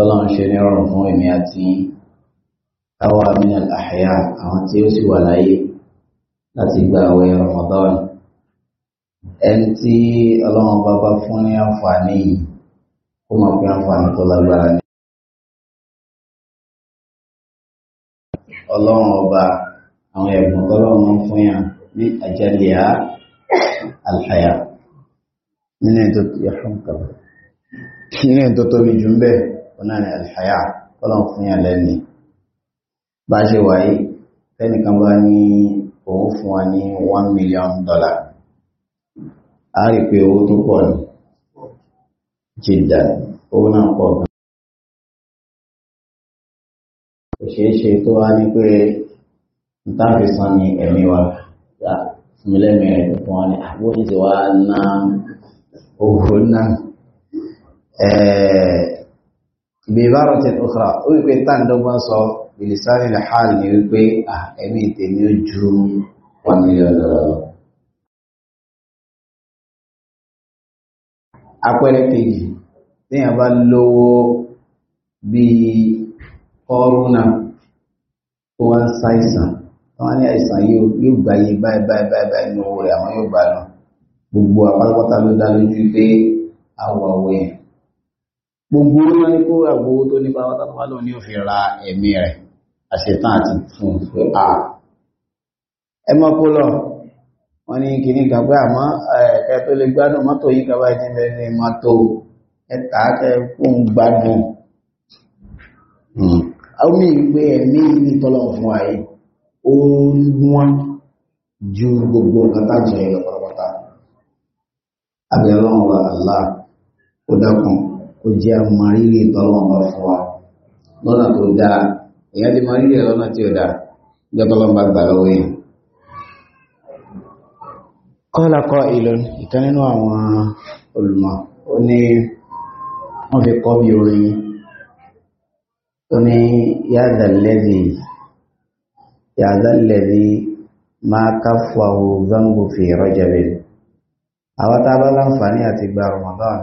tọ́lọ́ ń ṣe ní ọrùn fún èmi àti àwọn amínà àhẹ́yà àwọn tí ó sì wà láyé láti gba àwẹ̀ Ramadan ẹni tí ọlọ́run bá bá fún ní àǹfààní yìí ó mọ̀ pé àǹfààní tó lágbára ni. ọlọ́run ọba àwọn ẹ̀bùn tọ́lọ́run ń fún yàn ní àjẹlẹ̀ àlàyà nínú ètò tó tóbi jù ń bẹ́ẹ̀ ọ̀nà ni alhaya kọ́lọ̀n fún yà lẹ́ni bá ṣe wáyé fẹ́nìkan bá ní òun fún wa ní 1 million dollar a rí pé owó tó pọ̀ ní jìdà owó náà pọ̀ gan kò ṣeé tó wá ní pé ntàfi ní ẹ̀mí wa fún mi lẹ́mìí rẹ̀ be òkúra ó wípé tàǹdọ́gbà sọ ìlìsáàrìlẹ̀ hàn ní wípé ah, ẹ̀mí tèmi ó ju one ni lọ. apẹẹrẹ kejì téèyàn bá lówó bíi kọ́rùnà tó wá ń ṣàìsàn wọn ní àìsàn yóò gbà yí báyìí bye bye bye ní owó rẹ̀ àwọn yóò gbogbo gbogbo orí wọn ní kó àgbò tó ní pátápátá lọ ní òfin ra ẹ̀mí rẹ̀ àṣetán àti fún pé a ẹ mọ́ kó lọ wọ́n ní kìíní kan pé àmọ́ ẹ̀kẹ́ tó lè gbádùn mọ́tò yìí kan báyìí ti bẹ̀rẹ̀ ní mọ́tò ẹ̀ta tẹ fún gbádùn àwọn mìíràn pé ẹ̀mí ní tọ́lọ̀ fún ayé ó wọ́n kó jẹ́ àmàrírí tọ́lọ́wọ́n bá fún wa lọ́nà tó dáa èèyàn ti màrírí ẹ̀ lọ́nà tí ó dáa jẹ́ tọ́lọ́wọ́n bá gbà lọ́wọ́ yẹn. kọ́lá kọ́ ìlú ìkan nínú àwọn olùmọ̀ ó ní wọ́n fi kọ́ bí orin ó ní yàdà lẹ́dì yàdà lẹ́dì máa káfọ́ àwọn zango rọ́jà bẹ́ẹ̀ àwọn tá láǹfààní àti gba Ramadan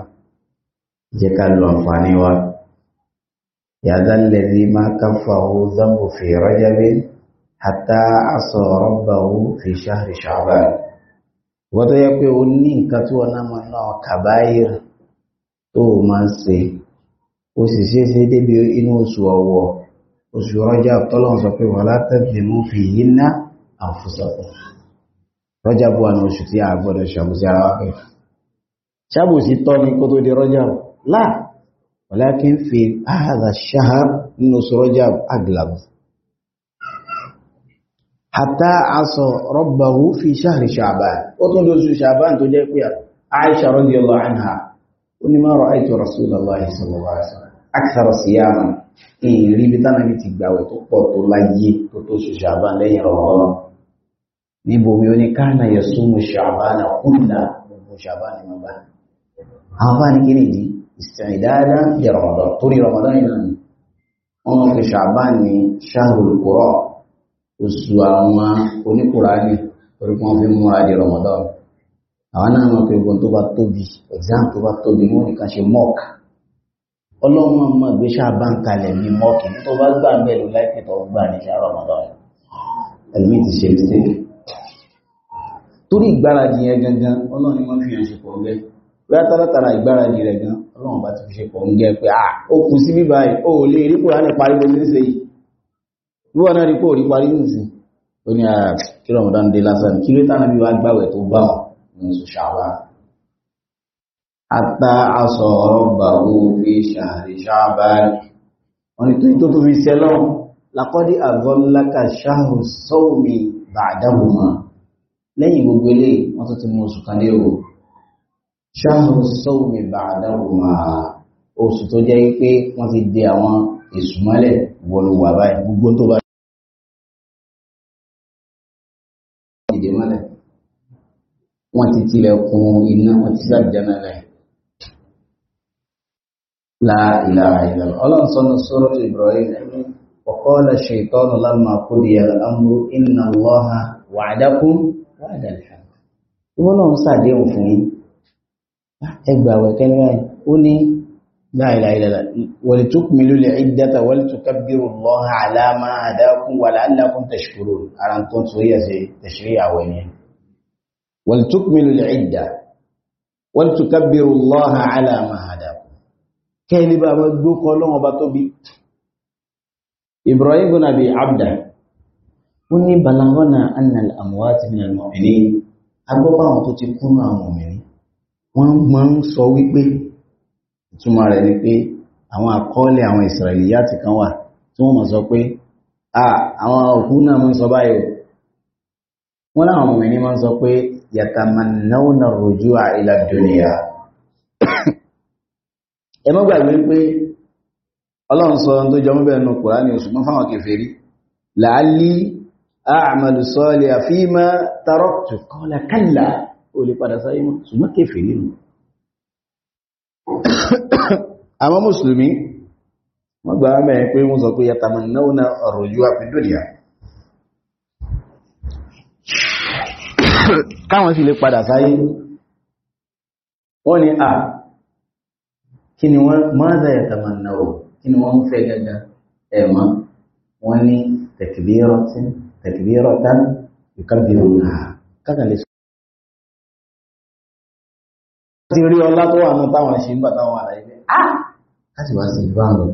jẹ́ ká lo àǹfààní wa yàdá lẹ́dí máa káfàwó zambo fi rọ́jábé àtà àṣọ rọ́bàwó fi ṣáàrì ṣàbà wọ́n tó yẹ pé ó ní nǹkan tí wọ́n náà máa náà kàbáyìr tó máa ń ṣe ó sì ṣe débi inú oṣù ọ̀wọ̀ oṣù rọ́jà tọ́lọ́n sọ pé wọ́n látẹ̀lé mú fi yín ná àfúsọ̀tọ̀ rọ́jà bó wà oṣù tí a gbọ́dọ̀ ṣàbùsí ara wa pẹ̀lú ṣàbùsí tọ́ ni kó di rọ́jà o. لا ولكن في هذا الشهر نص رجب أغلب حتى عصى ربه في شهر شعبان وتندوز شعبان تجيب عائشة رضي الله عنها قلني ما رأيت رسول الله صلى الله عليه وسلم أكثر صياما إن ريبتنا بتقباوي تقوط الله تطوش شعبان لين رمضان نبوميوني كان يصوم شعبان كله شعبان مبان أفاني كنيدي ìsìndáadá di rọ̀mọ̀dọ̀ torí rọ̀mọ̀dọ̀ ìlànà wọn fi ṣàbán ní ṣáhùrùkúrọ̀ oṣù àwọn oníkùránì torí wọn fi múra di rọ̀mọ̀dọ̀ àwọn náà wọn fi gbọ́n tó bá tóbi exam tó bá tóbi wọn nìkan ṣe mọ́ọ̀k ọlọ́run mọ̀ gbé ṣàbán kalẹ̀ ní mọ́ọ̀kì tó bá gbà bẹ́ẹ̀ ló láìpẹ́ tó gbà ní ṣá rọ̀mọ̀dọ̀ ẹ̀mí ti ṣe mistake torí ìgbáradì yẹn gangan ọlọ́run ni wọ́n fi hàn ṣe pọ̀ bẹ́ẹ̀ látàlátàrà ìgbáradì rẹ̀ gan ọlọ́run bá ti fi ṣe pọ̀ ń gẹ́ pé ah ó kù sí bíbá ẹ̀ ó lè rí kúrò ní parí bó ṣe ń ṣe yìí níwọ̀n náà rí kó rí parí nìsín ó ní kí Ramadan dé lásán kí ló tánà bí wá gbàwẹ̀ tó bá wọn ní oṣù ṣàwá ata aṣọ ọba òwe ṣàrí ṣàbá wọn ni tó tó fi ṣe lọ́wọ́ lakọ́dí àgọ́láka ṣáhù sọ́ọ̀mì bàdáhùmá lẹ́yìn gbogbo eléyìí wọ́n tó ti ṣáàrù sọ́ọ̀mì bàdáwùmá oṣù tó jẹ́ pé wọ́n ti di àwọn ìsúnmọ́lẹ̀ wọlúwà báyìí gbogbo tó bá dìde mọ́lẹ̀ wọ́n ti tilẹ̀kùn iná wọ́n ti sàjánà rẹ̀ láìláà ìlàlọ́ ọlọ́run sọ́nà sọ́rọ̀ Ibrahim وقال الشيطان لما قضي الأمر إن الله وعدكم وعد الحق ولو صادقوا فيه ẹgbà wẹ̀kẹ́ ní báyìí ó ní láìláìlá wọlé tó kùnmí lólè ìdáta wọlé tó kábírù lọ́ha aláàmà àdákùn wà láàlákùn tẹ̀ṣkúrò ara tó tó yẹ sí tẹ̀ṣírí àwẹ̀ ni wọlé tó kùnmí lólè ìdá wọlé tó kábírù lọ́ha aláàmà àdákùn kẹ́lí bá wọn gbókọ lọ́wọ́ bá tóbi ibrahim bin wọ́n máa ń sọ wípé ìtumọ̀ rẹ̀ ni pé àwọn àkọọ́lẹ̀ àwọn Israiliyati kan wà tí wọ́n máa sọ pé àwọn òkú náà máa ń sọ báyìí wọ́n láwọn ọmọ ẹni máa ń sọ pé yatamannawna rujua ila dunya ẹ má gbàgbé pé ọlọ́run sọ tó jọ mọ́bẹ̀ ẹnu Kùránì oṣù mọ́ fáwọn kèfèrí la'alli a'malu salihan fima taraktu qala ó lè padà sáyé mọ́ ṣùgbọ́n kéfè nínú àwọn mùsùlùmí wọ́n gbà mẹ́rin pé wọ́n sọ pé yatamannauna ar-rujua fi dunya káwọn sì lè padà sáyé wọ́n ni à kí ni wọ́n madha yatamannauna kí ni wọ́n ń fẹ́ gẹ́gẹ́ ẹ̀mọ́ wọ́n ní takbiratan takbiratan yukabbiruna kákan lè ti rí ọlá tó wà náà táwọn ṣe ń gbà táwọn àlàyé pé á láti wá sí ìlú àrùn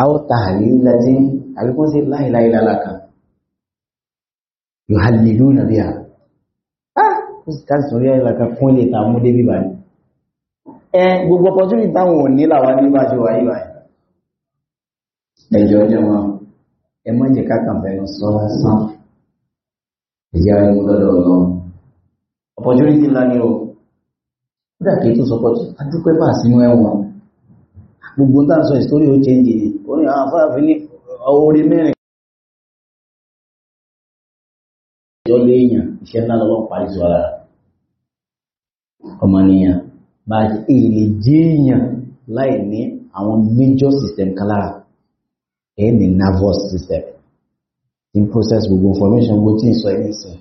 àwọn tààrí láti àríkún sí láìláì lálàkà yóò hàlì ìlú nàbí à á ah! kó sì káàsì sórí àìlàkà fún ilé ta mú débí báyìí ẹ gbogbo opportunity táwọn ò ní làwọn ní bá ṣe wà yìí báyìí ẹjọ ọjọ́ wọn ẹ má jẹ káàkà fẹnu sọ lásán ìyá ẹmu lọ́dọ̀ Ọlọ́run opportunity ńlá ni o ó dà kìí tó sọ pọ̀ jù adúpẹ́ bá sínú ẹ̀wọ̀n gbogbo tá à ń sọ ìsítórí ó ṣe ń jìnnì ó ní àwọn afáàfin ní orí mẹ́rin ìjọ léèyàn iṣẹ́ ńlá lọ́wọ́ parí sí ara ọmọnìyàn bá èlè jéèyàn láì ní àwọn major system kan lára ẹ̀ ní nervous system in process gbogbo information gbogbo tí ń sọ ẹ̀ ní ìsìn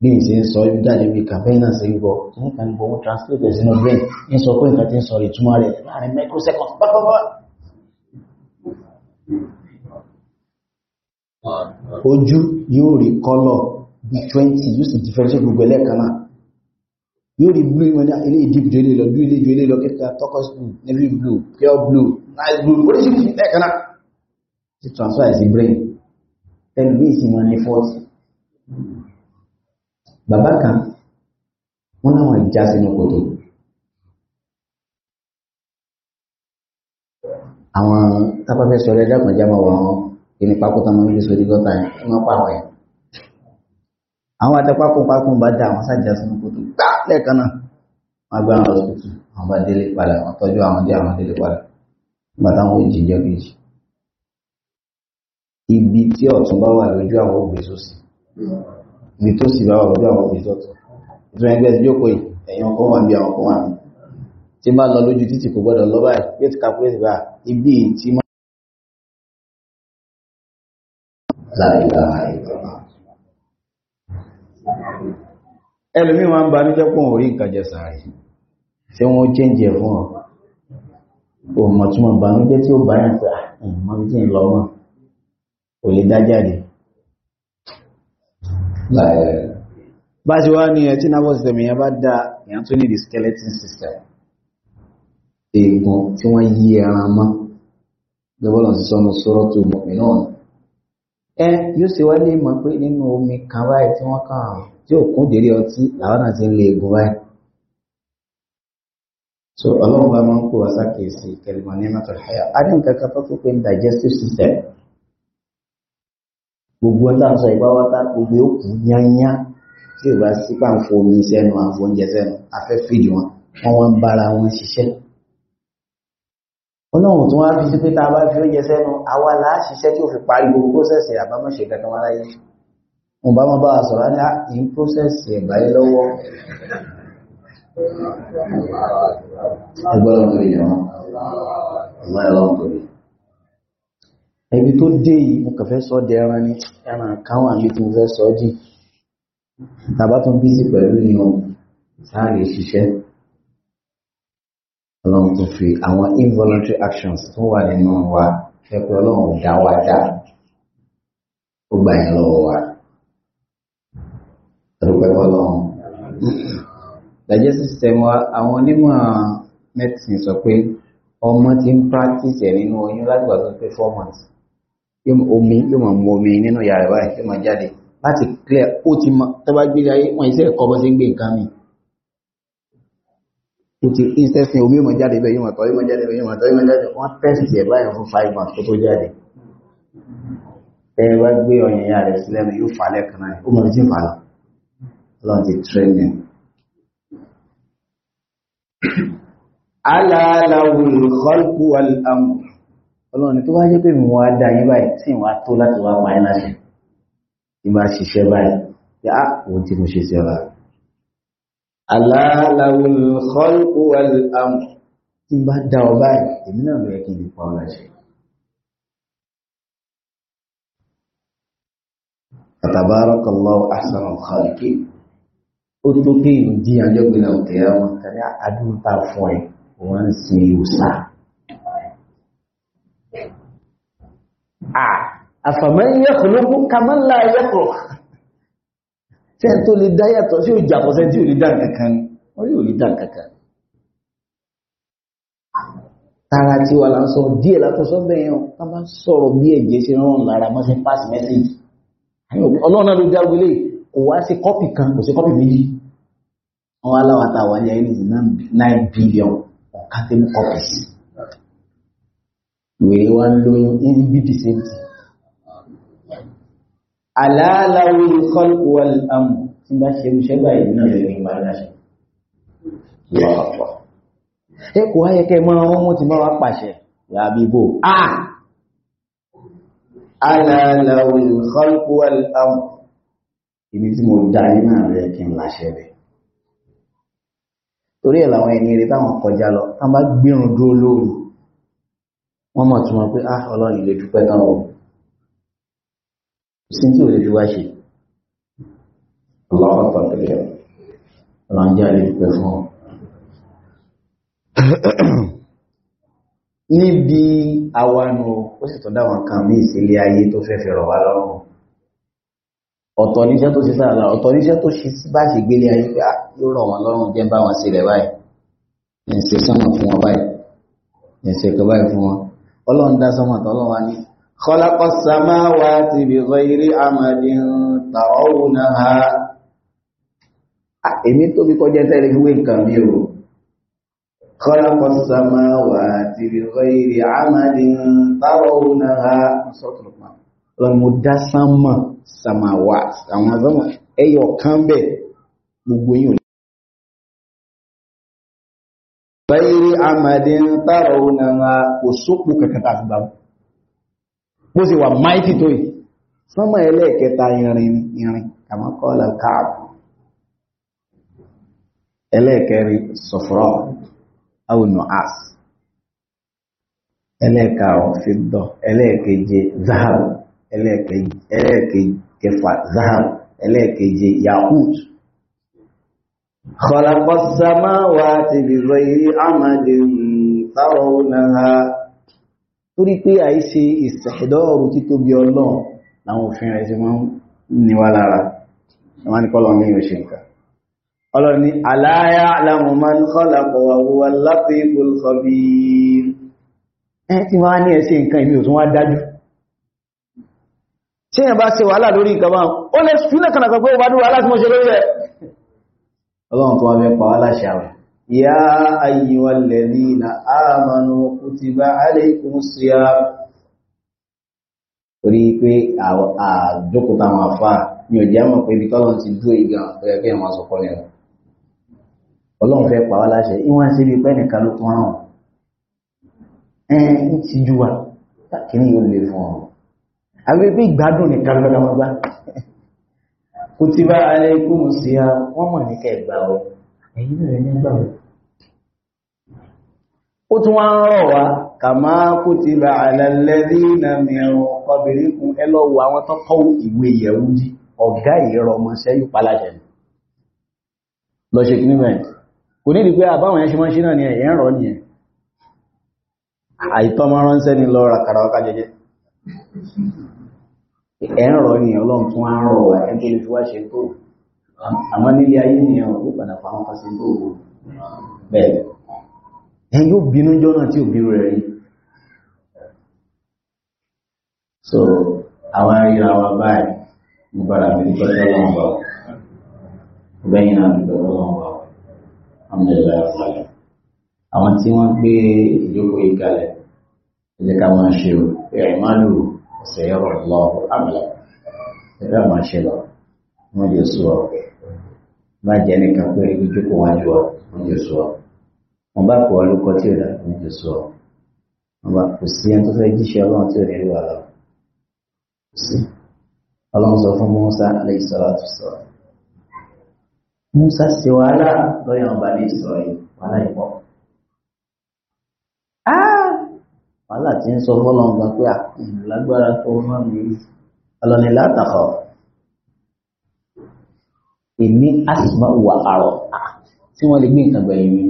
bí n ṣe ń sọ yóò jáde bí kàfẹ́yìn náà ṣe ń gbọ́ ní kan gbọ́ wọ́n translate sínú brain ń sọ pé nǹkan ti ń sọ ìtumọ̀ rẹ̀ láàrin microseconds pápápá. ojú yóò rí kọ́lọ̀ bí twenty yóò sì differentiate gbogbo ẹlẹ́ẹ̀kan náà yóò rí blue wọn náà ilé ìdí ìjọ lọ blue ilé ìjọ ilé lọ kíkà turquoise blue navy blue pure blue nice blue oríṣiríṣi ẹ̀kan náà ti transfer sí brain ẹnu bí ìsìn wọn ní forty bàbá kan wọ́n láwọn ìjà sínú kòtò àwọn tábàfẹ́ sọ̀rọ̀ ẹ̀dá kan já máa wọ àwọn ìní pákótá máa ń gbé sórí gọ́tà yẹn wọ́n pa àwọn yẹn àwọn àtẹpákùnpákùn bá dá àwọn sájà sínú kòtò gbá lẹ́ẹ̀kan náà wọ́n gbá àwọn lọ́sọ̀tún àwọn bá délé padà wọ́n tọ́jú àwọn dé àwọn délé padà nígbà táwọn ò jìjọ kejì ibi tí ọ̀tún bá wà lójú àwọn ògbésòsì ibi tó sì bá wà lọ́dọ̀ àwọn òbí sọ́tọ̀ ìtura ẹgbẹ́ ẹgbẹ́ òkò yìí ẹ̀yàn kan wà bí àwọn kan wà mí tí bá lọ lójú títì kò gbọ́dọ̀ lọ báyìí yóò ah, ibi tí má. ẹlòmíì máa ń ba níjọ́ pọ̀ orí nǹkan jẹ sàárì tí wọ́n change ẹ̀ fún ọ òmọ̀túnmọ̀ ìbànújẹ́ tí ó bá yàn pé ah, tí ń lọ mọ́ bá ṣe wá ní ẹ tí nervous system yẹn the skeleton system èèkàn ti wọn yi ara ma lọ́wọ́lọ́ si sọ́nà sọ́rọ́ tó mọ̀ mí náà ẹ yóò ṣe wá lè omi kan báyìí tí wọ́n kàn tí ò kún délé ọtí làwọn náà ti ń lé egun báyìí so ọlọ́run bá máa ń kó wa ní á ní gbogbo ń tàn sọ ìpáwátá gbogbo ó kù yányá tí ò bá sí pàǹfò omi sẹ́nu àǹfò oúnjẹ sẹ́nu afẹ́ fìdí wọn wọ́n wọ́n ń bára wọn ṣiṣẹ́ ọlọ́run tí wọ́n fi sí pé tá a bá fi oúnjẹ sẹ́nu àwa là á ṣiṣẹ́ tí ò fi parí gbogbo pósẹ̀sì àbámọ̀ṣe kankan wọn láyé wọn bá wọn bá wa sọ̀rọ̀ ní in pósẹ̀sì ẹ̀báyé lọ́wọ́ ẹgbẹ́ ọlọ́run kò lè yàn wọ́n ẹgbẹ́ ẹbí tó dé yìí mo kàn fẹ́ sọ di ẹran ni ẹran káwọn àlè tí mo fẹ́ sọ jì tàbá tó ń bí sí pẹ̀lú ni o sáré ṣiṣẹ́ ọlọ́run tó fi àwọn involuntary actions tó wà nínú wa fẹ́ pé ọlọ́run dá wa dá ó gbà yẹn lọ́wọ́ wa dúpẹ́ ọlọ́run digestive system wa àwọn onímọ̀ medicine sọ pé ọmọ ti ń practice ẹ̀ nínú oyún lágbàdo pé four months omi yóò máa mú omi nínú ìyá rẹ̀ báyìí yóò máa jáde láti clear ó ti mọ tó bá gbé ayé wọn iṣẹ́ ẹ̀kọ́ bó ṣe ń gbé nǹkan mi ó ti instant omi yóò máa jáde bẹ́ẹ̀ yóò máa tọ́ yóò máa jáde bẹ́ẹ̀ yóò máa tọ́ yóò máa jáde wọ́n test ẹ̀ báyìí fún five months tó tó jáde ẹ wá gbé ọyàn ìyá rẹ̀ sílẹ̀ mi yóò fà lẹ́ẹ̀kan náà ó máa ti fà lọ ọlọ́run ti training. alaalawul khalqu wal amr ọlọ́run tó wáyé pé mo wá dá yín báyìí tí ìwà tó láti wá pa iná ṣe ìmá ṣiṣẹ́ báyìí pé á ah, òun tí mo ṣe sí ọ̀la. aláàláwùn kọ́lùkù àmù tí bá dá ọ báyìí èmi náà ló yẹ kí n lè àfàmọ́ yẹ kòlókún kàmọ́lá yẹ kọ̀ tí ẹ tó lè dá yàtọ̀ sí òjò àpọ̀sẹ́ tí ò lè dá nǹkankan wọ́n yóò lè dá nǹkankan tara tí wà láńsọ díẹ̀ látọ̀sọ́ bẹ́ẹ̀ yàn ká bá sọ̀rọ̀ bí ẹ̀jẹ̀ ṣe rán lára mọ́ sí pass message ọlọ́run náà ló dá gbélé kò wá sí kọ́pì kan kò sí kọ́pì méjì wọn aláwọ̀ àtàwọn ayé ẹni 9 billion on carton copies wèrè wá lóyún in bí dìsẹ́ntì aláàláwí kọlùwàl amù tí bá ṣe iṣẹ́ báyìí náà lè rí máa láṣẹ lọ́pọ̀ ẹ kò wáyé kẹ mọ́ ọmọ mú ti mọ́wàá pàṣẹ yàbíbò aláàláwí kọlùwàl amù ibi tí mo dá ní náà rẹ kí n láṣẹ rẹ torí ẹ̀ làwọn ẹni rẹ táwọn kọjá lọ táwọn bá gbérùn dúró wọ́n mọ̀ tí wọ́n pé á ah, ọlọ́run lè dúpẹ́ tán o sí tí ò lè fi wá ṣe ọlọ́run pọ̀ tẹ̀lé ọlọ́run jẹ́ àlè dúpẹ́ fún ọ níbi awanu ó sì tọ́dá wọn kan ní ìsílé ayé tó fẹ́ fi rọ̀ wá lọ́rùn ọ̀tọ̀ níṣẹ́ tó ṣe sáàlá ọ̀tọ̀ níṣẹ́ tó ṣe sí bá ṣe gbélé ayé pé ah, yóò rọ̀ wọn lọ́rùn jẹ́ bá wọn sílẹ̀ báyìí ẹ̀ sọ́nà fún wọn báyìí ẹ̀ ń báyìí fún wọn ọlọ́run dá sọ́mọ̀ tọ́lọ́ wa ní khalaqa samawati bighayri amadin tarawunaha ah, èmi tóbi kọjá tẹ́lẹ̀ wé nǹkan mi o khalaqa samawati bighayri amadin tarawunaha ọlọ́run mo dá sánmà sàmàwà àwọn ọ̀sánmà ẹyọ kan bẹ̀ gbogbo yìí bayri amadin tarawna ma usuku kakata gbagbo bo se wa mighty to yi sama ele keta irin irin kama kola kaab ele keri sofro aw no as ele ka o fiddo ele keje zahab kefa zahab ele je yaqut خلق السماوات بغير عمد ترونها torí pé àìṣe ìṣẹ̀dọ́rù títóbi ọlọ́run láwọn òfin rẹ̀ ṣe wọ́n níwá lára wọ́n ní kọ́lọ̀ ní òṣè nǹkan ọlọ́run ni ala ya'lamu man khalaqa wa huwa al-latiful khabir ẹ tí wọ́n ní ẹ̀ṣẹ́ nǹkan ìmí òtún wá dájú ṣé yẹn bá ṣe wàhálà lórí nǹkan ọlọ́run tó wá mẹ́ pa wá láṣẹ ya ayyuhal ladhina amanu kutiba alaykumus siyam torí pé àjókòtà àwọn afá ní ọjà mọ̀ pé ibi ti ìgbà pé àwọn asọ̀kọ́ ni ọlọ́run fẹ́ pa wá ìwọ̀n bí pẹ́ nìkan ló tún ti ju Kò tí bá siya wọ́n mọ̀ ní kẹgbà ọ̀ ẹ̀yìn rẹ̀ nígbà ọ̀ ó tún wá ń rọ̀ wá kàmá kutiba alẹ́lẹ́dí na mẹ́rún ọbìnrinkun ẹlọ́wọ́ àwọn tó kọ́ ìwé ọ̀gá ìrọ̀ ọmọ lọ ṣe kí kò ní ìdípẹ́ àbáwọn ẹṣin mọ́ sí náà ni ẹ̀yẹ́ lọ jẹjẹ ẹ̀rọ ni ọlọ́run tún á rọ̀ wá ẹni tó lè fi wá ṣe tó àwọn nílé ayé nìyẹn ò padà fún àwọn kan ṣe wò bẹ́ẹ̀ ẹ yóò bínú jọ́nà tí ò bírú rẹ̀ rí so àwọn arìnrìn àwọn báyìí mo padà fi dúpẹ́ lọ́wọ́ wa ò bẹ́yìn náà dúpẹ́ lọ́wọ́ wa ò alhamdulillah ọ̀pọ̀lọpọ̀ àwọn tí wọ́n gbé ìjókòó yìí kalẹ̀ ẹ ká máa ṣe o máa lò ó. سيرى الله عملك إذا ما شاء الله ما يسوى ما جاني كفر يجوك واجوا ما يسوى wọ́n bá kọ́ ọlọ́kọ́ tí ó dàbí ní ìsọ wọ́n bá kò sí ẹni tó fẹ́ jíṣẹ́ ọlọ́run tí ó rí wà lọ kò sí ọlọ́run sọ fún Musa alẹ́ ìsọ̀rọ̀ àti sọ̀rọ̀ Musa ṣe wàhálà lọ́yọ̀ ní ìsọ̀rọ̀ yìí wàhálà ìpọ̀ wàhálà tí ń sọ fọ́lọ́n gan pé àlágbára ah, tó máa ń rí ọlọ́ni látàkọ̀ èmi àsìmọ́ wà àrọ̀ ah, tí wọ́n lè gbé nǹkan gbẹ̀yìn mi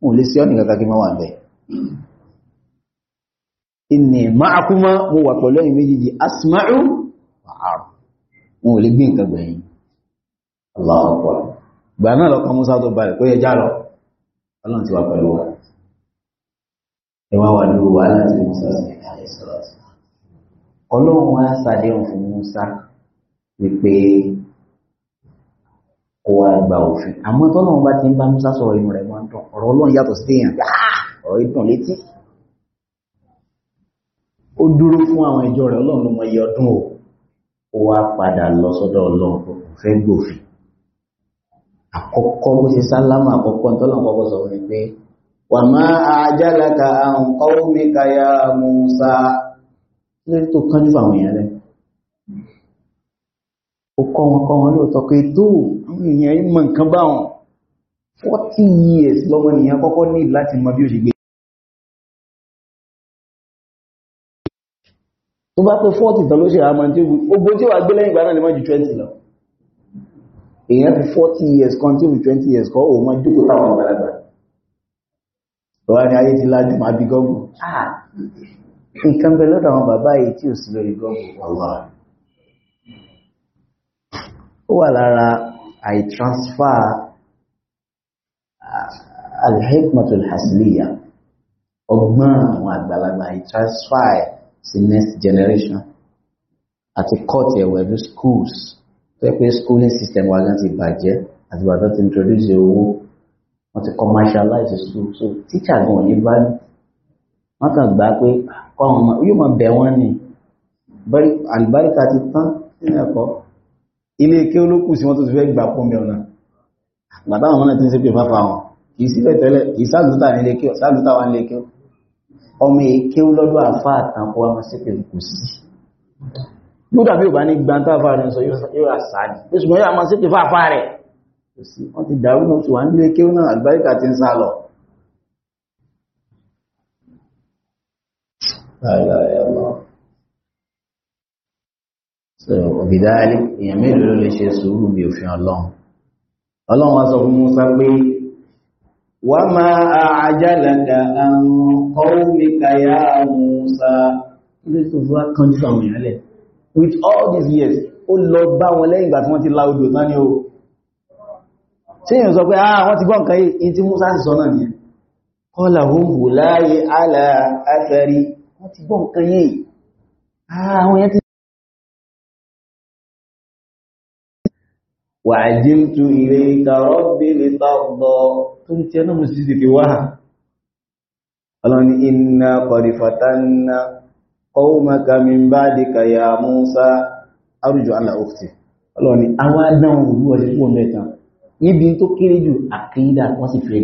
wọn ò lè sí ọ́nì kankan kí wọ́n wà bẹ́ẹ̀ inni ma'akuma mo wà pẹ̀lú ẹ̀yin méjèèjì asma'u wa ara wọn ò lè gbé nǹkan gbẹ̀yìn Allahu Akbar gbà náà lọ́kọ̀ Musa tó balẹ̀ kó yẹ já lọ ọlọ́run ti wà pẹ̀lú wa gbogbo wàhálà tí Musa sì kalẹ̀ sọ̀rọ̀ sí wọn. Ọlọ́run wá ṣàdéhùn fún Musa wípé kó wá gba òfin àmọ́ tọ́lọ́run bá ti ń bá Musa sọ̀rọ̀ inú rẹ̀ máa ń dùn ọ̀rọ̀ Ọlọ́run yàtọ̀ sí téèyàn gbà ọ̀rọ̀ ìdùn létí ó dúró fún àwọn ìjọ rẹ̀ Ọlọ́run ló mọ iye ọdún o ó wá padà lọ sọ́dọ̀ Ọlọ́run kò fẹ́ gbòfin àkọ́kọ́ bó ṣe sálámà àkọ́kọ́ tọ́lọ́run sọ fún wàmá àjálàkà àwọn kọ́wọ́míkà ya Musa lórí tó kánjú àwọn èèyàn rẹ̀ ó kọ́ wọn kọ́ wọn lóòtọ́ pé tó àwọn èèyàn yìí mọ̀ nǹkan bá wọn 40 years lọ́mọ nìyàn kọ́kọ́ ni lati mọ bí o ṣe gbé tó bá pé 40 tán ló ṣe àmọ́ tí ogun tí wà gbé lẹ́yìn ìgbà náà lè mọ́ ju 20 lọ èèyàn fi 40 years kan tí 20 years kọ́ òun mọ́ jókòó táwọn ọ̀gbàlagbà ọ̀rọ̀ ni ayé ti lájú máa bí gọ́gù ah. nǹkan bẹ lọ́dọ̀ àwọn bàbá yìí tí ò sí lórí gọ́gù ọ̀wà ó wà lára àìtransfà ah, alhikmatul hasliya ọgbọ́n àwọn àgbàlagbà àìtransfà sí next generation àti court ẹ̀wẹ̀ ní schools tó yẹ pé schooling system wa gan bàjẹ́ àti bàtà ti introduce owó wọ́n ti commercialize school so teacher gan ò ní value wọ́n kàn gbà pé ah, kọ́ àwọn ọmọ yóò máa bẹ̀ wọ́n ni àlùbáríkà ti tán nínú ẹ̀kọ́ ilé ike olókù sí wọ́n tó ti fẹ́ gbà pọ̀ mi ọ̀nà bàbá àwọn náà ti ń ṣe pé fáfá wọn kì í síbẹ̀ tẹ́lẹ̀ kì í sáàlùtà ní ilé ike sáàlùtà wà ní ilé ike ọmọ ike lọ́dọ̀ àfá àtàkọ́ wa máa ṣe pé kò sí yóò dàbí ò bá ní gbantá fáà rẹ̀ sọ yóò rà ní oṣù mọ́ yóò máa ṣe pé fáfá rẹ̀ sí wọ́n ti dàrú náà ṣùgbọ́n nílé kí ó náà àgbáríkà ti ń sá lọ òbìdáálé èèyàn mélòó ló lè ṣe sùúrù bí òfin ọlọ́run ọlọ́run wá sọ fún Musa pé Musa ilé tó fún akọjú àwọn ìyálẹ̀ with all these years ó lọ bá wọn lẹ́yìn ìgbà tí wọ́n ti la odò tán ní tí èyàn sọ pé ah wọ́n ti gbọ́ yìí tí Musa sì sọ náà nìyẹn kọ́lá hùhù láyé àlà àfẹ́rí wọ́n ti gbọ́ yìí ah, àwọn èyàn ti wà jíntú ilé ìkàrọ̀ bèèrè tọ́gbọ́ tó ti ẹnu mú sí ti wá ọlọ́ni ya Musa níbi tó kéré jù àkídà wọ́n sì fèrè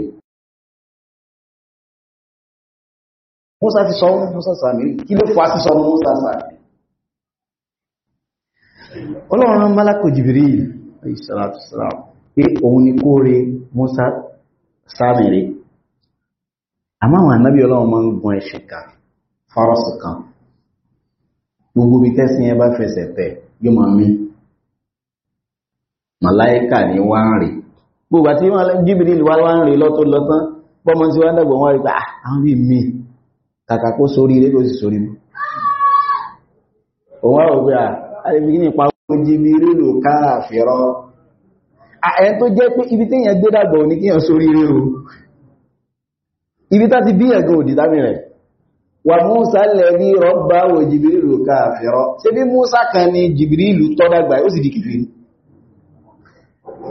Musa ti sọ Musa Samiri kí ló fà sí sọ Musa Samiri ọlọ́run malako Jibril ìsàlátù sàlámù pé òun ni kó rí Musa Samiri àmáwọn ànábí ọlọ́run máa ń gun ẹṣin kan fárọ́sì kan gbogbo bí tẹ́sí ẹ bá fẹsẹ̀ tẹ̀ yóò máa mí màláíkà ni wá ń rìn gbogbo àti wọn jíbìrì ìlú wá ń rí lọ́tọ́ lọ́tán bọ́mọ́ tí wọ́n dẹ̀gbọ̀n wọ́n rí pé ah, àwọn bí mi kàkà kó sórí ilé kó sì sórí mi òun àwọn òpin àìbìkí ah, ní ìpàwọ́ jíbìrì ìlú káàfìrọ́ ah, ẹn tó jẹ́ pé ibi tí èèyàn gbé dàgbà òní Musa lẹ́bí rọ́bà wò jíbìrì ìlú káàfìrọ́ Musa kan ni jíbìrì ìlú tọ́ dàgbà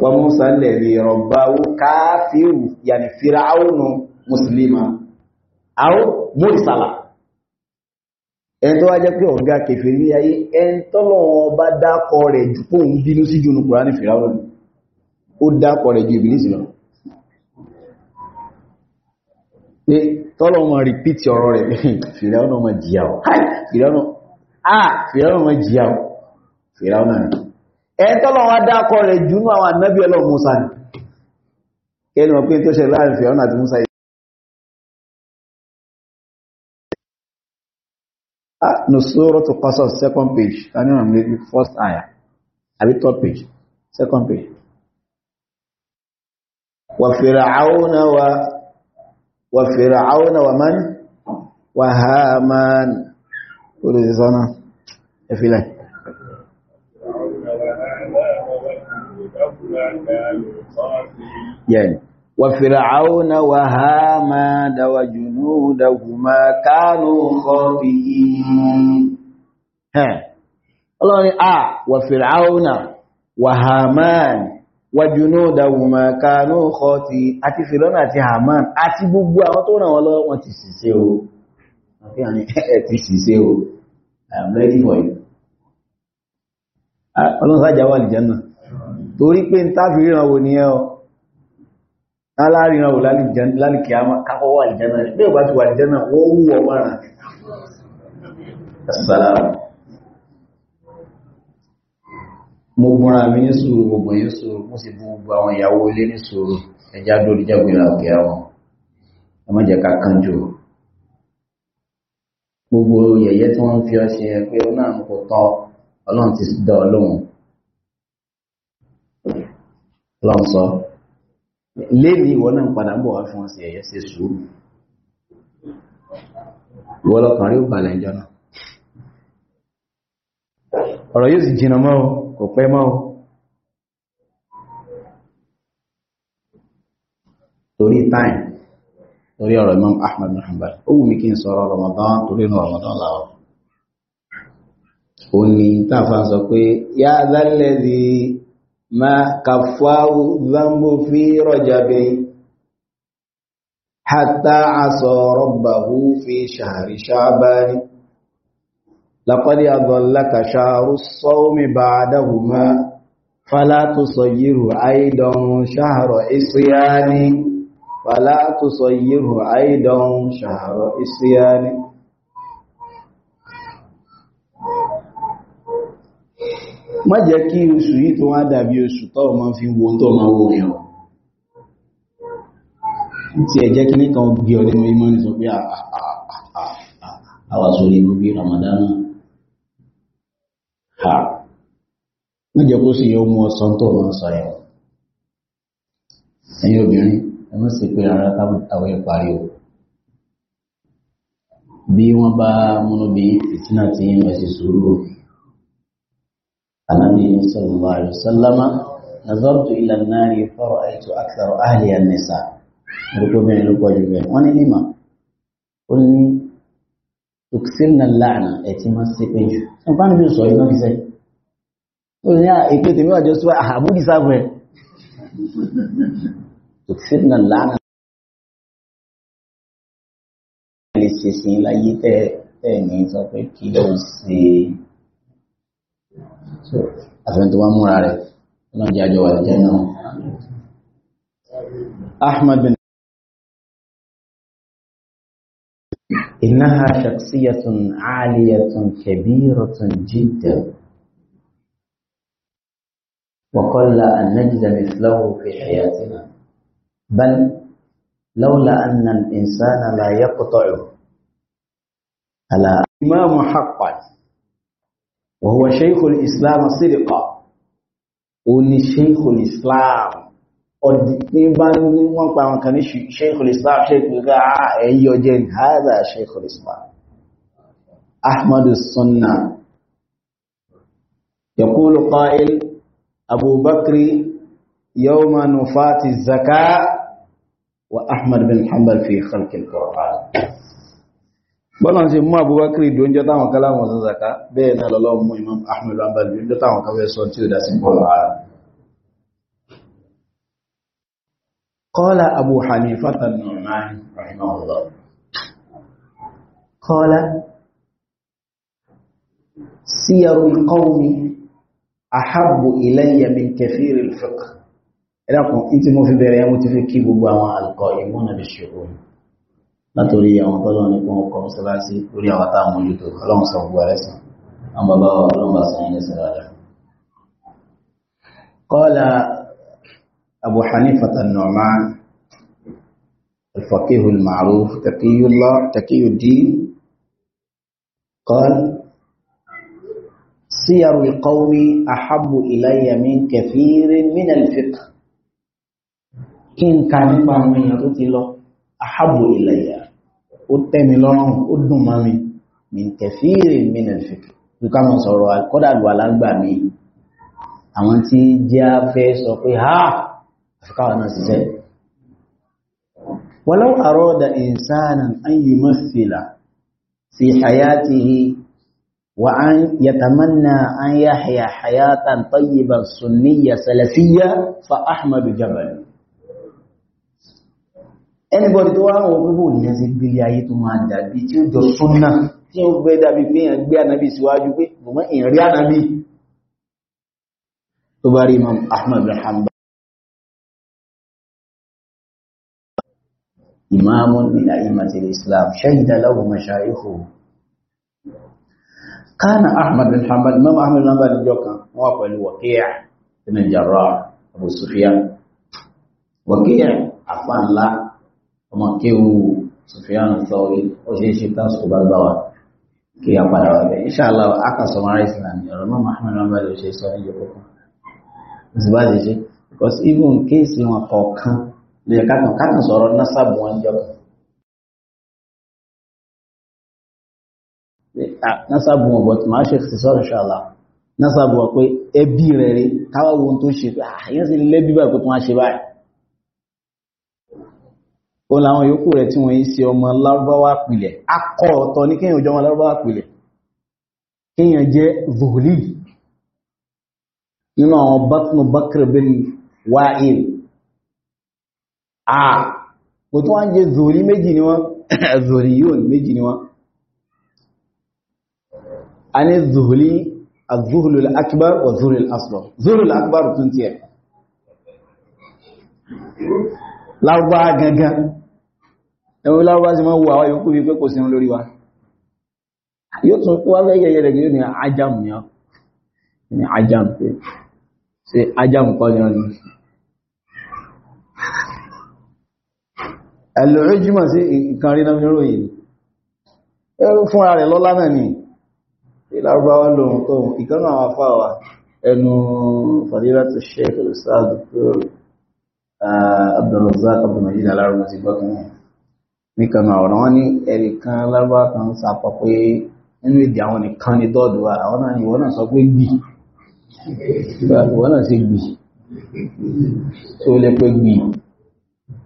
wa musa lẹ́rí rọ̀báwó káfíru yàní fìràáwùnù musulima àwọ́ mọ́sàlá ẹni tó wá jẹ́ pé ọ̀gá kèfèrí ní ayé ẹni tọ́lọ́wọ́n bá dákọ rẹ̀ jù fóun bínú sí jùnú kùránì fìràáwùnù ó dákọ rẹ̀ jù ìbìlísì lọ pé tọ́lọ́wọ́n ma rìpítì ọ̀rọ̀ rẹ̀ fìràáwùnù ma jìyàwó ẹ̀ẹ́tọ́lọ́wọ́ wá dákọ rẹ̀ jùnú àwọn ànábí ọlọ́run Musa ni kẹ́lù wọn pé tó ṣe láàrin fẹ̀ọ́nà àti Musa yìí no sọ́rọ̀ to Qasas second page kaníwọ̀n maybe first aya àbí third page second page wa Fir'auna wa wa Fir'auna wa man wa Haman ẹ̀fìlẹ̀ Yeah. وفرعون وهامان وجنودهما كانوا خاطئين Allah ni a ah, wa fir'auna wa haman wa junudahuma kanu khati àti fir'auna àti haman àti gbogbo àwọn tó ràn wọ́n lọ wọ́n ti ṣìṣe o àti ani ẹ ti ṣìṣe o i am ready for you Allah sa jawal janna torí pé ń táfi ríran wò nìyẹn ọ aláríran wò lálìkì àmà kákọ́ wà ìjẹ́nà rẹ̀ bí ò bá ti wà ìjẹ́nà wọ́n wú ọmọ rẹ̀ mo gbọ́nra mi ní sùúrù gbogbo yí sùúrù mo sì bú gbogbo àwọn ìyàwó ilé ní sùúrù ẹjá dórí jẹ́gbìnà òkè àwọn ọmọ jẹ́ ká kánjú gbogbo yẹ̀yẹ́ tí wọ́n fi ọ́ ṣe ẹgbẹ́ náà kò tọ́ ọlọ́run ti dá ọlọ́run lọ́sọ lẹ́ni ìwọ náà padà ń bọ̀ wá fún ọ̀sẹ̀ ẹ̀yẹ́ sùúrù lọ́kàn rí torí táìm torí ọ̀rọ̀ Imam Ahmad ó wù mí Ramadan torí inú Ramadan láwọ́ tàfà sọ ما كفاه الذنب في رجب حتى عصى ربه في شهر شعبان لقد أضلك شهر الصوم بعدهما فلا تصيره أيضا شهر عصيان فلا تصيره أيضا شهر عصيان má jẹ́ kí oṣù yìí tó wá dàbí oṣù tọ́ ma fi wo tọ́ ma wo yàn tí ẹ jẹ́ kí ní kan gbí ọdún mímọ́ ní sọ pé ah, ah, ah, àwà sórí gbogbo ramadana ha má jẹ́ kó sì yẹ mú ọsán tó ma sọ yàn ẹ̀yin obìnrin ẹ má sì pé ara táwọn ẹ̀ parí o bí wọ́n bá múnú bí ìtínà tí yẹn ẹ̀ sùúrù النبي صلى الله عليه وسلم نظرت إلى النار فرأيت أكثر أهلها النساء ركوبين ركوبين وانا لما قلني تكسرنا اللعنة اتما سيبنش نبان بيو سوى يما بيسي قلني يا اكتو تبيو جسوا سوى أحابو كسابه تكسرنا اللعنة lè ṣe sí láyé tẹ́ ẹ̀ àfihàn tó wá múra rẹ̀ ọlọ́run jẹ́ àjọ إنها شخصية عالية كبيرة جدا وقل أن نجد مثله في حياتنا بل لولا أن الإنسان لا يقطع على إمام حقا وهو شيخ الإسلام صدقا وني شيخ الإسلام ولكن شيخ الاسلام شيخ الاسلام هذا شيخ الاسلام احمد السنة يقول قائل ابو بكر يوم نفات الزكاه واحمد بن حنبل في خلق القران bọ́lọ̀n sí mú abúbákiri dùn jọ táwọn kaláwọn ọ̀sán zaka bẹ́ẹ̀ náà lọ́lọ́ mú imam ahmed ambal dùn jọ táwọn kawẹ́ sọ tí ó dá sí bọ́lọ̀ ara kọ́lá abu hanifa ta nùmáni rahimahullah kọ́lá látòrí àwọn tọ́lọ́ ní kún ọkọ̀ mọ́sálásí lórí àwọn tá àmójútó ọlọ́run sọ gbogbo rẹ̀ sàn àwọn bàbá wa ọlọ́run bá sàn ilẹ̀ sàn rárá. Qala Abu Hanifata an-Nu'man الفقيه المعروف تقي الله تقي الدين قال سير القوم أحب إلي من كثير من الفقه إن كان يفهم من يرد الله أحب إلي ó tẹ́ mi lọ́rùn ó dùn mọ́ mi mìntẹ̀fíìrì mìnàfíkì dùkà mọ̀ sọ̀rọ̀ kọ́dàlù alágbà mi àwọn tí jẹ́ afẹ́ sọ pé ha àfikáwà náà ṣiṣẹ́ walau àrọ́dà insanan an yí mọ́fìlà fi anybody tó wá ń wọ ní ẹsẹ̀ gbélé ayé tó máa dàbí tí ó jọ súnnà tí ó gbé dàbí pé èèyàn gbé ànábì síwájú pé mọ̀mọ́ èèyàn rí ànábì tó bá rí imam ahmed bin hanbal imamu min a'immatil islam shahida lahu mashayikhu kana ahmed bin hanbal imam ahmed bin hanbal níjọ́ kan wà pẹ̀lú wàkíyà ibn jarrah abu sufyan wàkíyà àfáà ńlá ọmọ kéwu Sufyan Thawri ó ṣe ya ṣe tásùkò bá a padà wá bẹ́ẹ̀ inshallah akasọmárẹ́sì náà ni ọ̀rọ̀ náà Muhammad ọmọ ẹ̀ ló ṣe sọ níjọ kọ̀ọ̀kan ó sì bá ṣe ṣe because even kéèsì wọn kọ̀ọ̀kan ó láwọn yòókù rẹ̀ tí wọ́n yí sí ọmọ lárúbáwá pìlẹ̀ akọ ọ̀tọ̀ ní kíyàn jọmọ lárúbáwá pìlẹ̀ kíyàn jẹ́ zuhuli nínú àwọn batnu bakr bin wa'il a kò tó wọ́n jẹ́ zuhuli méjì ni wọ́n zuhuli yóò méjì ni wọ́n a ní zuhuli azuhulu al'akbar wa zuhulu al'asbar lárúbáwá gangan ẹ̀wọ̀n láwọ́ sí máa wo àwọn yòókù wípé kò sínú lórí wa yóò tún wá fẹ́ yẹ̀yẹ̀ rẹ̀ yóò ní ajáàmù yá ní ajáàmù pé ṣe ajáàmù kọ́ ní ọdún ẹ̀lọ́rẹ́ jímọ̀ sí nǹkan rí náà níròyìn ẹ̀rọ fúnra rẹ̀ lọ́lá náà ni ìlàrúbáwá lòun tó ìkánà àwọn afáwà nìkan ọ̀rọ̀ wọn ní ẹ̀rì kan lárúbá kan sapọ̀ pé nínú èdè àwọn nìkan ni dọ́ọ̀dù wa àwọn náà ìwọ náà sọ pé gbì ìwọ náà ṣe gbì tó lè pé gbì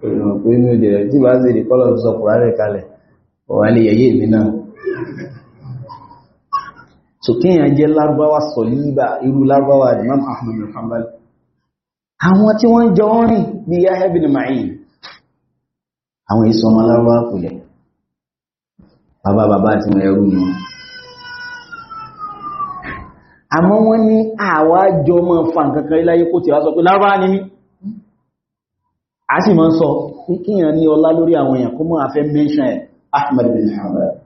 ìrìnà pé inú èdè rẹ̀ tí bá ṣe èdè kọ́lọ̀ sọ kùrá rẹ̀ kalẹ̀ ọ̀wà lè yẹ̀yẹ́ èmi náà àwọn èso ọmọ aláwọ̀ àpìlẹ̀ bàbá bàbá tí wọ́n ẹrú ni àmọ́ wọ́n ní àwa jọ mọ́ fa nǹkan kan láyé kó ti wá sọ pé lárúbá ni mí a sì mọ́ sọ pé ní ọlá lórí àwọn èèyàn kó mọ́ àfẹ́ mẹ́ṣàn ẹ̀ Ahmad bin Hamad.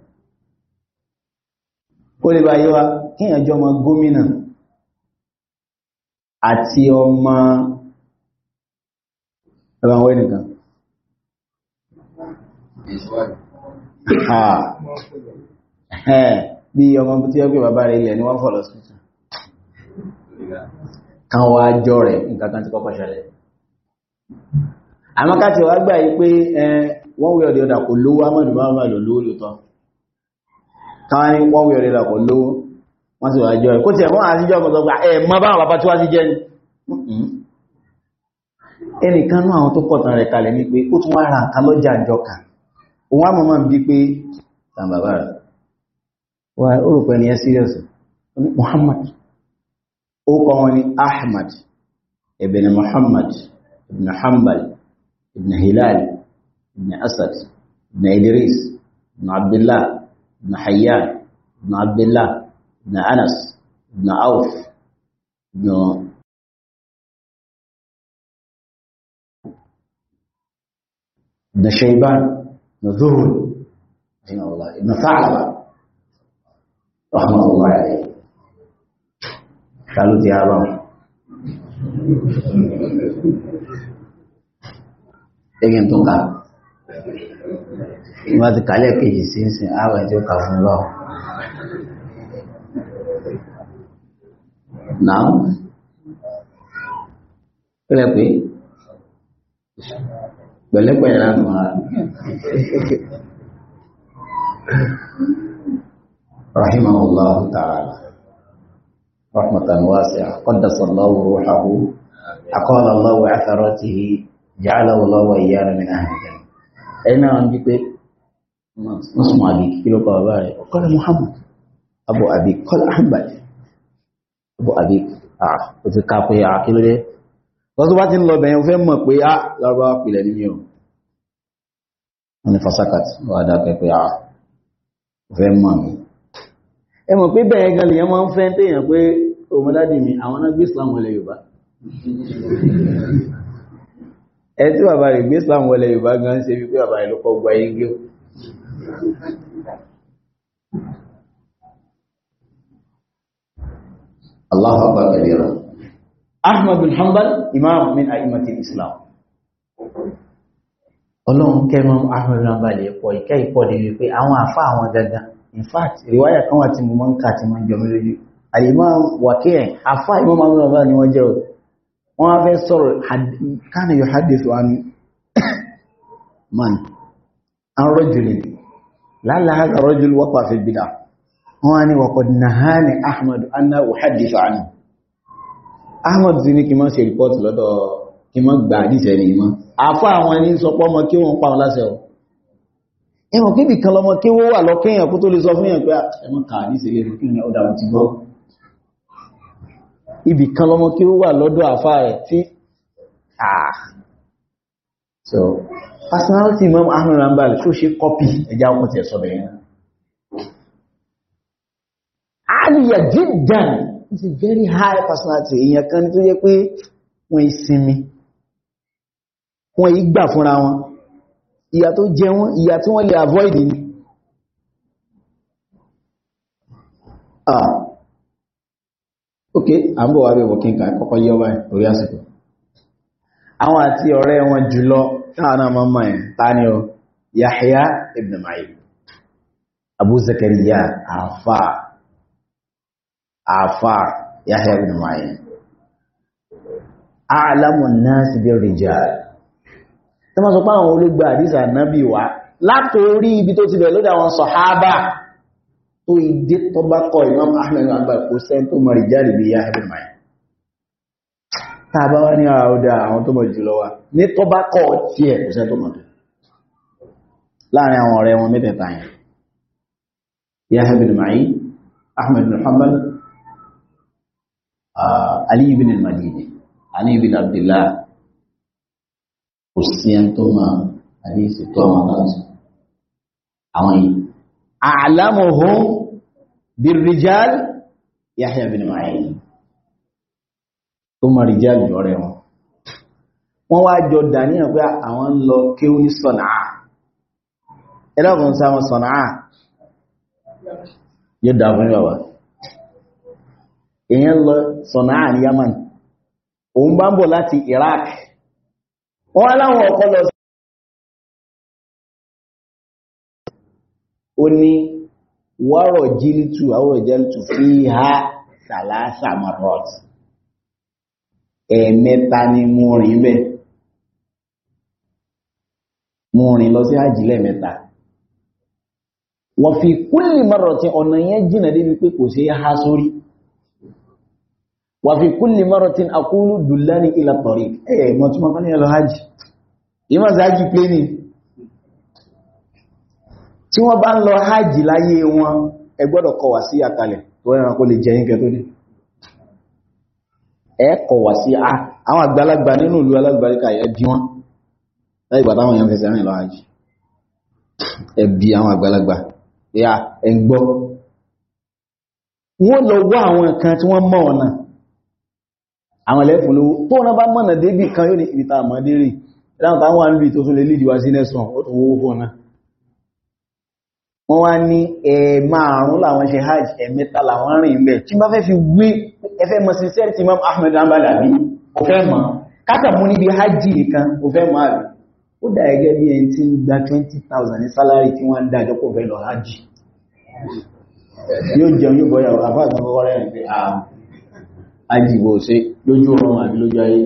ó lè bá yíwá kíyàn jọ mọ́ gómìnà àti ọmọ ẹ̀rọ àwọn ẹnìkan Ah. Eh, bí ọmọ tí ó pé bàbá rẹ̀ ilẹ̀ ni wọ́n fọ́ kan wá jọ rẹ̀ nǹkan kan ti kọ́kọ́ ṣẹlẹ̀ àmọ́ káti wá gbà yí pé wọ́n wí ọ̀dẹ̀ ọ̀dà kò lówó amọ́dù lòtọ́ káwọn wọ́n wí ọ̀dẹ̀ ọ̀dà kò lówó wọ́n sì wá jọ rẹ̀ kó ẹ̀ mọ́ eh, bàbá tí wá ti jẹ́ ni hmm. ẹnìkan náà àwọn tó rẹ̀ kalẹ̀ pé ó tún wá ra nǹkan lọ́jà wọn mọ mọ bí pé tàn bàbá rẹ̀ wà orúkọ ẹni ẹ síríọ̀sì Muhammad ó kọ́ wọn ní Ahmad ibn Muhammad ibn Hanbal ibn Hilal ibn Asad ibn Idris ibn Abdullah ibn Hayyan ibn Abdullah ibn Anas ibn Auf ibn ابن shaiban نذر رحمه الله ابن ثعلبة رحمة الله عليه قالوا يا الله ingin tukar ìwádìí kálẹ̀ kejì sí ìsìn àwọn ẹ̀jẹ̀ kà fún lọ náà kílẹ̀ pé pẹ̀lẹ́pẹ̀lẹ́ láti máa rahimahullahu ta'ala rahmatan wasi'a qaddasallahu ruhahu aqala Allahu atharatihi ja'alahu Allahu wa iyyana min ahli jannah ena on bi pe musma bi kilo ko ba re qala Muhammad Abu Abi qala Ahmad Abu Abi ah o ti ka pe akilo ah, de lọ́tọ́ bá ti ń lọ bẹ̀yẹn o fẹ́ mọ̀ pé á ah, lárúbáwá pìlẹ̀ ní mi o wọ́n ni fasakat wà dákẹ́ pé á ah, o fẹ́ mọ̀ mi ẹ mọ̀ pé bẹ̀yẹn gan lèyàn máa ń fẹ́ téèyàn pé òmọdádì mi àwọn náà gbé islam wọlé yorùbá ẹ tí bàbá rẹ̀ gbé islam wọlé yorùbá gan ṣe wípé bàbá rẹ̀ ló kọ́ gba igi o Allahu akbar Ahmad bin Hanbal imam min a'immati Islam Ọlọ́run kẹmọ Ahmad bin Hanbal ẹ̀kọ́ ìkẹ́ ìpọ̀ dé wípé àwọn àfá àwọn gangan in fact riwaya kan wà tí mo mọ́ ń ká tí mo ń jọmí lójú àyíká wàkẹ́ ẹ̀ àfá imam Ahmad bin Hanbal ni wọ́n jẹ́ wọ́n wá fẹ́ sọ̀rọ̀ kana yuhaddithu an man an rajulin la'alla hadha rajul waqa fi bid'ah wọ́n wá ní wa qad nahani Ahmad anna uhadditha anhu Ahmad sí ní kí mọ́ ṣe rìpọ́tì lọ́dọ̀ kí mọ́ gbà àdìsẹ́ ní ìmọ̀ àfọ́ àwọn ẹni sọ pọ́ ọmọ kí wọ́n pa wọn láṣẹ o ẹ̀wọ̀n kí nìkan lọmọ kí wọ́n wà lọ kéèyàn kó tó lè sọ fún èèyàn pé ah, ẹ̀wọ̀n kà àdìsẹ́ lè fi kíyàn ọ̀dà ti gbọ́ ibì kan lọmọ kí wọ́n wà lọ́dọ̀ àfá rẹ̀ tí ah so personality Imam Ahmad it's a very high personality èèyàn kan tó yẹ pé wọ́n ìsinmi wọ́n ìgbà fúnra wọn ìyà tó jẹ wọ́n ìyà tí wọ́n lè avoid ni ah ok àbúrò wà bẹ̀bọ̀ kí n kà kọ́kọ́ yọ báyìí orí àsìkò àwọn àti ọ̀rẹ́ wọn jùlọ káàná mọ́mọ́ ẹ̀ tani o Yahya ibn Ma'in Abu Zakariya Alfa àfà Yahya bin Ma'in àlàmù náàsì bí rijal tó máa sọ pé àwọn olùgbà àdísà náàbì wá látorí ibi tó ti bẹ̀rẹ̀ lórí àwọn sọ̀hábà tó ìdí tó bá kọ Imam Ahmad àgbà kò sẹ́n tó mọ̀ rijal bí Yahya bin Ma'in tàbá wá ní ara ọdá àwọn tó mọ̀ jùlọ wa ní tó bá kọ tí ẹ̀ kò sẹ́n tó mọ̀ tó láàrin àwọn ọ̀rẹ́ wọn mẹ́tẹ̀ẹ̀ta yẹn Yahya bin Ma'in Ahmad bin Hanbal Ah, Ali ibn al-Madini Ali ibn Abdullah kò sí ẹni tó máa àdéhìsì tó àwọn aláàtú àwọn yìí a'lamuhum birrijal Yahya ibn Ma'in tó mọ rijal lọ́rẹ̀ wọn wọ́n wá jọ dàníyàn pé àwọn ń lọ kéwú ní sọ̀nàá ẹlọ́gùn sáwọn sọ̀nàá yóò dà fún yọ̀wá èyàn lọ sọ̀nàá ní Yaman òun bá ń bọ̀ láti Iraq wọ́n aláwọn ọkọ̀ lọ sí ó ní wárọ̀ jílítù àwọ̀ jẹ́lítù fi ha sàlásà marot ẹ̀ẹ̀mẹ́ta ni mú rìn bẹ́ mú rìn lọ sí àjílẹ̀ mẹ́ta wọ́n fi kúlì marot ọ̀nà yẹn jìnà débi pé kò sí ha sórí wà fi kulli maratin aqulu dullani ila tariq ẹ̀ eh, mọ̀ tí ma fẹ́ ní ẹlọ hajji ìmọ̀ sí hajji pé ní tí wọ́n bá ń lọ hajji láyé wọn ẹ gbọ́dọ̀ kọ wà sí àkalẹ̀ tó ẹran kó lè jẹ yínkẹ tó dé ẹ kọ wà sí ah, àwọn àgbàlagbà nínú ìlú alágbàríkà ẹ bí ń gbọ́ wọ́n lọ àwọn ẹlẹ́fún lówó tó wọ́n bá mọ̀nà débì kan yóò ní ìta àmọ́dérì láwọn tàwọn wà níbi tó tún lè lídìí wá sí nẹ́sàn ó tún wó fún ọ̀nà wọ́n wá ní ẹ̀ẹ̀márùn láwọn ṣe hajj ẹ̀mẹ́ta làwọn rìn ilẹ̀ tí bá fẹ́ fi wé ẹfẹ́ mọ̀ sí sẹ́ẹ̀tì Imam Ahmed ambala bí ó fẹ́ mọ̀ kákà mú níbi hajj nìkan ó fẹ́ mọ̀ àbí ó dà ẹgẹ́ bí ẹni tí ń gba 20,000 ní sálárì tí wọ́n ń dájọ́ kò fẹ́ lọ hajj yóò jẹun yóò bọ́yà àbá àgbẹ̀kọ́rẹ́ rẹ̀ pé àjíbò ah, ṣe lójú ọrùn àbí lójú ayé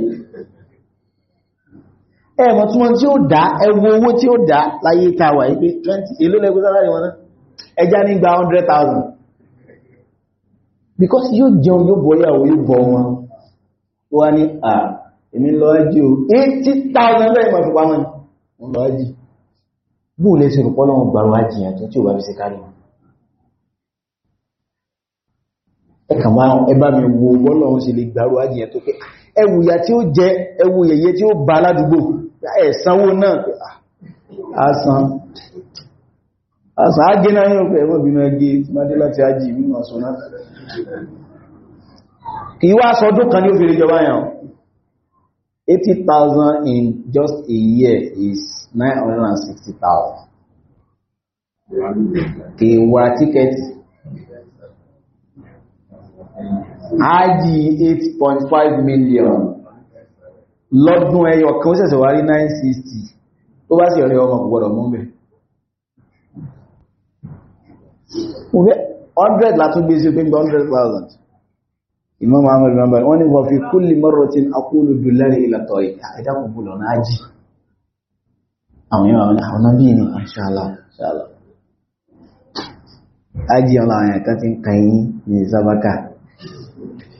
ẹ̀mọ̀ tí wọ́n tí ó dá ẹwọ owó tí ó dá láyé tàwà ipé 20 èló lẹ́gbẹ́ sáláàrí wọn náà ẹjá ní gba 100,000 because yóò jẹun yóò bọ́yàwó yóò bọ́ wọn wá ní à èmi lọ ájí o 80,000 lẹ́yìn mọ̀ fipamọ́ ni wọ́n lọ ájí bóò lẹ́sẹ̀ rùpọ́lọ́wọ́n gbàrọ̀ ájí yàtọ̀ tí ò bá fi ṣe kárí wọn kàmá ẹbá mi wo bọ́lọ̀ ń lè gbàrú ajìyẹ tó pé ah, ẹwùyà tí ó jẹ ẹwù tí ó bá aládùgbò ẹ̀sánwó náà pé àsán ah, àsán náà yóò pẹ̀ ẹwọ́ bínú ẹgbẹ́ tí láti ajì nínú ọ̀sán in just a year is 960,000 kì í wá tíkẹ́tì ájì 8.5 million lọ́dún ẹyọ kan ó ṣẹ̀ṣẹ̀ wá rí 960 tó bá sì rí ọmọ gbọ́dọ̀ mú bẹ̀ 100 látún gbé sí pín 100,000 Imam Ahmad remember wọ́n ni wọ́n fi kulli marratin aqulu dullani ila tariqa ìdákùn bùlọ̀ náà jì àwọn yíò àwọn náà bí ní inshallah inshallah ájì ọlá àyàkà ti ń kàyí ní sábákà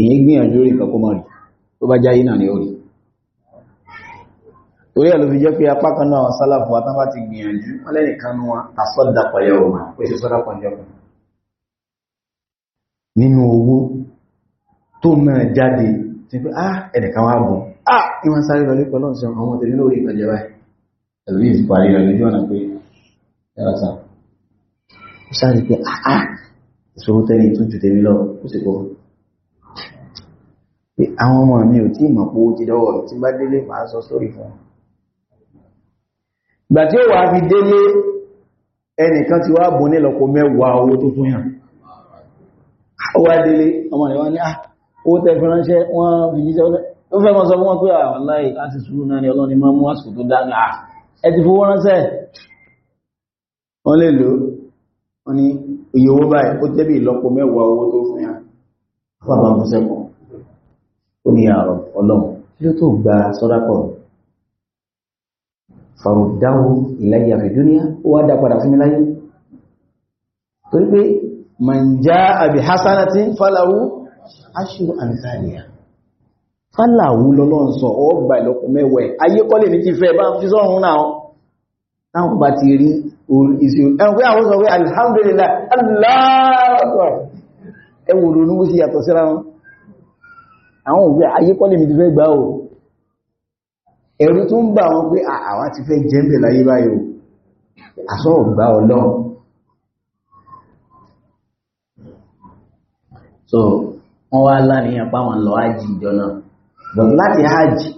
èyí gbìyànjú lórí nǹkan kó mọ̀ rí tó bá jáyé náà ni ó rí torí ẹ̀ ló fi jẹ́ pé apá kan náà sálàfù atán bá ti gbìyànjú wọ́n lẹ́nìkan wọn àsọ́dàpọ̀ ọmọ pé ṣe sọ́dàpọ̀ ọmọ nínú owó tó náà jáde ti pé ah ẹnìkan wá bùn ah ìwọ̀n sáré lọ lépọ̀ lọ́nà sọ́rọ̀ ọmọ tẹ̀lé lórí ìpàjẹ́ báyìí ẹ̀lú ìfàrí rẹ̀ lójú ọ̀nà ah, ah ìṣòro tẹ́lẹ̀ tó ju pé àwọn ọmọ mi ò tí mọ̀ pé ó ti dọ́wọ́ mi tí bá délé máa sọ sórí fún wọn ìgbà tí ó wà fi délé ẹnìkan ti wá bọ́ nílọ́pọ̀ mẹ́wàá owó tó fún yàn ó wá délé ọmọ ìwọ́n ní ó tẹ́ fi ránṣẹ́ wọ́n fi jíṣẹ́ ó fẹ́ mọ́ sọ fún wọn pé àwọn láì láti sùúrù náà ni ọlọ́ni máa mú àsìkò tó dáná ẹ ti fowó ránṣẹ́ wọ́n lè lò wọ́n ní iye owó báyìí ó tẹ́bí ìlọ́pọ̀ mẹ́wàá owó tó fún yàn fún àbábọ́sẹ́kọ̀ọ́ ní àrọ̀ ọlọ́run kí ló tó gba sọ́dápọ̀ fàrùdáwò ìlàyé àfẹ́dúníà ó wá dá padà fún iláyé torí pé man jaa bi hasanatin falahu ashru amthaliha fáláwú lọ́lọ́run sọ ọgbà ìlọ́pọ̀ mẹ́wẹ̀ ayé kọ́lẹ̀ ní ti fẹ́ bá fi sọ́run náà táwọn bá ti rí ìṣirò ẹ̀rùn alhamdulillah aláàrọ̀ ẹwùrò ní wó sí àwọn òwe ayé kọ́lé mi ti fẹ́ gbá o ẹ̀rù tó ń bà wọn pé àwa ti fẹ́ jẹ́ǹbẹ̀ láyé báyìí o àsọ́ ọ̀gbá ọlọ́run so wọ́n wá láníyàn páwọn lọ ájì ìjọ náà but láti ájì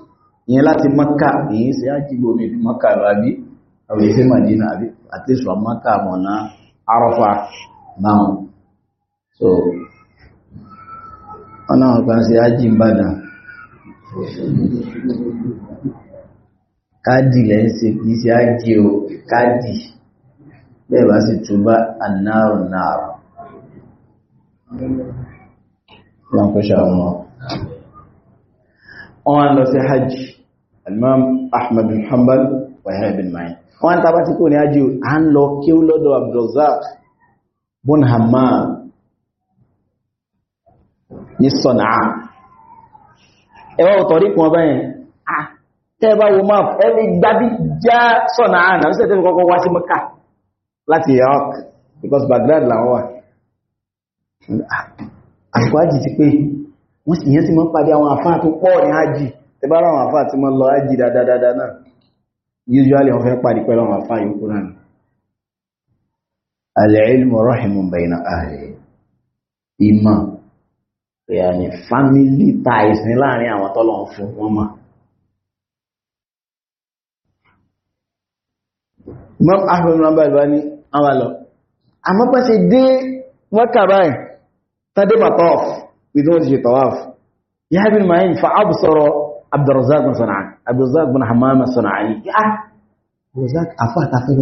ìyẹn láti mọ́kà èyí sí ájì gbómi ìfi mọ́kà lọ àbí àwọn èyí sí màdínà àbí àtẹ́sọ̀ mọ́kà mọ̀ná arọ́fà náà so wọn náà kan sí ájì ìbàdàn káàdì lẹ́yìn sí kì í sí ájì o káàdì bẹ́ẹ̀ bá sì túbá ànáàrùn náà wọn kò ṣàwọn wọn lọ sí hajj alimam ahmad bin hanbal wa yahya bin ma'in wọn tàbátí kò ní o à ń lọ kí ó lọ́dọ̀ abdulrazak bun hammam ní sọ̀nàá ẹwà ọ̀tọ̀rí kan báyẹn tẹ́ẹ̀bá wo máa ẹni gbábí já sọ̀nàá náà ní sẹ́tẹ́ kọ́kọ́ wá sí mọ́ká láti Iraq because Baghdad làwọn wà àkọ́ ájì ti pé wọ́n sì yẹn sí mọ́ pàdé àwọn àfáà tó pọ̀ ní ájì tẹ́bá àwọn àfáà tí mọ́ lọ ájì dáadáa náà usually wọ́n fẹ́ pàdé pẹ̀lú àwọn àfáà yòókù náà al-ilmu rahimun bayna ahli ìmọ̀ yàní family ties ní láàrin àwọn tọ́lọ̀ ń fún wọn mọ̀. mọ́ ahùnrin ọba ìlú ní àwọn àlọ́ àmọ́pẹ́ sí dé mọ́kàrá ẹ̀ tàbí bàtọ́f ìdí wọ́n ti ṣe tọ́wáf yá bí ma yí fa ábù sọ́rọ̀ Abdurrazak sana'ani Abdurrazak bin hamama sana'ani yá Abdurrazak afọ́ àtàfẹ́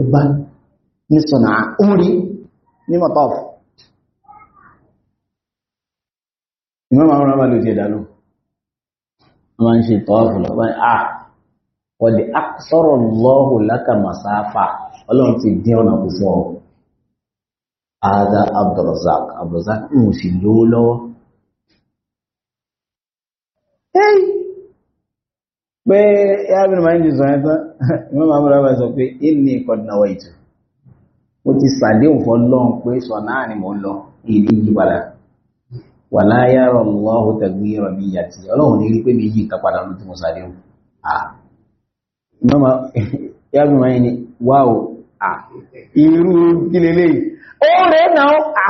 ìmọ̀ àwọn ọmọ ló ti ẹ̀dà ló wọ́n ń ṣe tọ́ọ̀fù lọ́wọ́ à wọ́dí ah, sọ́rọ̀ lọ́hù lákà masáfà ọlọ́run ti dín ọ̀nà púpọ̀ ada abdulrazak abdulrazak ń sì lówó lọ́wọ́ pé yábìn máa ń jù sọ ẹ̀tọ́ ìmọ̀ àwọn ọmọ sọ pé ìní ìkọ̀dínàwó ìtù mo ti sàdéhùn fọ́ lọ́hùn pé sọ náà ni lọ ìdí wà láyà Allahu taghyira niyyati ọlọ́run ní rí pé mi yí nǹkan padà ló tí mo sáré o mọ́mọ́ yàgbọ́n máa ní wá o irú kílélé ó rẹ̀ náà à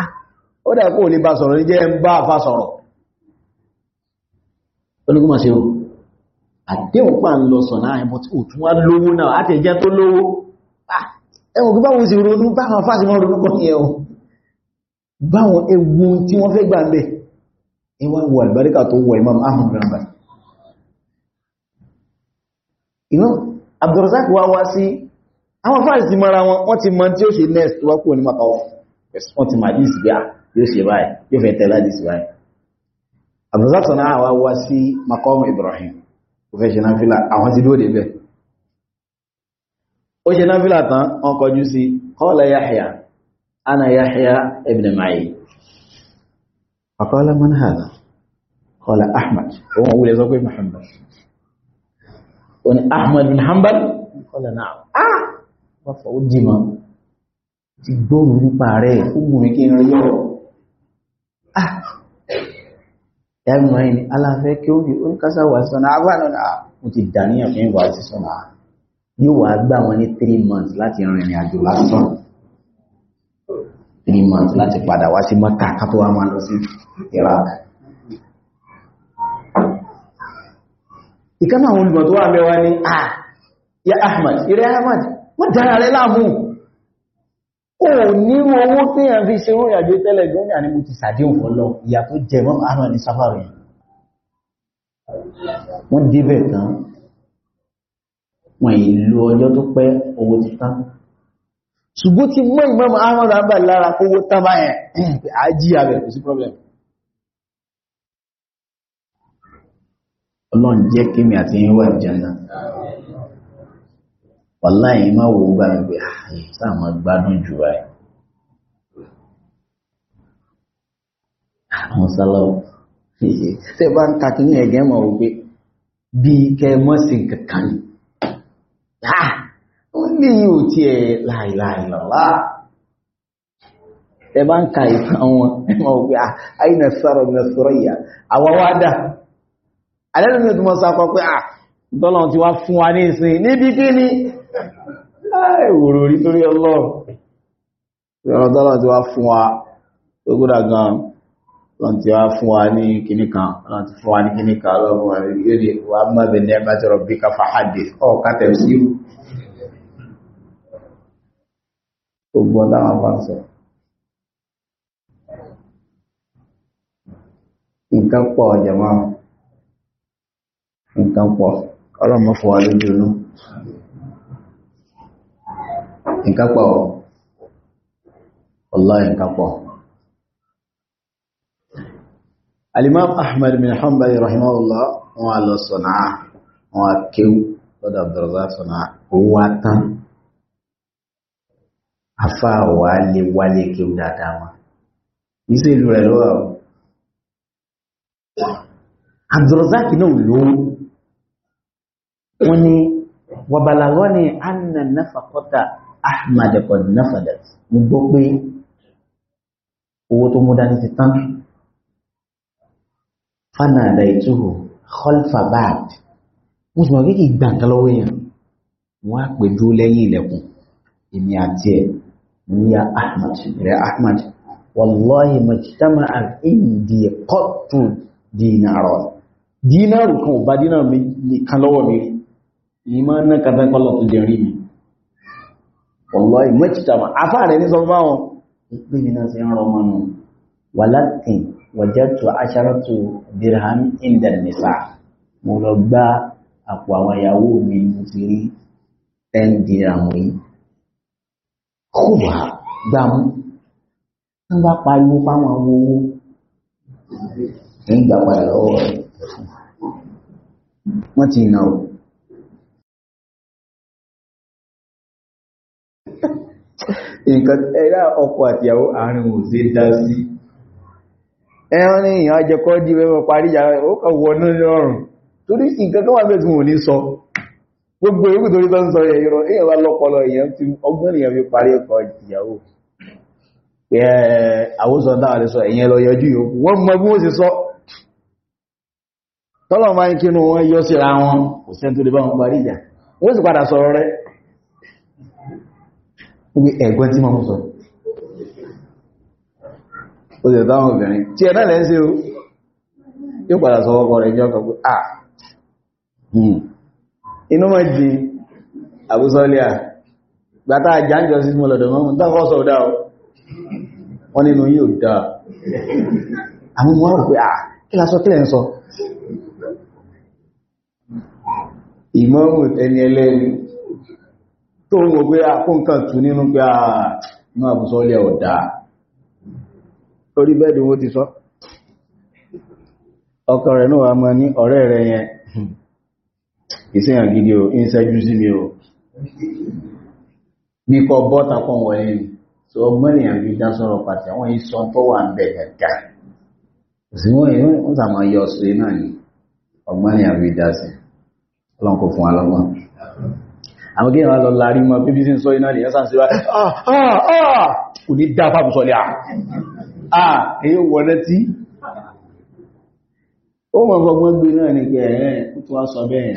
ó dà kó lè bá sọ̀rọ̀ ní jẹ́ ń bá fa sọ̀rọ̀ olùgbọ́n ṣe o àdéhùn pà ń lọ sọ̀nà àìbọ̀ tí ò tún wá lówó náà àtẹ̀jẹ́ tó lówó ẹwọ̀n gbá wọn sì ronú báwọn fásitì wọn ronú kọ́ ní ẹ̀wọ̀n báwọn ewu tí wọ́n fẹ́ gbà ń bẹ̀ ìwà wo àlùbáríkà tó wọ imam ahmed ramba imam abdulrazak wá wá sí àwọn fáàsì ti mara wọn wọ́n ti mọ tí ó ṣe next wá kúrò ní mapa wọ́n ti máa dìsì bíá yóò ṣe báyìí yóò fẹ́ tẹ̀lá dìsì báyìí abdulrazak sọ̀nà àwá wá sí maqam ibrahim ó fẹ́ ṣe náfílà àwọn ti sí فقال من هذا قال أحمد هو أقول يا محمد وأنا أحمد بن حنبل قال نعم آه رفعوا الجمام تقدروا نباري أمي كين رجعوا آه يا مهين ألا فكيو في أول كسا واسونا أبانا وتداني أفين دانيا yóò wá يو wọn ní 3 months láti rìnrìn àjò لاسون three months láti padà wá sí Maka kátó wá máa lọ sí Iraq ìkánà àwọn olùgbọ̀n tó wà mẹ́wàá ní ah ya Ahmad ire Ahmad wọ́n dára rẹ láàmú o ní owó tí yàn fi ṣe orin àjò tẹ́lẹ̀ gan ní àníbù ti sàdé òun lọ ìyà tó jẹ mọ́ Ahmad ní sáfàrí wọ́n débẹ̀ tán wọ́n ìlú ọjọ́ tó pẹ́ owó ti tán ṣùgbọ́n ti mọ́ Imam Ahmad àbà lára kówó tábà ẹ̀ àjí àbẹ̀ kò sí problem ọlọ́n jẹ́ kí mi àti yíwá ìjẹ́nà wàláyé má wo bá ń gbé sáàmà gbádùn jù wáyé àwọn sálọ́wọ́ tẹ́ bá ń takí ní ẹ̀gẹ́ mọ̀ wípé bí kẹ mọ́ sí ní yíò tí ẹ láìláìlọ́lá ẹ bá ń ka ìtàn wọn ẹmọ ògbé àìnà sọ́rọ̀ ní sọ́rọ̀ ìyà àwọwádà alẹ́lẹ́mí tó mọ́ sápọ̀ pé ah, à dọ́lọ̀ ah, ti wá fún wa ní ìsìn níbi kí ni ìwòrò orí torí ọlọ́run dọ́lọ̀ ti wá fún wa tó gúdà gan lọ́n ti wá fún wa ní kìníkan lọ́n ti fún wa ní kìníkan lọ́run wà mọ́bẹ̀ ní gbogbo táwọn bá ń sọ. nǹkan pọ̀ jẹ̀mọ́ nǹkan pọ̀ ọlọ́mọ fún wa lójú inú ahmad bin hanbali rahimahullah wọn a lọ sọ̀nà wọn àfáà wale lè wálé kí ó dáadáa wọn ìṣẹ́ ìlú rẹ̀ lọ́wọ́ Abdulrazaki náà ló wọ́n ni wàbàlàwọ́ ni anna nafakọta Ahmad kọ̀ nafadat mo gbọ́ pé owó tó mú dání ti tán fana àdá ìtúhù khalfa bad mo sì mọ̀ pé kì í gbà nǹkan lọ́wọ́ yẹn wọ́n á pè dúró lẹ́yìn ní Ahmad rẹ̀ Ahmad wallahi majtama indi qattu dínàrọ̀ dínàrù kan ò bá dínàrù mi kan lọ́wọ́ mi rí ní máa ń ná kàtàkọ́lọ̀ tó jẹ rí mi wallahi majtama afá rẹ̀ ní sọ fáwọn ìpé mi náà sí ń rọ walakin wajadtu asharatu dirham inda nisa mo lọ gbá àpò àwọn ìyàwó mi mo ti 10 dirham yìí kúbà gbàmú ń bá pariwo fáwọn owó ń gbà padà lọ́wọ́ ẹ̀fún wọ́n ti nà ó. nǹkan ẹ̀rá ọkọ àtìyàwó àárín ò dá sí ní ìyàn wẹ́wọ́ parí ìyàwó torí nǹkan tó wà bẹ́ẹ̀ tí wọ́n ní sọ gbogbo ewu torí tó ń sọ yẹ irọ́ èyàn wá lọ́pọlọ èyàn ti ọgbọ́n èyàn fi parí ẹ̀kọ́ ìyàwó àwòsọ dáwà lè sọ èyàn lọ yọjú yòókù wọ́n mọ bí wọ́n sì sọ tọ́lọ̀ máa ń kínú wọn yọ síra wọn kò sẹ́ni tó lè bá wọn parí ìjà wọ́n sì padà sọ̀rọ̀ rẹ̀ wí ẹ̀gbọ́n tí wọ́n sọ ó sì táwọn obìnrin tí ẹ̀ náà lẹ́ ń ṣe o yóò padà sọ ọkọ rẹ̀ ní ọkọ̀ pé ah hmm. inú mọ̀ jí àbúsọ́lẹ̀ à gbátá àjánjọ sí mọ́ lọ́dọ̀ mọ́ dákọ́ sọ dá o wọ́n nínú yíò dá àwọn mọ́ rò pé à ah, kí lásọ kílẹ̀ ń sọ ìmọ́mù ẹni ẹlẹ́ni tó ń pé ah, tù ah, ọkọ̀ rẹ̀ náà wà mọ́ ní ìsẹ́yàn gidi o ń sẹ́jú sí mi o ní kọ bọ́ta pọ̀ wọlé ni so ọgbọ́n èèyàn fi dá sọ̀rọ̀ pàtàkì àwọn ìsọ tó wà ń bẹ̀ gàgà sí wọ́n yìí wọ́n sàmọ́ yọ ọ̀sọ̀ iná ni ọgbọ́n èèyàn fi dá sí ọlọ́run kò fún wa lọ́gbọ́n àwọn kéèyàn lọ larí mọ bíbí sí ń sọ iná nìyẹn sàn sí wa kò ní dá fábùsọ lé à èyí wọlé tí ó mọ̀ fọgbọ́n gbé náà ni pé ẹ̀ẹ́ tó wá sọ bẹ́ẹ̀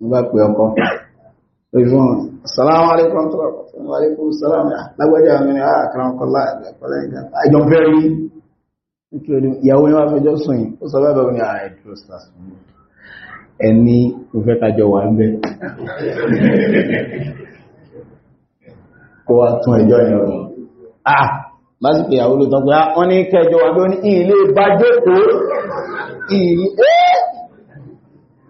mo bá pe ọkọ lórí fún salamu alaikum tó wà fún wa alaikum salamu ah, lágbájá mi ni àà ah, kàrán kọlá ẹ̀kọ́lá ìgbà àjọ bẹ́ẹ̀ rí nítorí ìyàwó yẹn wá fẹjọ́ sùn yìí ó sọ bẹ́ẹ̀ bẹ́ẹ̀ ni àà ètò sàṣùn ẹni mo fẹ́ kájọ wà ń bẹ́ kó wá ẹjọ́ yẹn ah lásìkò ìyàwó ló tán pé ah, wọ́n ní kẹjọ wà bí ó ní ilé bá jókòó ilé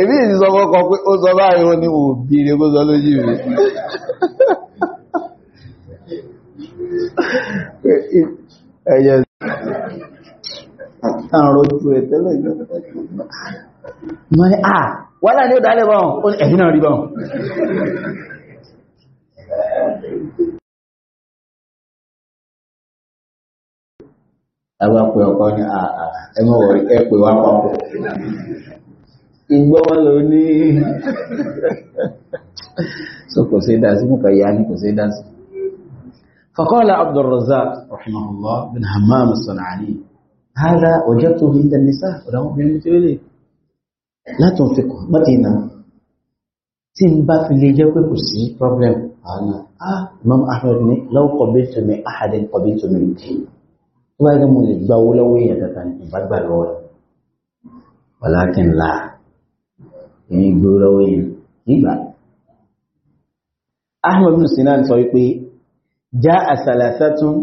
èmi ìsì sọ fọ́kọ pé ó sọ báyìí ó ní òbíire kó sọ lójú rẹ̀ ẹ̀yẹ àrùn ojú rẹ̀ tẹ́lẹ̀ ìjọba ah wọ́lá ní ó dálẹ̀ bọ́n ẹ̀yìn náà rí bọ́n ẹwà pẹ̀ ọkọ ní àà ah, ah, ẹmọ́wọ̀ ẹ̀pẹ̀ wà pọ̀ tiba walau ni so kusida semua kaya ni kusida فقال عبد الرزاق رحمه الله بن حمام الصنعاني هذا وجدته عند النساء ولم يكن مثل لا تنفقه ما تينا تنبا في اللي جاكو كسي بروبليم انا اه امام احمد بن لو قبلت من احد قبلت من دين ما يقول لك باولويه تتنبا ولكن لا ẹ̀yìn ìgboro lọ́wọ́ yẹn nígbà. Ahmed bin Sinan sọ wípé já àsàlàsà tún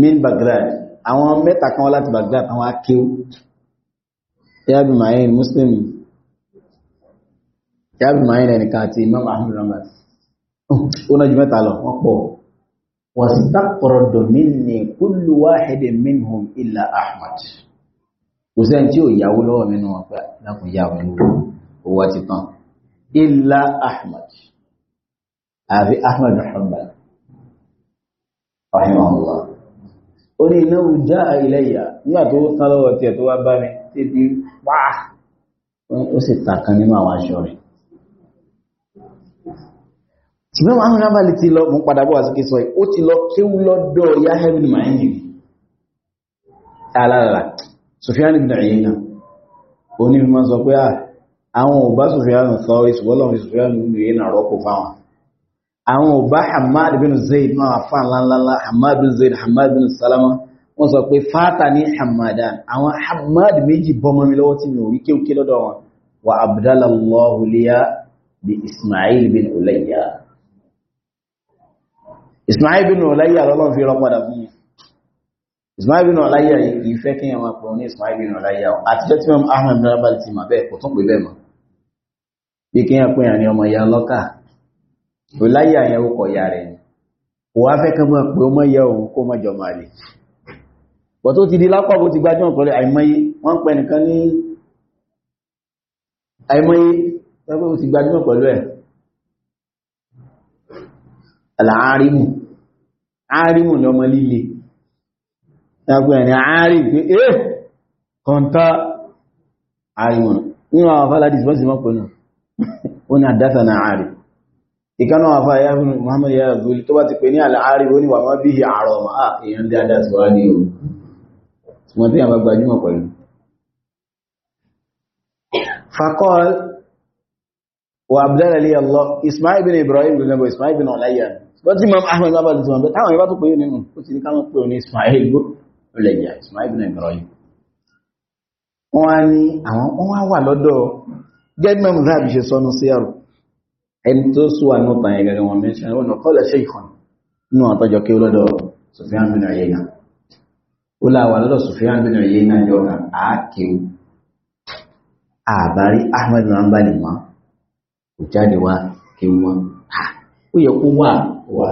min Baghdad àwọn mẹ́ta kan wá láti Baghdad àwọn akéwù yabi mayen Muslim yabi mayen ẹnìkan àti Imam Ahmed Rambas ó náà ju mẹ́ta lọ wọ́n pọ̀ wàsítàkọ̀rọ̀dọ̀ minni kullu wahidin minhum illa Ahmad kò sẹ́ni tí ò yáwó lọ́wọ́ mẹ́nu wọn pé lákùn lọ́wọ́ owó ti tán illa ahmad àbí ahmad muhammad rahimahullah ó ní iná já ilayya nígbà tó tán lọ́wọ́ tiẹ̀ tó wá bá mi títí wáá ó sì tàkan nínú àwọn aṣọ rẹ̀ ṣùgbọ́n àwọn arábàlì ti lọ mú padà bọ́ àsìkè sọ ó ti lọ kéwú lọ́dọ̀ Yahya ibn Ma'in alára Sufyan ibn Uyayna onímọ̀ sọ pé à ah, àwọn ò bá Sufyan Thawri ìṣùgbọ́lọ́wọ́ Sufyan nínú yìí nà rọ́pò fáwọn àwọn ò bá Hamad bin Zayd náà fà ńláńláńlá Hamad bin Zayd Hamad bin Salama wọ́n sọ pé fata ní Hamadan àwọn Hamad méjì bọ́mọ mi lọ́wọ́ tí mi ò rí kéwké lọ́dọ̀ wọn wa abdalallahu liya bi Ismail bin Ulayya Ismail bin Ulayya lọ́lọ́ fi rọ́pọ̀dà fún mi Ismail bin Ulayya yìí kì í fẹ́ kí ẹ̀wọ̀n pọ̀ ní Ismail bin Ulayya àtijọ́ tí wọ́n Ahmad bin Abal ti mà bẹ́ẹ̀ kò tún pè bẹ́ẹ̀ mọ́ bí kí yàn pín àrin ọmọ ìyá ọlọ́kà ò láyé àyẹ̀ ó ìyá rẹ̀ ni kò wá fẹ́ kán mọ́ pé ó mọ́ ìyá òun kó mọ́ jọmọ àlè bọ̀ tó ti di lápá bó ti gbájọ́ ọ̀pọ̀lẹ̀ àìmọye wọ́n pẹ́ nìkan ní àìmọye pẹ́pẹ́ bó ti gbájọ́ pẹ̀lú àlàárímù árímù ni ọmọ líle ẹgbẹ́ ẹ̀rin árímù pé ẹ́ kọ̀ǹtà árímù ó ní àdáta na ààrì ìkánà wà fáyá fún Muhammad ya zuli tó bá ti pè ní ààrì ó ní wà máa bí i àrọ̀ ma á ah, èèyàn dáadáa sí wá ní o wọ́n tí a bá gbajúmọ̀ pẹ̀lú fakọ́l wà abdálàlì Allah Ismail bin Ibrahim bin abu Ismail bin ọ̀láyà wọ́n tí Imam Ahmad bá tuntun bẹ́ táwọn ìbá tó pè nínú ó ti ní ká wọ́n wá wà lọ́dọ̀ gẹ́gbẹ́ mọ̀ láàbí ṣe sọ́nà sí àrù ẹni tó súwà ní ọ̀tàn ẹgbẹ̀rẹ̀ wọn mẹ́ṣẹ́ ọ̀nà kọ́lẹ̀ ṣe ìkan ní àtọ́jọ kí ó lọ́dọ̀ Sufyan Ahmad máa ń bá lè mọ́ kò jáde wá kí wọ́n ó yẹ kó wà wà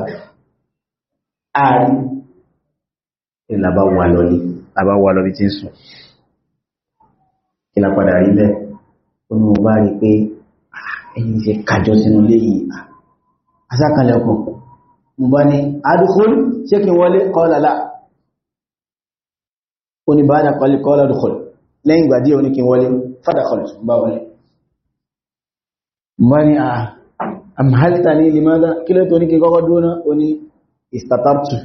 àárín ìlàbá wà ó ní mo bá rí i pé ah, ẹni ṣe kàjọ sínú ilé yìí ah, asákanlẹ̀kùn mo bá ní adúkúrú ṣé kí n wọlé kọ́lálà ó ní bá dàkọ́lé kọ́lá dùkọ̀lù lẹ́yìn ìgbà díẹ̀ ó ní kí n wọlé fàdàkọ̀lù bá wọlé mo bá ní à ah, àmàlítà ní limada kí ló tó ní kí kọ́kọ́ dúró náà ó ní ìstàtàtù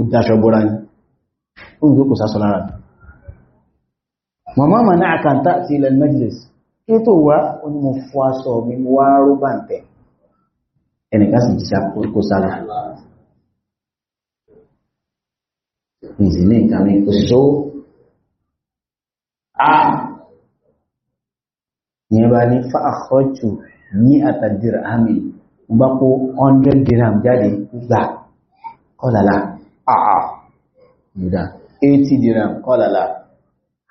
ìdáṣọ́bọ́ra ni ó ń gbé kò sásọ lára màmá mà náà kàńtà sí ilẹ̀ majlis kí tó wá ó ní mo fọ aṣọ mi mo wá rú bàǹtẹ̀ ẹnìkan sì ti ṣàkóso sára ìdí ní nǹkan mi kò sí sówó a ìyẹn bá ní fáàkọ́jù ní àtàdìrà àmì mo bá kó 100 dirham jáde gbà kọlàlà àà 80 dirham kọlàlà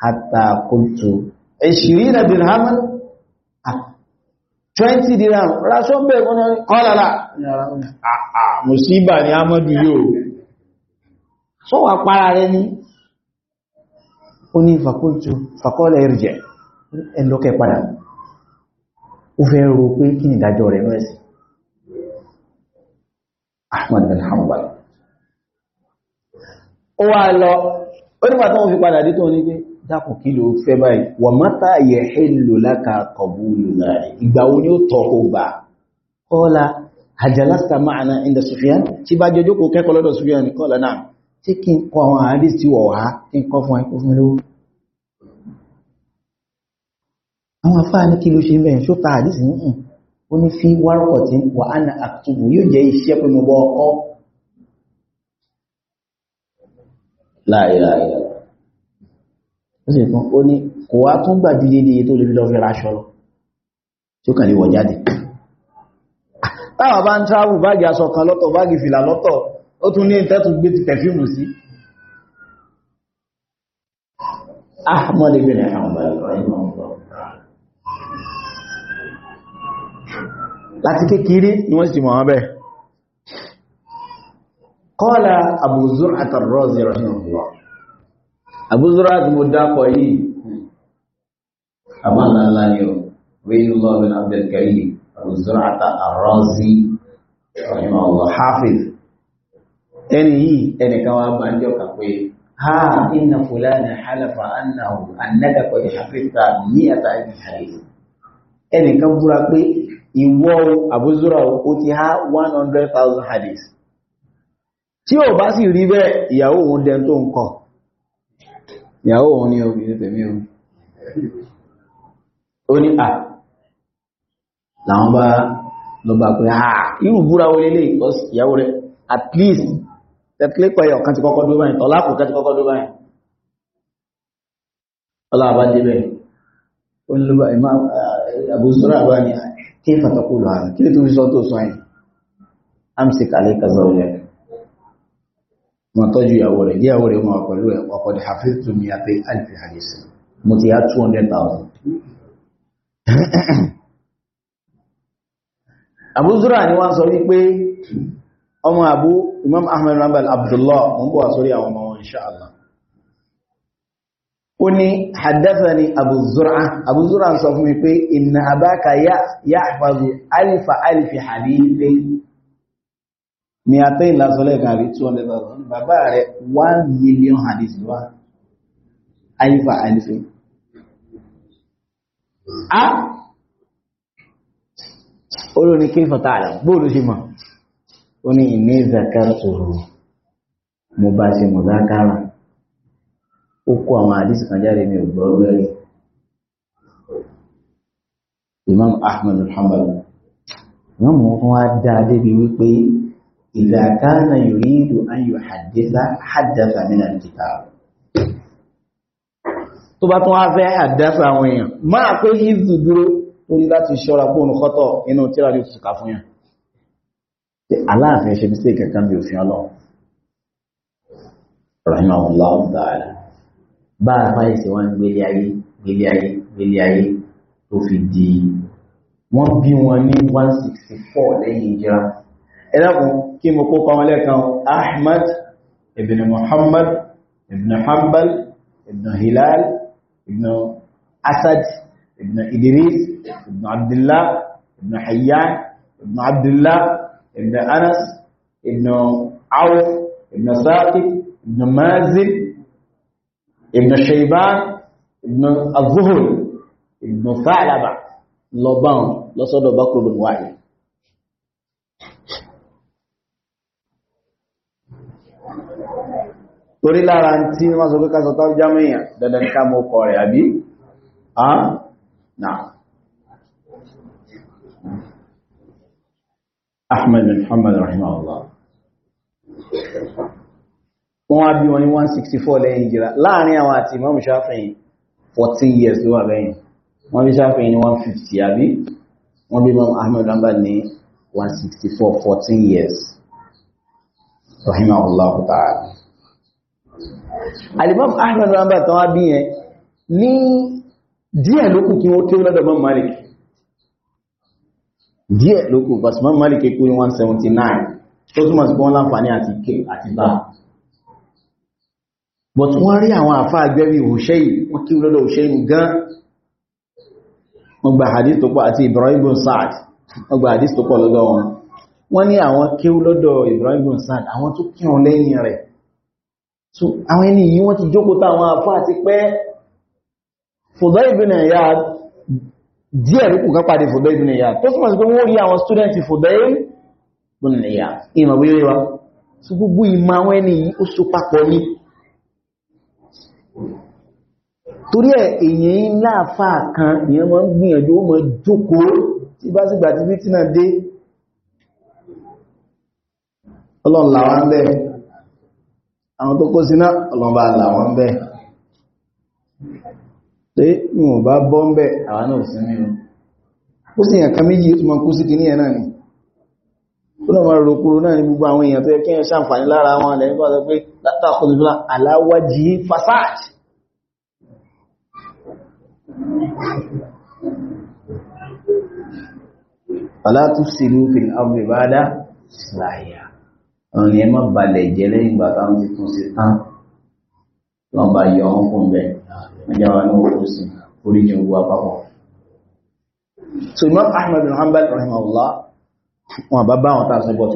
hatta qultu ẹ̀ṣìrìnà dìrhàmà 20 dirham raṣọ́ bẹ̀rẹ̀ wọn ni kọ́lára mùsíbà ni amadu yóò sọ wà para rẹ ní ó ní fàkọ́lẹ̀ ìrìjẹ̀ ẹlọ́kẹ́ padà ó fẹ́ rò pé kí ni ìdájọ́ rẹ̀ mẹ́sì Ahmad bin Hanbal ó wà lọ ó nígbà tó fi padà dé ní pé dákùn kí ló fẹ́ báyìí wà mátà yẹ hélò láka kọ̀bú lòlá ìgbà wo ó tọ́ kó bá kọ́lá àjàlásà máàna inda Sufyan tí bá jọjọ́ kò kẹ́kọ̀ọ́ lọ́dọ̀ Sufyan kọ́lá náà tí kí n kọ àwọn àádé tí wọ̀ wá kí n kọ́ fún ẹkọ́ fún lówó àwọn afáà hmm. na àtúbù yóò ó sì fún ó ní kò wá tún gbà ju yéye tó lè fi lọ fi raṣọ lọ tí ó kàn lè wọ̀ jáde táwa bá ń travel báàgì aṣọ kan lọ́tọ̀ báàgì fìlà lọ́tọ̀ ó tún ní tẹ́tùn gbé ti pẹ̀fíìmù sí ah, láti kékeré ni wọ́n sì mọ̀ wọ́n bẹ́ẹ̀ qala Abu Zur'at ar-Razi rahimahullah àbúzúrà tí mo dápọ̀ yìí àmàlà ńlá ni ó wíyí lọ́wọ́ ní abdulkari àbúzúrà àtà àrọ́sí ọ̀hìnmọ̀ ọ̀lọ́ hafiz ẹni yìí ẹnìkan wá bá ń jọ kà pé ha inna fulani halafa annahu annaka qad hafizta mi'ata alf hadith ẹnìkan búra pé ìwọ àbúzúrà ó ti há 100,000 hadith tí ò bá sì rí bẹ́ẹ̀ ìyàwó òun dẹ̀ tó ń kọ̀ ìyàwó òun ní obìnrin tèmi o ó ní à làwọn bá lọ bá pé à irú búra wọlé lè ìyàwó rẹ̀ at least tẹ́tílé pẹ̀yọ̀ kan ti kọ́kọ́ dó báyìí tọ́lápù kan ti kọ́kọ́ dó báyìí ọlọ́ọ̀bá débẹ̀ ó ní lọ́bàá ìmá àbúsọ́rọ̀ àbá ni kí fàtàkùlù ààrẹ kí lè tó fi sọ́ tó sọ yìí amsik alẹ́ wọn tọ́jú ìyàwó rẹ̀ ìyàwó rẹ̀ máa pẹ̀lú ẹ̀ ọkọ̀ ní hafizu mi àti alfi hadisi mo ti 200,000 Abu Zura ni wọ́n sọ wípé ọmọ Abu Imam Ahmed Rambal Abdullah mọ́ bọ́ sórí àwọn ọmọ wọn insha ó ní Abu Zura Abu sọ fún mi pé abaka yahfazu alfa alif mi àtẹ́ ìlàsọ́lẹ̀ kàrí 200,000 bàbá rẹ̀ 1 million hadith wá alifa alifin a olú ní kífà tààlà bóòlù sí ma ó ní ìní zakara tòrò mo bá ṣe mọ̀ zákara ó kó àwọn hadith kan jáde ní ògbọ́gbẹ́rẹ́ Imam Ahmad al wọ́n mọ̀ fún wá dáadé bí wípé إذا كان يريد أن يحدث حدث من الكتاب tó bá tún wá fẹ́ àdáfà àwọn èèyàn máa pé ìzù dúró orí láti ṣọ́ra pé òun kọ́tọ̀ inú tíra lè fùsùkà fún yàn tí aláàfin ṣe bí sí ìkẹ̀kan bí òfin ọlọ́run rahimahullahu ta'ala bá a fáyé sí wọ́n gbélé ayé gbélé ayé gbélé ayé tó fi di wọ́n bí wọn ní 164 lẹ́yìn ìjírá ẹ̀dàkùn kí mo kó kọmọ lẹ́ẹ̀kan ahmad ibn muhammad ibn hanbal ibn hilal ibn asad ibn idris ibn abdullah ibn hayyan ibn abdullah ibn anas ibn auf ibn saqib ibn mazin ibn shayban ibn az-zuhri ibn sa'laba lọ́bàun lọ́sọ́dọ̀ bákùrù wáyìí torí lára tí wọ́n sọ pé ká sọ tọ́já mẹ́yàn dandan ká mọ́ kọ rẹ̀ àbí? ahmed bin hamad rahimahullah wọ́n wá bí wọn ní 164 lẹ́yìn ìjìra láàrin àwọn àti Imam 14 years ló wà lẹ́yìn wọ́n bí 150 àbí wọ́n bí Imam ahmed rahimahullah ní 164 14 years rahimahullah ta'ala alimam ahmed ramba tán wá bí yẹn ní díẹ̀ lókù kí wọ́n kí wọ́n lọ́dọ̀ mọ́ malik díẹ̀ lókù bas mọ́ malik kú ní 179 tó túnmọ̀ sí pọ́n láǹfààní àti ké àti bá but wọ́n rí àwọn àfá agbẹ́rí òṣèyí wọ́n kí wọ́n lọ́dọ̀ òṣèyí gan wọ́n gba hadith tó pọ̀ àti ibrahim sa'ad wọ́n gba hadith tó pọ̀ lọ́dọ̀ wọn wọ́n ní àwọn kí wọ́n lọ́dọ̀ ibrahim sa'ad àwọn tó kírun lẹ́yìn rẹ̀ so àwọn ẹni yìí wọ́n ti jókòó táwọn àfá àti pé Fudail ibn Iyad díẹ̀ rí kù ká pàdé Fudail ibn tó túnmọ̀ sí pé wọ́n rí àwọn stúdẹ̀ntì Fudail ibn Iyad ìmọ̀ wa so gbogbo ìmọ̀ àwọn ẹni yìí ó so papọ̀ ní torí ẹ̀ èyàn láàfá kan èyàn máa ń gbìyànjú ó máa jókòó tí bá sì gbà tí fítínà ọlọ́run làwọn bẹ́ẹ̀ àwọn tó kó síná ọlọ́mbà àlàwọn bẹ́ pé ní wọ́n bá bọ́ ń bẹ́ àwọn náà sí nínú ó sì yàn kan méjì tó ma kú sí kìíní ẹ̀ náà ni ó náà ma rò kúrò náà ní gbogbo àwọn èèyàn tó yẹ kí ẹ ṣàǹfààní lára wọn lẹ́yìn pàtó pé látàkùnlá aláwájì fasad Fala tufsidu fil ardi ba'da àwọn yẹn má balẹ̀ jẹ́ lẹ́yìn ìgbà táwọn ti tún sí tán lọ́n bá yọ wọn fún bẹ́ẹ̀ ẹjá wa ní òkú sí oríjì owó àpapọ̀. so Imam Ahmad bin Hanbal rahimahullah wọn bá bá wọn tàbí bọ̀ tí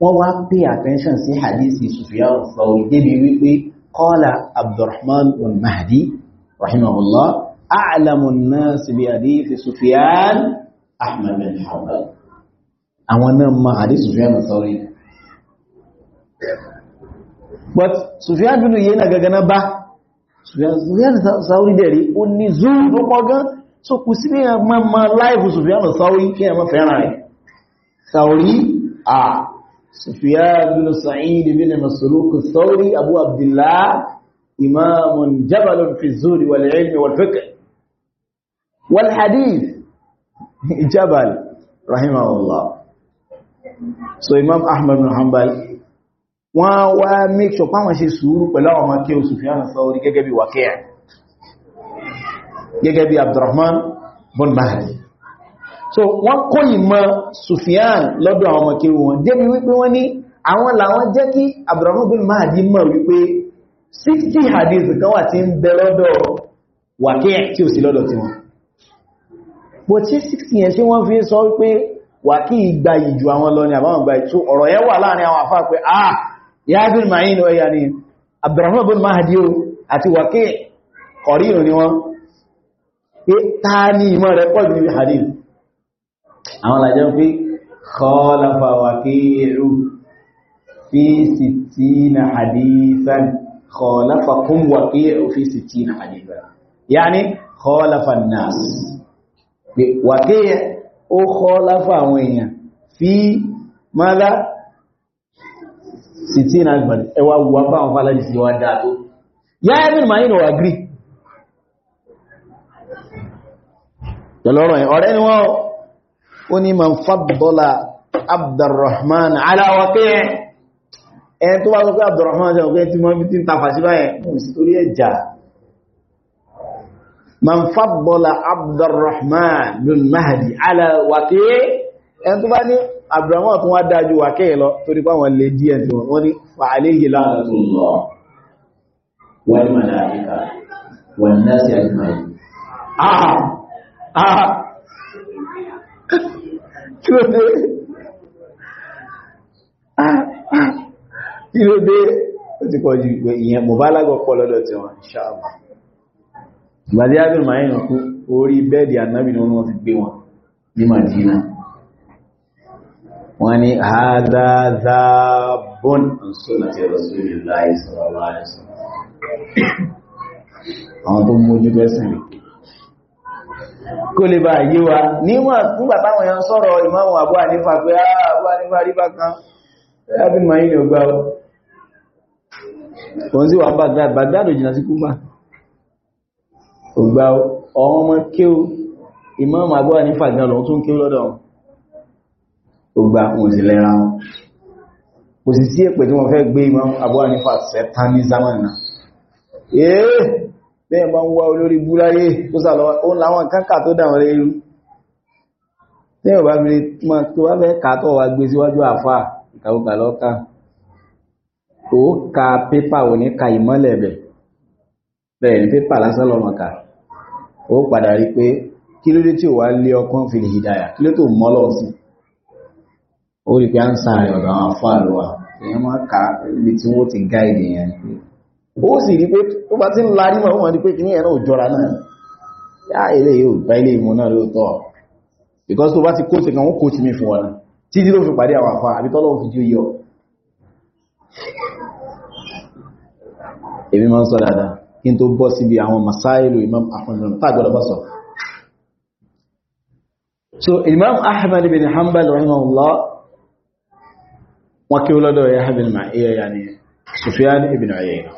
wọ́n wá pay attention sí hadisi Sufyan Thawri débi wípé qala Abdurrahman bin Mahdi rahimahullah a'lamu an-nas bi hadisi Sufyan Ahmad bin Hanbal àwọn náà ma hadisi Sufyan Thawri but Sufyan bin Uyayna gangan náà bá Sufyan Sauri dẹ̀rí ó ní zoo tó pọ̀ gan so kù sí ní ẹmọ ma láìbù Sufyan Sauri kí ẹmọ fẹ́ràn rẹ̀ Sauri a Sufyan bin Sa'id bin Masruq Sauri Abu Abdullah imamun jabalun fi zuhri wal ilmi wal fiqh wal hadith jabal rahimahullah so Imam Ahmad bin Hanbal wọ́n wá make sure páwọn ṣe sùúrù pẹ̀lú àwọn ọmọké o Sufyan Thawri gẹ́gẹ́ bí Waki' gẹ́gẹ́ bí Abdurrahman bin Mahdi so wọ́n kó ìmọ̀ Sufyan lọ́dọ̀ àwọn ọmọké wọn débi wípé wọ́n ní àwọn làwọn jẹ́ kí Abdurrahman bin Mahdi mọ̀ wípé 60 hadith kan wà tí ń bẹ lọ́dọ̀ Waki' tí ò sí lọ́dọ̀ tí fi sọ wípé Waki' gba ìjù àwọn lọ ni àbáwọn gba ìtú Yahya bin Ma'in wọ́n yà ní Abdurrahman bin Mahdi àti Waqi kọ̀rínù ni wọ́n ta ní ìmọ̀ rẹ̀ pọ̀ níbi hadith àwọn làjẹ́ ń pé khalafa Waqi'u fi sittina hadithan khalafakum Waqi'u fi sittina hadithan yani khalafa an-nas Waqi' ó khalafa àwọn èèyàn fi mọ́lá sitina agbani ẹwà wà bá wọn fàlàjì sí wà dáa tó yá ẹbí ma yínà wà gírí tẹ̀lọ́rọ̀ ọ̀rẹ́ ni wọ́n ó ní man faddala abdurrahman ala waqi' ẹn tó bá sọ pé abdurrahman jẹ́ ọ̀pẹ́ tí wọ́n fi tí ń tafà sí báyẹn mú tó bá ní Abrahamu tún wá dájú wà kẹ́ lọ torí pé àwọn lè díẹ̀ tí wọ́n ní wà aléyìí láàrín kí ló dé ó ti pọ̀ ju ìgbẹ̀ ìyẹn mọ̀ bá lágọ́ pọ̀ lọ́dọ̀ tí wọ́n ṣáàbà ìgbàdí ábìrì máa ń rìn kú orí bẹ́ẹ̀dì ànábì ni wọ́n ti gbé wọn ní Madina wọ́n ní àádáadáabọ́n sunnati rasulillahi sallallahu alaihi wasallam àwọn tó mójú tẹ́sìn kó lè bá yé wa níwọ̀n nígbà táwọn èèyàn sọ̀rọ̀ ìmáàmù Abu Hanifa pé ah, Abu Hanifa rí bákan ẹbí ma yìí ni ọgbà ọ sí wà Baghdad jìnà sí kúmà ọgbà ọmọ kéw ìmáàmù Abu Hanifa gan lọ tún kéw lọ́dọ̀ gbogbo àwọn òsìlẹ̀ ra wọn kò sì sí èpè tí wọ́n fẹ́ gbé Imam Abu Hanifa sẹ́ta ní zamana ee bẹ́ẹ̀ bá ń wá olórí búráyé tó sàlọ́ ó láwọn káńkà tó dáwọn rẹ̀ wa gbé síwájú àfà ìkàwùkà lọ́ka ka pépà ò ní ka ìmọ́lẹ̀ bẹ̀ bẹ́ẹ̀ ní pépà lásán lọ́mọ ká ó padà rí pé kí ló dé tí ò wá lé ọkàn fi lè hìdáyà kí ló tó mọ́ lọ́sìn ó rí pé ánsá rẹ̀ ọ̀dọ̀ àwọn afọ́ àlùwà èèyàn máa ka ibi tí wọ́n ti gáìdì yẹn ni ó sì rí pé tó bá ti ń larí mọ̀ wọ́n ni pé kí ní ẹ̀rọ òjọra náà yá ilé yóò gba ilé ìmọ̀ náà lóòótọ́ because tó bá ti kóòtù kan wọ́n kóòtù mi fún ọ̀nà títí ló fi pàdé àwọn afọ́ àbí tọ́lọ́ fi jí yọ èmi máa ń sọ dáadáa kí n tó bọ́ síbi àwọn masáìlú imam ahmed tàgbọ́dọ̀ bá sọ so imam ahmed bin hanbal rahimahullah wọ́n kí ó lọ́dọ̀ ya ma iya ya ni Sufyan ibn Uyayna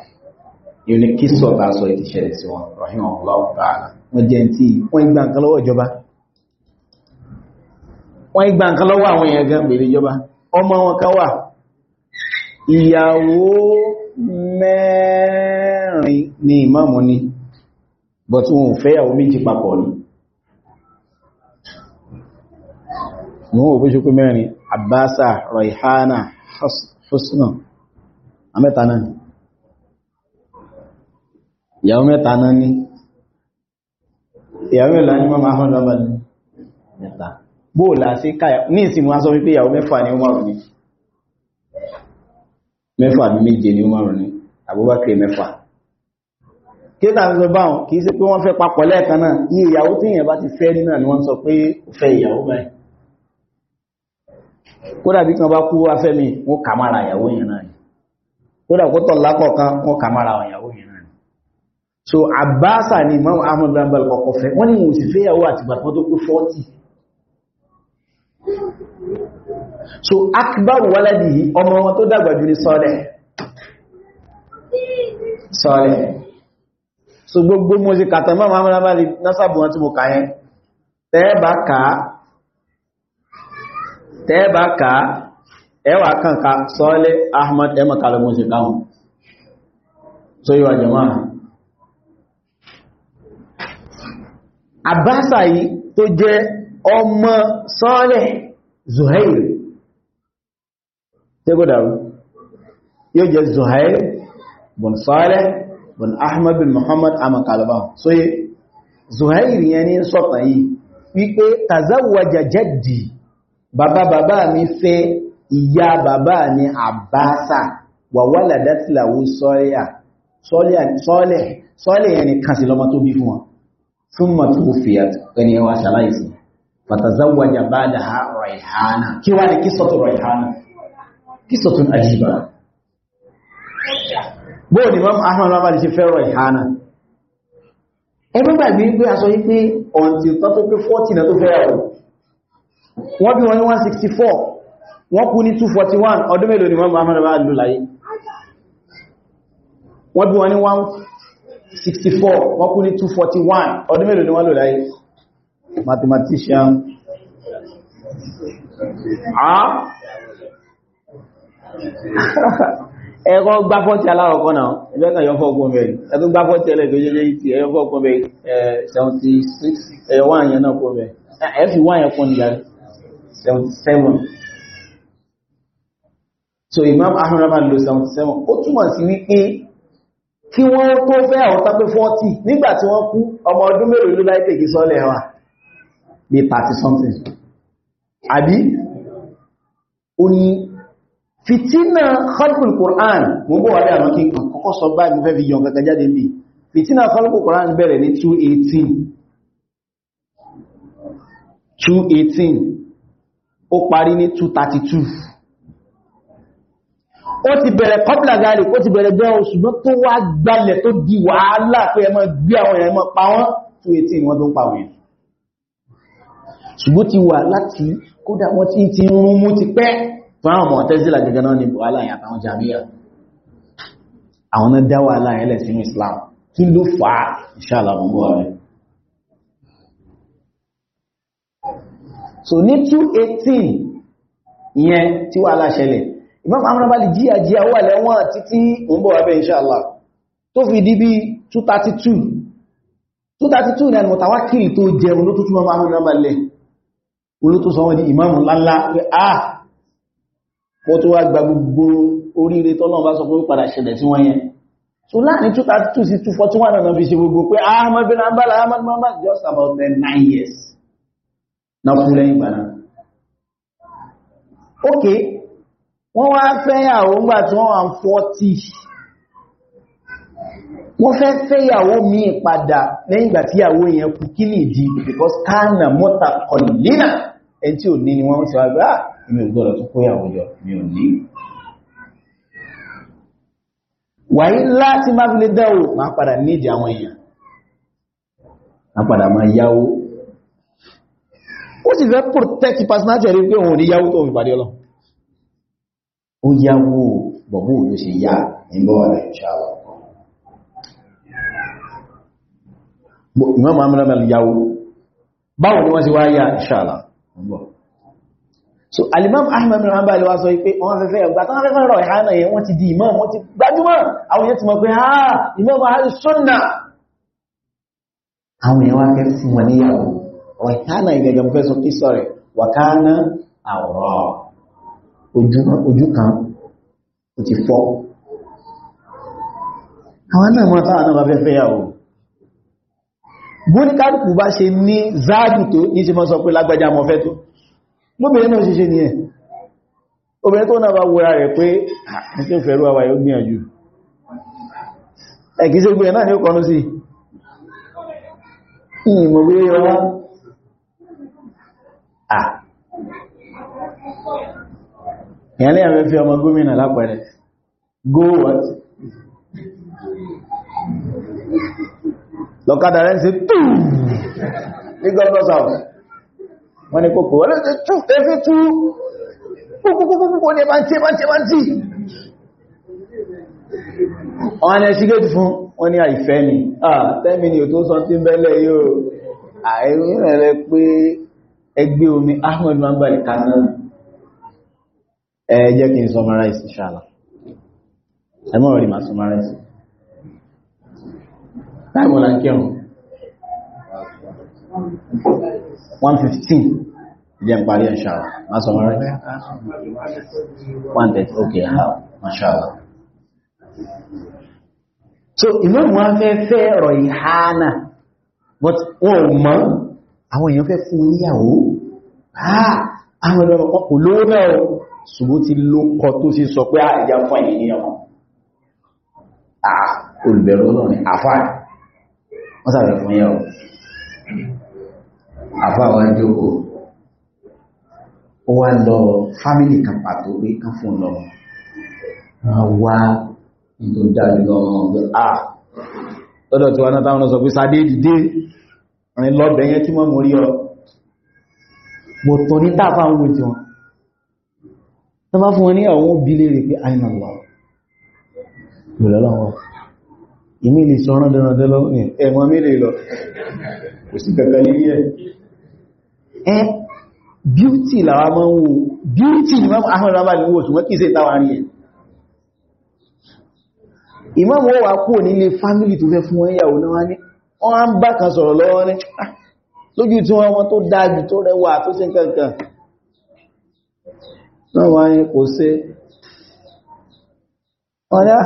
yìí ni kí sọ bá sọ ìtì sí wọn rahimahullahu ta'ala wọ́n jẹ́ tí wọ́n igba nǹkan lọ́wọ́ ìjọba wọ́n igba nǹkan lọ́wọ́ àwọn èèyàn gan ìjọba ọmọ wọn ká wà ìyàwó mẹ́rin ni ìmáàmù ni but wọn ò fẹ́yàwó husna amẹ́ta náà ni ìyàwó mẹ́ta náà ni ìyàwó ìlà ní mọ́mọ́ ahọ́n lọ́bà ní mẹ́ta bóòlà sí káyà ní ìsinmi wá sọ wípé ìyàwó mẹ́fà ní márùn ní mẹ́fà ní méje ní márùn ní àbúbákẹ́ mẹ́fà kíta ń sọ báwọn kìí sí pé wọ́n fẹ́ papọ̀ lẹ́ẹ̀kan náà iye ìyàwó tí èèyàn bá ti fẹ́ nínú ni wọ́n sọ pé ó fẹ́ ìyàwó báyìí kódà bí kan bá kú afẹ́ mi wọ́n kà mára ìyàwó yẹn náà ni kódà kó tọ̀ lákọ̀ọ̀kan wọ́n kà mára ìyàwó yẹn náà ni so àbáṣà ni Imam Ahmad bin Hanbal kọ́kọ́ fẹ́ wọ́n ní mo sì fẹ́yàwó àtìgbà kan tó pé 40 so akbar waladi ọmọ wọn tó dàgbà jù ní Saleh Saleh so gbogbo mo sì kàtàmọ́ Muhammad bin Hanbal nasabu wọn tí mo kà yẹn tẹ́ẹ̀bà kàá tẹ́ẹ̀bá ká ẹwà kanka sọ́ọ́lẹ̀ ahmad ẹmọ kalmọ́ sí káhùn tó yíwa jama'a àbásà yìí tó jẹ́ ọmọ sọ́ọ́lẹ̀ zuhair tẹ́gbọ́dàrú yóò jẹ́ zuhair bùn sọ́ọ́lẹ̀ bùn ahmad bin muhammad ama kalmọ́ sóyé zuhair yẹn ní sọ́tàn yìí wípé tazawwaja jaddi bàbá bàbá mi fẹ́ ìyá bàbá mi àbáṣà wàwálà dátìláwó sọ́lẹ̀ sọ́lẹ̀ yẹn ni kàn sí lọ́mọ tó bí fún wọn fún mọ̀ tó fi ẹni wa ṣàláìsí fàtàzáwàjà bá da ha rọ̀ìhánà kí wá ní kí sọ́tún rọ̀ìhánà kí sọ́tún àjíbà bóò ni wọ́n ahọ́n lọ́wọ́ lè ṣe fẹ́ rọ̀ìhánà ẹgbẹ́gbàgbé gbé aṣọ yí pé ọ̀ntì tó tó pé 40 na tó fẹ́ rọ̀ wọ́n bí wọ́n ní 164 wọ́n kú ní 241 ọdún mélòó ni wọ́n Muhammad bá lò láyé wọ́n bí wọ́n ní 164 wọ́n kú ní 241 ọdún mélòó ni wọ́n lò láyé mathematician ẹ̀kọ́ gbá fọ́tí aláwọ̀kọ́ náà ẹgbẹ́kàn yọ fọ́gbọ́n mẹ́rin ẹgbẹ́ gbá fọ́tí ẹlẹ́gbẹ́ yẹ́yẹ́ ìtì ẹyọ fọ́gbọ́n mẹ́rin 76 ẹyọ wáyẹn náà kọ́ mẹ́rin ẹ̀fì wáyẹn kọ́ nìyàrí 77 so Imam Ahmad máa lo 77 ó túmọ̀ sí wípé kí wọ́n tó fẹ́ àwọn tápé 40 nígbà tí wọ́n kú ọmọ ọdún mélòó ló láìpẹ́ kí sọ́lẹ̀ wà bí 30 something àbí ó ní fìtínà khalqul Qur'an mo bọ́ wà dáa kí kọ́kọ́ sọ báyìí mo fẹ́ fi yọ̀n kankan jáde bí khalqul Qur'an bẹ̀rẹ̀ ní 218 218 ó parí ní 232 ó ti bẹ̀rẹ̀ kọ́pìlà gáàlì ó ti bẹ̀rẹ̀ bẹ́ ṣùgbọ́n tó wá gbalẹ̀ tó di wàhálà pé ẹmọ gbé àwọn èèyàn mọ́ pa wọ́n 218 wọ́n tó pa wọ́n ṣùgbọ́n ti wà láti kódà wọ́n ti ti rún mú ti pẹ́ fún àwọn Mu'tazila gẹ́gẹ́ náà ní wàhálà yẹn àtàwọn jàmíyà àwọn náà dá wàhálà Islam kí ló fà á so ní 218 ìyẹn tí wà aláṣẹlẹ̀ Imam Ahmad bá lè jíyà jíyà wà lẹ́wọ̀n títí òǹbọ̀ wẹ́bẹ̀ inshallah tó fi di bí 232 232 ni al-Mutawakkil tó jẹun ló tó Imam Ahmad bá lẹ́ olótó sọ wọ́n di ìmáàmù lálá pé ah mọ́ tó wá gba gbogbo oríire tọ́lọ́run so láàrin 232 sí 241 náà fi ṣe gbogbo pé ahmad bin ambala ahmad bin ambala just about 9 years na fún lẹ́yìn ìgbà náà ok wọ́n wá fẹ́yàwó ńgbà tí wọ́n wà ń fọ́tí wọ́n fẹ́ fẹ́yàwó míì padà lẹ́yìn ìgbà tí yàwó yẹn kú kí ní ìdí because kánà mọ́ta kọlìlínà ẹni tí ò ní ni wọ́n ti wá gbá èmi ò gbọ́dọ̀ tó kóyàwó yọ mi ò ní wàyí láti má fi lè dẹ́wò ó sì fẹ́ protect personality rẹ̀ pé òun ní yáwó tó fi pàdé ọlọ́run ó yáwó bọ̀bú ló ṣe yá ìbọ̀ rẹ̀ ṣàwọ̀ ìmọ̀ mọ̀mọ̀lẹ́mẹ̀lẹ̀ yáwó báwo ni wọ́n sì wá yá inshallah so alimam ahmed bin hanbali wá sọ pé wọ́n fẹ́fẹ́ ọgbà tán fẹ́fẹ́ rọ̀ ìhánà yẹn wọ́n ti di imam wọ́n ti gbajúmọ̀ àwọn yẹn ti mọ̀ pé ha imam ahli sunna àwọn yẹn wá kẹ́ fún wọn níyàwó ọ̀hánà ìgẹ̀gẹ̀ mú fẹ́ sọ kí sọ́rẹ̀ wàkánà àwọ̀rọ̀ ojú kan ó ti fọ́ àwọn náà mọ́ táwọn náà bá fẹ́ fẹ́ yàwó bóníkàrùkù bá ṣe ní záàdù tó ní ṣe mọ́ sọ pé lágbàjá mọ́ fẹ́ tó lóbìnrin náà ṣe ṣe ní ẹ̀ obìnrin èyàn lẹ́yàn fẹ́ fi ọmọ gómìnà lápẹẹrẹ go what lọ́kadà rẹ̀ ń ṣe túù ní gọ́ọ̀gọ́ south wọ́n ni kòkò wọ́n lè tú ẹfẹ́ tú púpúpúpúpú ní bántí bántí bántí wọ́n ni ẹ̀ṣígẹ́tì fún wọ́n ni àìfẹ́ ni ah ò tó sọ bẹ́lẹ̀ yóò àìrìnrẹ̀ pé ẹgbẹ́ omi ahmed mambalì kanáà ẹ jẹ́ kí n summarize inshallah ẹ mọ́ rí máa summarize Time là ń kírùn 115 jẹ́ ń parí inshallah máa summarize 130 ok inshallah so imam wa fẹ́ fẹ́ ọ̀rọ̀ ìhánà but wọn ò mọ̀ àwọn èèyàn fẹ́ fún oníyàwó ah àwọn ọ̀dọ́ ọ̀pọ̀ lówó náà ṣùgbọ́n ti ló kọ tó sì sọ pé àìjá ah, fún ẹ̀yìn ní ọmọ ah, olùbẹ̀rù náà ni àfáà wọ́n sàrẹ̀ fún yẹ́ o àfáà wá jókòó ó wá lọ fámílì kan pàtó pé kán fún lọ wá tó dájú lọ́rọ̀ ah lọ́dọ̀ tí wọ́n náà sọ pé sadé dìde rìn lọ́bẹ̀ẹ́yẹn tí wọ́n mú rí ọ mo tọ́ ní tàfà ń wo tó bá fún wọn ní àwọn obìlé rẹ̀ pé àìnà lọ ìrọ̀lọ́wọ́ ìmí lè sọ rán dẹ̀rọ̀dẹ́ lọ ní ẹ̀mọ́ mẹ́rẹ̀ lọ kò mọ́ wò bíútì ni wọ́n àwọn ọ̀rọ̀ àbájú wò ṣùgbọ́n kìí ṣe táwà rí ẹ̀ ìmáàmù wọ́n wà kúrò nílé fámílì tó fẹ́ fún wọn ìyàwó náà wá ní wọ́n bá kan sọ̀rọ̀ lọ́wọ́ ní ah, lójú tí wọ́n tó dájú tó rẹwà tó sí kankan náà wá yẹn kò ṣe ọ̀dá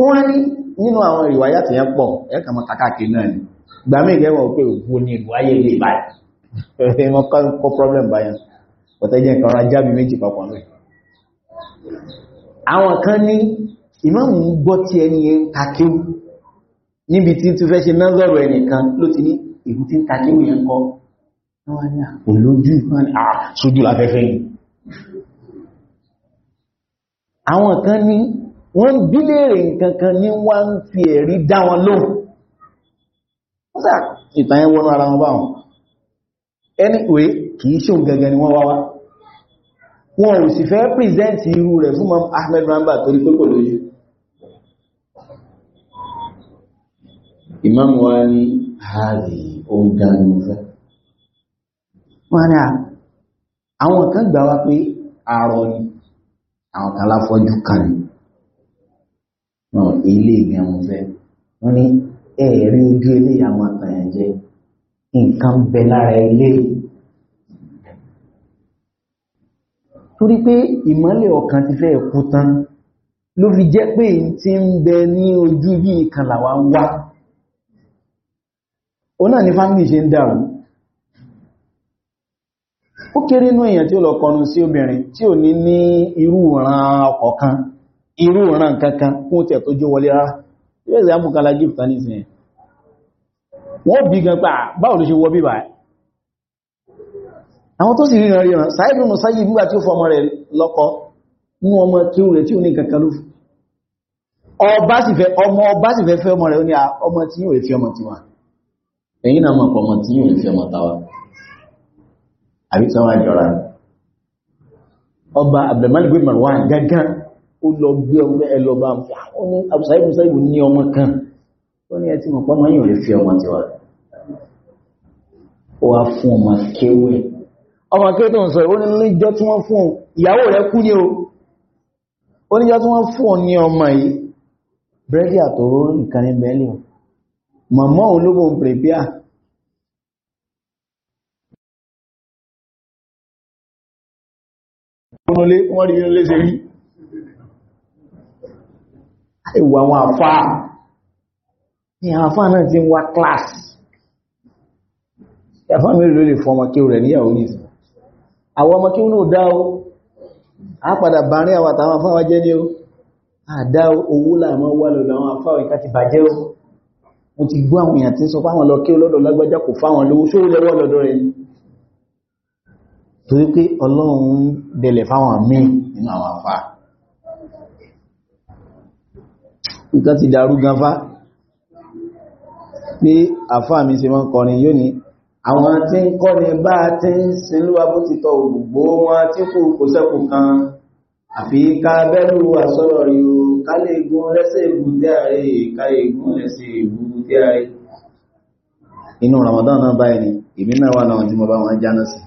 wọ́n ní nínú àwọn ìwáyà tí yẹn pọ̀ ẹ̀kà mọ́ kàkàkì náà ni gbà mí ìgbẹ́wọ̀ pé òkú ní ìwáyé ilé báyìí wọ́n kọ́ problem báyìí pọ̀tẹ́jẹ́ nǹkan ọ̀rọ̀ ajábi méjì papọ̀ rẹ̀ àwọn kan ní ìmáàmù ń gbọ́ tí ẹni yẹn ń takéwù níbi tí tún fẹ́ ṣe náà lọ́rọ̀ ẹnìkan ló ti ní ìlú tí olójú ah, sójú afẹ́fẹ́ yìí àwọn kan ní wọ́n bílèrè nkankan ní wọ́n ń fi ẹ̀rí dá wọn lóhùn wọ́n sá ìtàn yẹn wọnú ara wọn báwọn ẹni pé kìí ṣe òun gẹ́gẹ́ ni wọ́n wá wá wọn ò sì fẹ́ pìrìsẹ́ntì irú rẹ̀ fún mọ́m Ahmed Ramba torí pé kò lójú ìmáàmù wa ní hàrí ó ń gan wọ́n ní àwọn kan gbà wá pé àrọ̀ ni àwọn kan láfọ́jú kan ni ilé ìgbà wọn fẹ́ wọ́n ní ẹ̀ẹ̀rí ojú ilé àwọn àtàyàn jẹ nǹkan bẹ lára ilé torí pé ìmọ́lẹ̀ ọkàn ti fẹ́ kú tán ló fi jẹ́ pé tí ń bẹ ní ojú bí ìkànlà wa ń wá ó náà ní fámìlì ṣe ń dàrú ó kéré inú èèyàn tí ó lọ kọrun sí obìnrin tí ò ní ní irú ìran kan irú ìran kankan fún tẹ̀ tó jó wọlé rárá ilé àmúkàlá gift ta nísìnyẹn wọ́n bí gan pa ah, báwo ló ṣe wọ bíbà àwọn tó sì ríran ríran sáyébì mú nígbà tí ó fọmọ rẹ̀ lọ́kọ ní ọmọ tí ó rẹ̀ tí ó ní kankan ló ọba ọmọ ọba sì fẹ́ fẹ́ ọmọ rẹ̀ ó ah, ọmọ tí àbí tí wọ́n jọra ọba abdulmalik bin marwan gángan ó lọ gbé ọmọ ẹlọba àwọn abusaibu saibu ní ọmọ kan ó ní ẹtí mọ̀ pọ́mọ́ yìí ò lè fi ọmọ ti wà ó wá fún ọmọ kéwé ọmọ kéwé tó ń sọ ó tí wọ́n fún ìyàwó rẹ̀ kú ní o ó lé wọ́n rí inú léṣe rí ìwà àwọn àfáà ni àfáà náà ti ń wá kíláàsì àfáà mẹ́rin ló lè fọ rẹ̀ níyàwó ní ìsìn àwọn ọmọ náà dá o a padà bá rí àwọn àtàwọn afáà jẹ́ ní o àdá owó láàmọ́ wà lọ́dọ̀ àwọn afáà ìka ti bàjẹ́ o mo ti gbọ́ torí pé ọlọ́run bẹ̀lẹ̀ fáwọn míì nínú àwọn afá nǹkan ti dàrú gan pé àfá mi ṣe mọ́ kọrin yóò ní àwọn tí ń kọrin bá tí ń sin lúwa bó ti tọ ògbò wọn tí kò kò sẹ́kù kan àfi ká bẹ́rù àsọ́rọ̀ rí o ká lè gún lẹ́sẹ̀ ìbú tí a rí ká lè gún lẹ́sẹ̀ ìbú tí a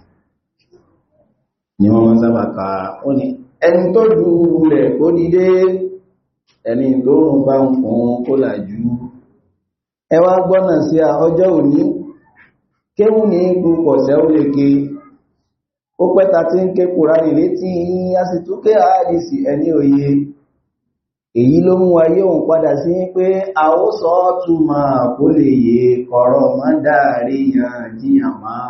ni wọ́n sábà ka ó ní ẹni tó ju rẹ̀ ó dìde ẹni tó ń bá ń fún kó làjú ẹ wá gbọ́nà sí a ọjọ́ òní kéwù ní púpọ̀ sẹ́wù lè ke ó pẹ́ta tí ń ké kùránì létí a sì tún ké àádìsì ẹni òye èyí ló mú ayé òun padà sí pé a ó sọ kó lè yé kọ̀rọ̀ má dáàrí yàn jiyàn máa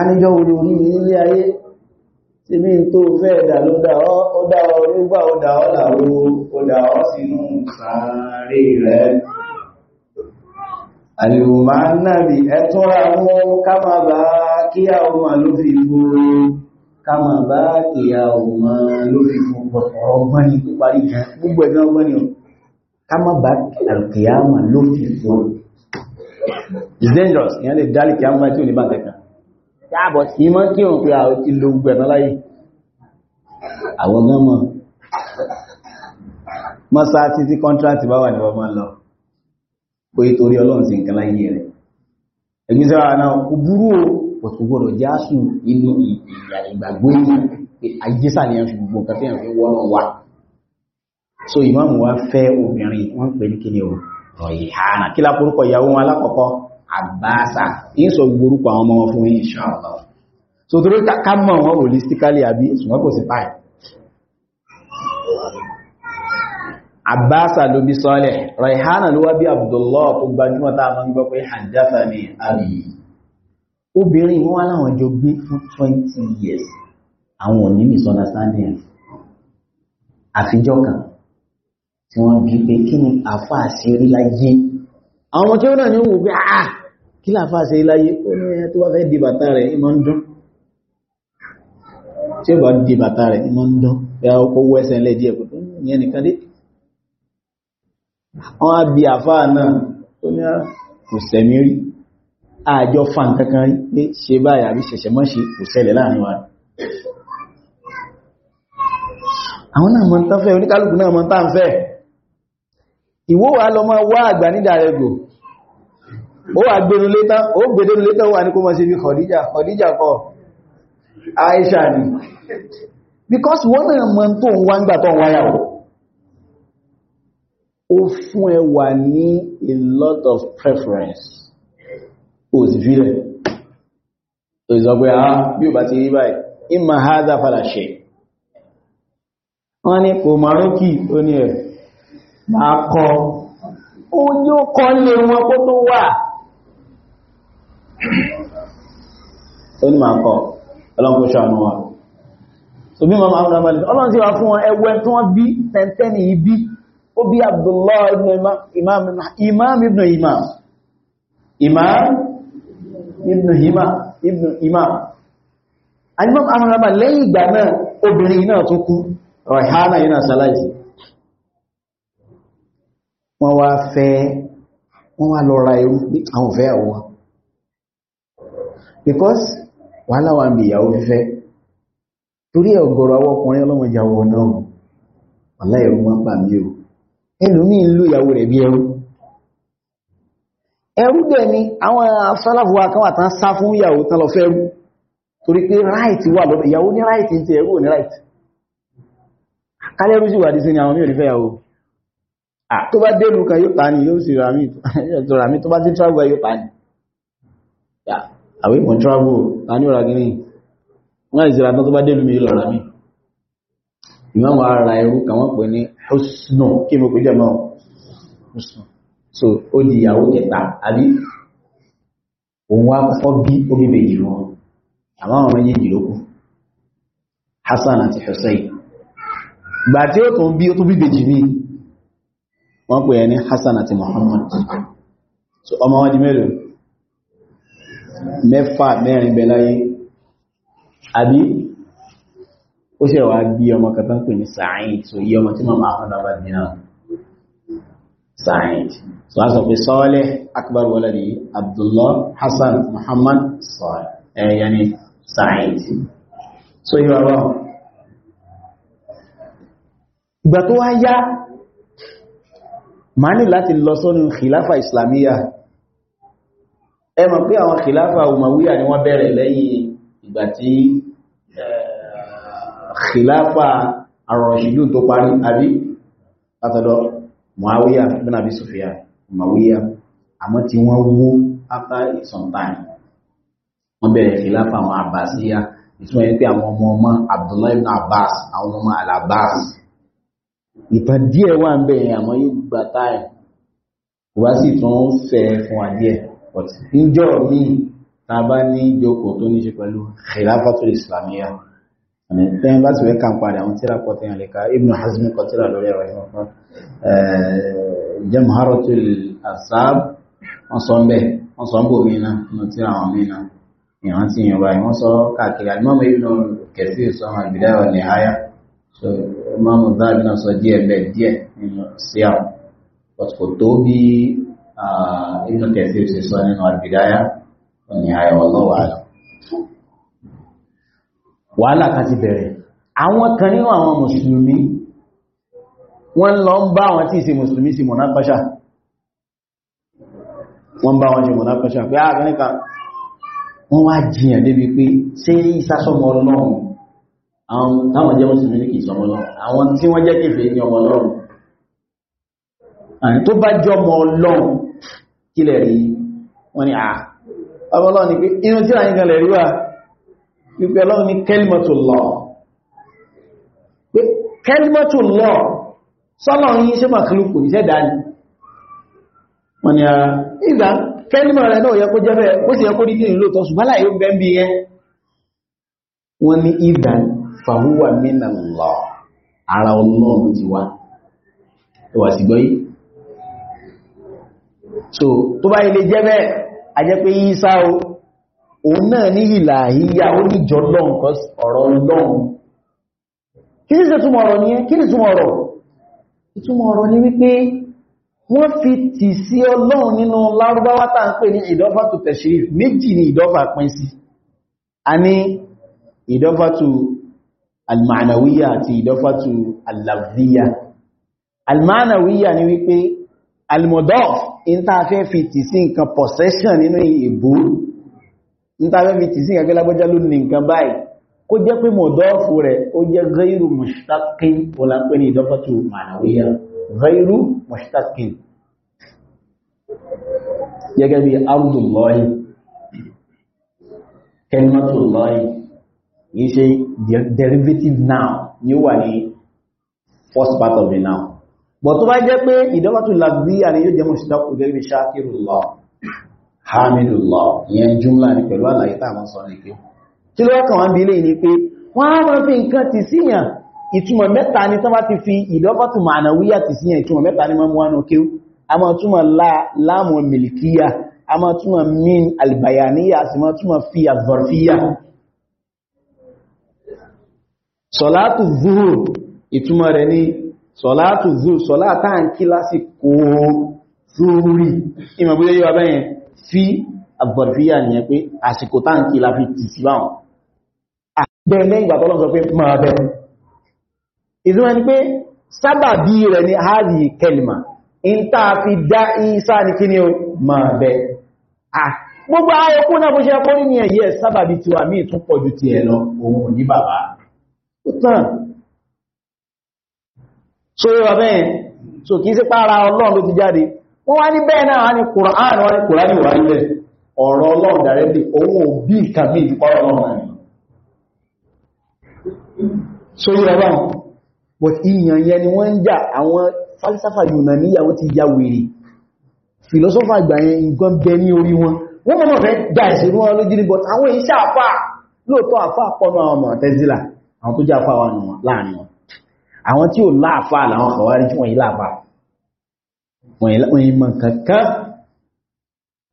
anijọ́ orí orí nílé ayé tí mi tó fẹ́ ẹ̀dà ló dá ọ́ ó dá ọ nígbà ó dá ọ làwó ó dá ọ sínú sàárè rẹ̀ àlùmá nàbì ẹ̀tọ́ra mú kámà bá kíyà ọmọ ló fi gbòòrò bá kíyà ọmọ ló fi gbòòrò ọgbọ́n ni tó parí gan gbogbo ni kámà bá kíyà ọmọ ló fi gbòòrò it's ní bá dáàbọ̀ sí mọ́ kí òun pé àwọn ti lo gbogbo ẹ̀nà láyé àwọn gan mọ̀ mọ́sá tí tí kọ́ntrátì bá wà ní ọmọ lọ pé torí ọlọ́run sí nǹkan láyé rẹ̀ ẹgbẹ́ sára náà kò burú òtùgbọ́rọ̀ jásù inú ìgbàgbọ́ àjísà ni ẹn fi gbogbo nǹkan tí ẹn fi wọ́n wà so ìmáàmù wa fẹ́ obìnrin wọ́n pè ní kíni o rọ̀ ìhánà kí lápúrúkọ ìyàwó wọn alákọ̀ọ́kọ́ àbáṣà yí sọ gbogbo àwọn ọmọ fún yí ṣàlọ́ so tó rí ká mọ̀ wọn holistically àbí ṣùgbọ́n kò sí páì àbáṣà ló bí sọ́lẹ̀ raihana ló wá bí abdullah tó gbajúmọ̀ tá a máa ń gbọ́ pé hajjata ni àbí obìnrin wọn aláwọn jọ gbé fún 20 years àwọn òní misunderstanding àfijọ́ kan tí wọ́n bí pé kí ni àfáà sí orí láyé àwọn tí ó náà ní wò pé àà ah, kí láàfá ṣe láyé ó ní ẹ tó bá fẹ́ di bàtà rẹ̀ ìmọ̀ ń dún tí ó bá di bàtà rẹ̀ ìmọ̀ ń dún ya ọkọ̀ owó ẹsẹ̀ ilẹ̀ díẹ̀ kò tó yẹn nìkan dé wọ́n á bí àfá náà ó ní kò sẹ̀mí rí àjọ fan kankan rí pé ṣe báyìí àbí ṣẹ̀ṣẹ̀ mọ́ ṣe kò ṣẹlẹ̀ láàrin wa ó wà gbẹ̀rún létán ó gbẹ̀rún létán wà ní kó mọ́ sí bí Khadija Khadija kọ́ Aisha ni because wọ́n náà mọ́ tó ń wá ń gbà tó ń wáyàwó ó fún ẹ wà ní a lot of preference ó sì fílẹ̀ ó sì sọ pé ah bí ó bá ti rí báyìí ìmọ̀ hádá fàlà ṣe wọ́n ní kò maroki ó ní ẹ̀ máa kọ́ ó yóò kọ́ lè wọn kó tó wà ó ní máa kọ́ ọlọ́nkó ṣàánú wa so bí mọ́mọ́ àwọn ọmọdé ọlọ́n sí wa fún wọn ẹwẹ́ tí wọ́n bí tẹ́ntẹ́ni ibi ó bí Abdullah ibn Imam Imam ibn Imam Imam ibn Imam ibn Imam alimọ́m àwọn ọmọdé lẹ́yìn ìgbà náà obìnrin Rayhana yìí náà sàláìsì wọ́n wá fẹ́ wọ́n wá lọ ra àwọn òfẹ́ àwọn because wàhálà wà ń bí ìyàwó fífẹ́ torí ẹ̀ ọ̀gọ̀rọ̀ àwọn ọkùnrin ọlọ́mọ ìyàwó náà wàhálà ẹ̀rù wọn bà mí o ẹlòmí ń lò ìyàwó rẹ̀ bí ẹrú ẹrú dẹ̀ ni àwọn asálàfò akáwà tán sá fún ìyàwó tán lọ fẹ́rú torí pé ráìtì wà lọ́dọ̀ ìyàwó ní ráìtì ni àwọn mìíràn fẹ́ yàwó tó bá dé lùkà yóò pa ni yóò sì rà mí tó bá dé àwẹ́ wọ́n travel ta ní ọ̀ràgíní wọ́n ìsìnra tán tó bá délùmí lọ́ra mi ìmáàmù ara ẹrú kàwọn pè ní husnu kí mo pè mọ́ husnu so ó di ìyàwó kẹta àbí òun wá kọ́kọ́ bí omi méjì Hassan àti Hussein gbà tí ó tún bí ó tún Hassan àti Muhammad so ọmọ wọn di mélòó mẹ́fà mẹ́rin bẹ̀láyé àbí ó ṣe wà bí ọmọ kàtà pè ní Sa'id so yí ọmọ tí ma máa hàn lábà dínà Sa'id so a sọ pé Salih akbar waladi Abdullah Hassan Muhammad yani Sa'id so yí rọrọ ìgbà tó wá yá ẹ mọ̀ pé àwọn kìláfà umawiya ni wọ́n bẹ̀rẹ̀ lẹ́yìn ìgbà tí kìláfà ar-Rashidun tó parí àbí látọ̀dọ̀ muawiya bin Abi Sufyan umawiya àmọ́ tí wọ́n wó after some wọ́n bẹ̀rẹ̀ kìláfà àwọn abbasiya ìtumọ̀ yẹn pé àwọn ọmọ ọmọ abdullahi ibn abbas àwọn ọmọ al-abbas ìtàn díẹ̀ wà ń bẹ̀rẹ̀ àmọ́ but níjọ́ ní tàbá ní ìjókòó tó ní ṣe pẹ̀lú khilafatul islamiyya tẹ́yìn bá sì fẹ́ kàn padà àwọn tíra kọ tẹ́yìn lè ka ibn hazmi kọ tíra lórí ẹ̀rọ ìwọ̀n fún eh, jamharatul asab wọ́n sọ ń bẹ̀ wọ́n sọ ń bò mí náà nínú tíra àwọn mí náà ìran ti yàn ابن كثير في سنن والبداية والنهاية والله أعلم wàhálà ká ti bẹ̀rẹ̀ àwọn kan nínú àwọn mùsùlùmí wọ́n lọ ń bá àwọn tí ìṣe mùsùlùmí sí mọ̀nápáṣà wọ́n bá wọn jẹ mọ̀nápáṣà pé àgbẹ́nìkan wọ́n wá jiyàn débi pé ṣe ìsásọmọ ọlọ́run àwọn jẹ́ mùsùlùmí ní kìí sọmọ ọlọ́run àwọn tí wọ́n jẹ́ kéfèé ní ọmọ ọlọ́run tó bá jọmọ ọlọ́run kílẹ̀ rí wọ́n ni à ọlọ́run ni pé inú tí àyíká lẹ̀ rí wà wípé ọlọ́run ni kẹlìmọ̀tòlọ́ pé kẹlìmọ̀tòlọ́ sọ́lọ̀ yìí ṣe màkìlùkù ìṣẹ́ dání wọ́n ni ara ìgbà kẹlìmọ̀ rẹ̀ náà yẹ kó jẹ́ bẹ́ẹ̀ ó sì yẹ kó dídí ìlú tó ṣùgbọ́n mínà lọ ara ọlọ́run ti wá ẹwà yìí so tó bá ilé jẹ́ bẹ́ẹ̀ a jẹ́ pé Ìsá o òun náà ní ìlà ìyá ó ní ìjọ lọ́n ọ̀rọ̀ lọ́n kí ní ṣe túmọ̀ ọ̀rọ̀ ní kí ní túmọ̀ ọ̀rọ̀ ìtumọ̀ ọ̀rọ̀ ní wípé wọ́n fi tì sí ọlọ́run nínú lárúbáwá tàà ń pè ní ìdọ́fà tó tẹ̀ṣìrì méjì ní ìdọ́fà pín sí a ní ìdọ́fà tó almanawiya àti ìdọ́fà tó allafziya almanawiya ni wípé almudaf ìta fẹ́ fi tì sí nǹkan possession nínú ìbò ìta fẹ́ fi tì sí nǹkan lágbọ́já ló ní nǹkan báyìí kó jẹ́ pé mọ̀dọ́ọ̀fù rẹ̀ ó jẹ́ gairu mushtakin olápẹ́ ní ìdọ́fàtù ma'nawiyya gairu mushtakin gẹ́gẹ́ bí ardullahi kalimatullahi yìí ṣe derivative noun ni ó wà first part of the noun bọ̀ tó bá jẹ́ pé ìdọ́wàtò làgbíyà ni yóò jẹ́ mọ̀ṣídákù gẹ́gẹ́ bí ṣákìrùlọ hamidulọ ìyẹn jùmlá ní pẹ̀lú àlàyé tàà mọ́ sọ ní kí tí ló kàn wá bí ilé ní pé wọ́n á máa fi nǹkan ti síyàn ìtumọ̀ mẹ́ta ni tán bá ti fi ìdọ́wàtò mànàwíyà ti síyàn ìtumọ̀ mẹ́ta ni mọ́ wánú kí a máa túmọ̀ láàmù mìlìkíyà sọ̀látù zuhur ìtumọ̀ rẹ̀ ni sọ̀látù zúrù sọ̀látà ń kí lásìkò zúrì ìmọ̀ bóyá yíwa bẹ́yẹn fi àgbọ̀dìfíyà nìyẹn pé àsìkò tá ń kí la fi tì sí báwọn àgbẹ̀ lẹ́yìn ìgbà tọ́lọ́ sọ pé máa bẹ̀ ìdúnmọ̀ ni pé sábàbí rẹ̀ ni hàzì kẹlìmà in tá a fi dá ìsá ni kí ni ó máa bẹ̀ gbogbo ayọkú náà bó ṣe so yíwa bẹ́ẹ̀ so kìí sí pàára ọlọ́run ló ti jáde wọ́n wá ní bẹ́ẹ̀ náà wá ní kùrán wá ní kùrán ní wáyé rẹ̀ ọ̀rọ̀ so yíwa bẹ́ẹ̀ but ìyàn yẹn ni wọ́n ń jà àwọn falsafa yunaniya wọ́n ti ya wèrè philosopher àgbà yẹn nǹkan bẹ ní orí wọn wọ́n mọ̀ fẹ́ jà ìṣẹ́ wọn lójú ní but àwọn iṣẹ́ àfà lóòótọ́ àfà pọ̀nù àwọn ọmọ tẹ́sílà àwọn tó jẹ́ àfà wà láàrin wọn àwọn tí ò láàfà làwọn kọ̀wárí tí wọ́n yí láàfà wọ́n yí mọ̀ kankan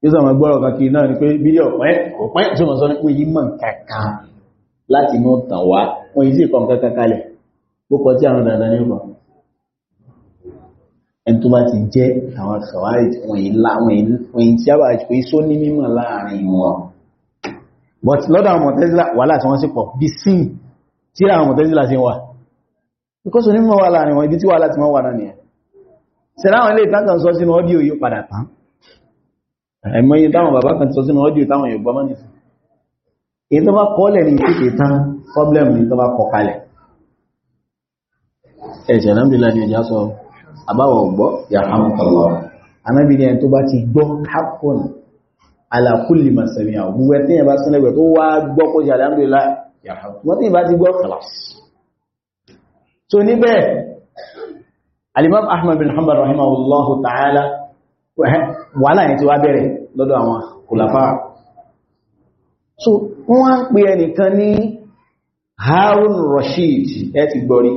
yóò sọ̀rọ̀ gbọ́rọ̀ kankiri náà ni pé bídíò ọ̀pẹ́ tí wọ́n sọ ní pé yí mọ̀ kankan láti inú tàn wá wọ́n yí sí ìkọ̀ kankan kalẹ̀ gbókọ tí àwọn dandan ní ọkọ̀ ẹni tó bá ti jẹ́ àwọn kọ̀wárí tí wọ́n yí láwọn èyí tí a bá ti pé só ní mímọ̀ láàrin wọn but lọ́dọ̀ àwọn mọ̀tẹ́sílà wà láti wọ́n sì pọ̀ bí sin tí àwọn mọ̀tẹ́sílà sí wà because onímọ̀ wà láàrin wọn ibi tí wà láti wọ́n wà náà nìyẹn sẹ́láwọn ilé ìtàkàn sọ sínú ọdíò yóò padà tán ẹ̀mọ́yí táwọn bàbá kan sọ sínú ọdíò táwọn yóò gbọ́mọ́ nìsí èyí tó bá kọ́lẹ̀ ní kéèké tán problem ní tó bá kọ kalẹ̀ ẹ̀ṣẹ̀ lámdìlá ni ẹjá sọ àbáwọ̀ gbọ́ yàrá mọ́kànlọ́ anábì ni ẹni tó bá ti gbọ́ kápọ̀n alákùlì màsẹ̀mí àwọn gbogbo ẹ̀ tí yẹn bá sílẹ̀ gbẹ̀ tó wá gbọ́ kó yàrá mọ́kànlọ́ yàrá mọ́kànlọ́ so níbẹ̀ alimam ahmad bin hanbal rahimahullahu ta'ala wàhálà yẹn ti wá bẹ̀rẹ̀ lọ́dọ̀ àwọn kùlàfà so wọ́n ń pè ẹnìkan ní harun rashid ẹ ti gbọ́rí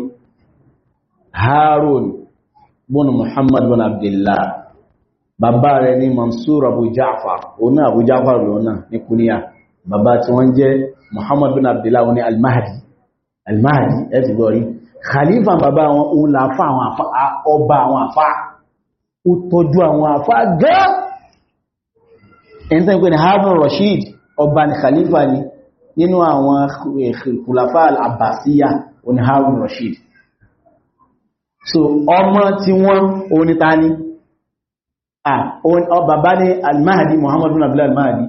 harun bọ́nà muhammad bin abdullah bàbá rẹ̀ ní mansur abu ja'far oní abu ja'far lọ́nà ní kúníyà bàbá tí wọ́n jẹ́ muhammad bin abdullah oní almahdi ẹ ti gbọ́rí khalifa bàbá wọn òun làáfà àwọn àfà ọba àwọn àfà ó tọ́jú àwọn àfà gẹ́ ẹ̀ntẹ́ pé ní harun rashid ọba ni khalifa ni nínú àwọn kùlàfà àbàsíyà ni harun rashid so ọmọ tí wọ́n oníta ni bàbá ní al mahadi muhammadu nabil al mahadi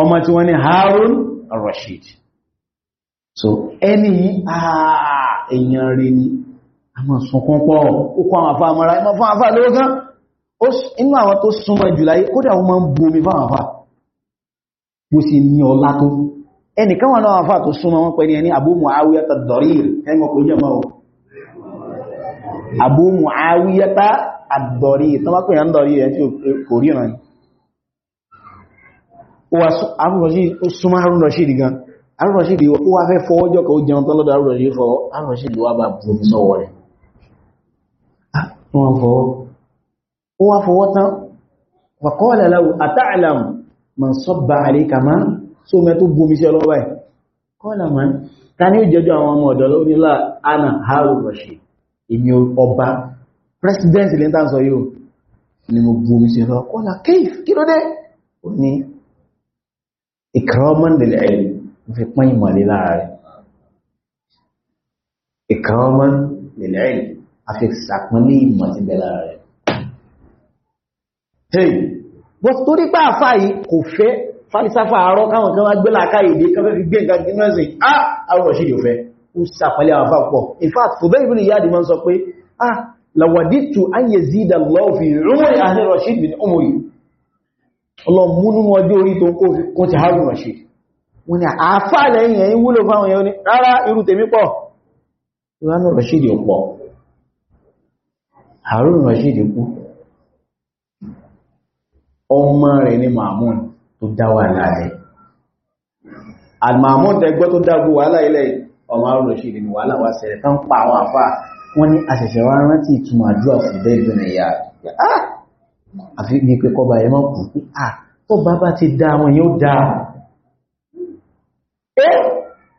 ọmọ tí wọ́n ní harun rashid so ẹni yìí èèyàn rí ni a máa sọkún pọ̀ ó kọ́ àwọn àfáà mọ́ra ẹmọ fún àfáà lówó gán inú àwọn tó súnmọ́ jù láyé kódà wọ́n máa ń bomi fáwọn àfáà bó sì ní ọlá tó ẹnìkan wọn náà àfáà tó súnmọ́ wọn pẹ̀lú ẹni Abu Muawiyata darir ẹgbẹ́ kò Abu Muawiyata ad-Darir tó má pè ń dọ̀rí ẹ̀ Abu Rashid ó súnmọ́ Harun arúnṣìdì ó wá fẹ́ fọ́ ọjọ́ kan ó jẹun tọ́lọ́dọ̀ arúnṣìdì fọ́ arúnṣìdì wá bá bú omi sọ́wọ́ rẹ̀ ah, wọ́n fọ́ ó wá fọwọ́ tán wàkọ́ọ̀lẹ̀ láwù àtààlàm ma sọ́bà àríkà máa só mẹ́ tó gúnmi sí ọlọ́wà ẹ̀ kọ́ọ̀lẹ̀ máa ta ní ìjẹjọ́ àwọn ọmọ ọ̀dọ́ lórílá ana harun rashid èmi ọba president lintan sọ yóò ni mo gúnmi sí ọlọ́wà kọ́ọ̀lẹ̀ kéif kí ló dé ó ní ìkàrọ́mọ́ndẹ̀lẹ̀ ẹ̀lú wọ́n fi pín ìmọ̀lẹ̀ láàrin ìkàwọ́mọ́ lèlẹ́ àfi sàpínlé ìmọ̀ ti bẹ̀ láàrin hey bó torí pé àfá yìí kò fẹ́ falisafa àárọ́ káwọn kan wá gbé láàká ìdí kan fẹ́ fi gbé nǹkan gínú ẹ̀sìn ah àwọn òṣìdì ò fẹ́ ó sàpálẹ̀ àwọn afá pọ̀ in fact fòbẹ́ ìbìnrin ìyá àdìmọ́ sọ pé ah lawaditu an yazida Allahu fi umri ahli Rashid bin umri Allah múnú ọjọ́ orí tó ń kó fi kún ti Harun Rashid wọ́n ni àáfà lẹ́yìn ẹ̀yìn wúlò fáwọn èèyàn ní rárá irú tèmi pọ̀ ìránù rọ̀ṣídì pọ̀ Harun rọ̀ṣídì kú ọmọ rẹ̀ ní Mahmud tó dá láàrẹ̀ al-Mahmud ẹgbọ́ tó dágbó wàhálà ilẹ̀ ọmọ Harun rọ̀ṣídì ni wàhálà wà sẹ̀rẹ̀ tán pa àwọn àfà wọ́n ni àṣẹ̀ṣẹ̀ wá rántí ìtumọ̀ àdúrà fún bẹ́ẹ̀ gbẹ̀nà ìyá àfi ní pé kọba ẹ́ eh,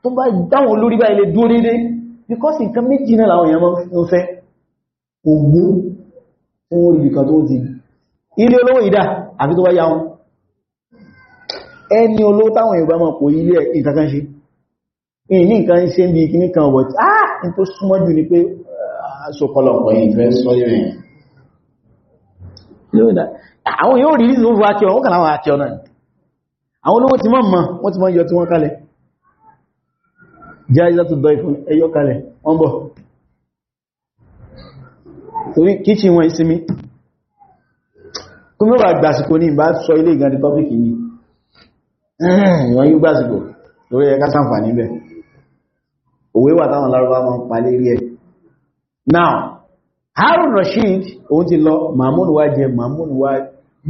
tó bá dáwọn olórí bá ilé dúró dédé because nǹkan méjì náà làwọn èèyàn ń fẹ́ ògbó fún orí ibìkan tó ti ilé olówó ìdá àfi tó bá yá wọn ẹni olówó táwọn Yorùbá mọ̀ pò ilé ìkankan ṣe ní nǹkan ṣe ń bí ìkíní kan wọ̀ ah n tó súnmọ́ jù ní pé ah, aṣòkọlọpọ̀ ìfẹ́ sọ́yọ̀ yẹn àwọn yóò rí ìzùn fún akẹ́ ọ̀wọ́n kàláwà akẹ́ ọ̀nà àwọn olówó ti mọ́ mọ́ wọ́n ti mọ́ yọ tí wọ́n kalẹ̀ jáìzàtù dọ́ìfún ẹyọ kalẹ̀ ọmọ torí kíchìn wọn ìsinmi kún mẹ́wàá gbàsìkò ní ìbá sọ ilé ìgbàndì tọ́pìkì ní ìwọ̀n yíò gbàsìkò lórí ẹka sàǹfà níbẹ̀ òwe wà táwọn lárúbá mọ́ palé rí ẹ now Harun Rashid òun ti lọ Mahmoud wá jẹ Mahmoud wá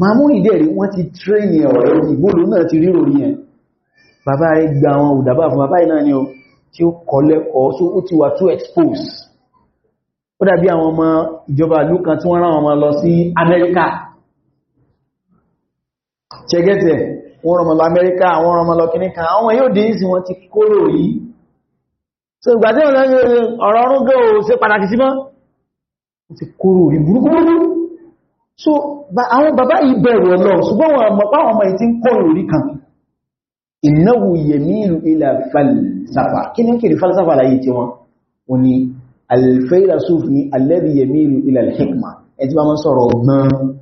Mahmoud ìdẹ̀rí wọ́n ti tréni ọ̀rẹ́ ìgbóòlù náà ti rí orí ẹ̀ bàbá ẹgbà àwọn òdàbà fún bàbá ìnáà ni o tí ó kọ lẹ́kọ̀ọ́ so ó ti wà too expose ó dàbí àwọn ọmọ ìjọba ìlú kan tí wọ́n rán ọmọ lọ sí Amẹ́ríkà ṣẹgẹ́tẹ̀ wọ́n rán ọmọ lọ Amẹ́ríkà wọ́n rán ọmọ lọ kìníkà àwọn yóò dé ìsìn wọn ti kóró yìí so ìgbà tí ọ̀rọ̀ ọrún gẹ́ ò ṣe pàtàkì sí mọ́ so àwọn bàbá yìí bẹ̀rù Ọlọ́run ṣùgbọ́n wọn innahu yamilu ila falsafa kí ní kiri falsafa láyé tí wọ́n o ni alfailasuf ni alladhi yamilu ila alhikma ẹti bá mọ́ sọ̀rọ̀ gbọ́n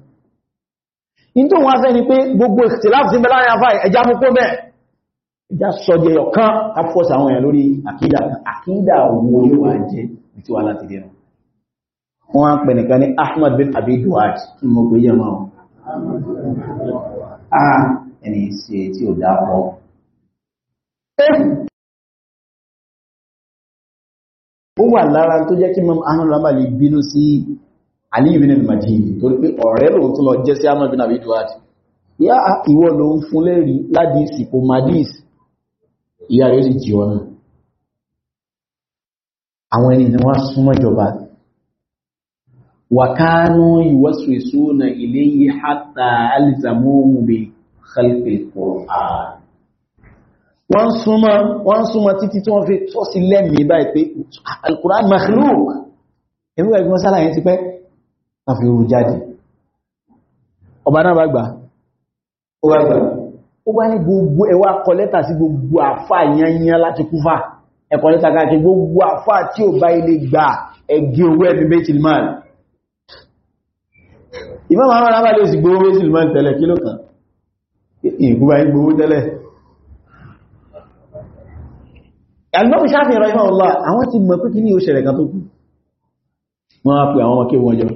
in tó wọ́n fẹ́ ni pé gbogbo ikhtilaf sí mẹ́láyà fáì ẹjá mú kó bẹ́ẹ̀ ẹjá sọjẹyọ kan afọ́sà àwọn èèyàn lórí àkídà àkídà wo ló wà jẹ́ tí wà láti dẹ̀rọ wọ́n á pẹ̀ nìkan ní Ahmad bin Abi Duwaj kí mo gbé jẹ́ mọ́ ah, ẹni sí tí ò dápọ̀ ó wà lára tó jẹ́ kí mọ́ ahánàlábà lè bínú sí Ali ibn al-Madini torí pé ọ̀rẹ́ lòun tó lọ jẹ́ sí ahánàlábà nàbí duwadi yá ìwọ ló ń fún lẹ́rí ládìsì kò madis ìyá rẹ̀ sì jí wọ́n súnmọ́ wọ́n súnmọ́ títí tí wọ́n fi tọ́ sí lẹ́mìí báyìí pé al-Qur'an makhluk inú ẹgbẹ́ sálà yẹn ti pẹ́ wọ́n fi rú jáde ọba náà bá gbà ó bá gbà ó bá ní gbogbo ẹwà kọlẹ́tà sí gbogbo àfà yanyan láti kúfà ẹkọlẹ́tà káàkiri gbogbo àfà tí ò bá ilé gbà ẹgbẹ́ owó ẹbí bẹ́tìlmán ìmọ́ màá rán abalẹ̀ òsì gbogbo bẹ́tìlmán tẹ́lẹ̀ kí ló kàn ìgbúgbà ìgbogbo tẹ́lẹ̀ alimọ́bù sáfihàn rọ ìmọ̀ ọlá àwọn ti mọ̀ pé kí ní òṣèrè kan tó kú wọ́n á pè àwọn ọmọkẹ́ wọ́n jọ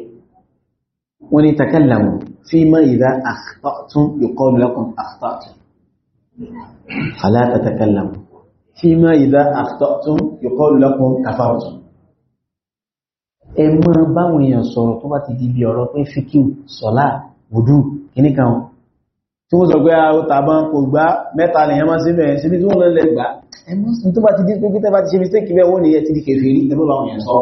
wọ́n ni takalamu fi mọ́ ìdá àkọ́tún ìkọlùlọ́kùn àkọ́tún alátakalamu fi mọ́ ìdá àkọ́tún ìkọlùlọ́kùn kàfàrùtún ẹ mọ́ báwọn tí wọ́n sọ pé àwọn ah, tàbá kò gbá mẹ́ta lèyàn máa sí bẹ̀rẹ̀ síbi tí wọ́n lọ́lẹ̀ gbá ẹmọ́sùn tó bá ti dípé pé tẹ́bá ti ṣe mistake bẹ́ẹ̀ wọ́n ni ẹ ti di kèfèé rí ẹgbẹ́ báwọn yẹn sọ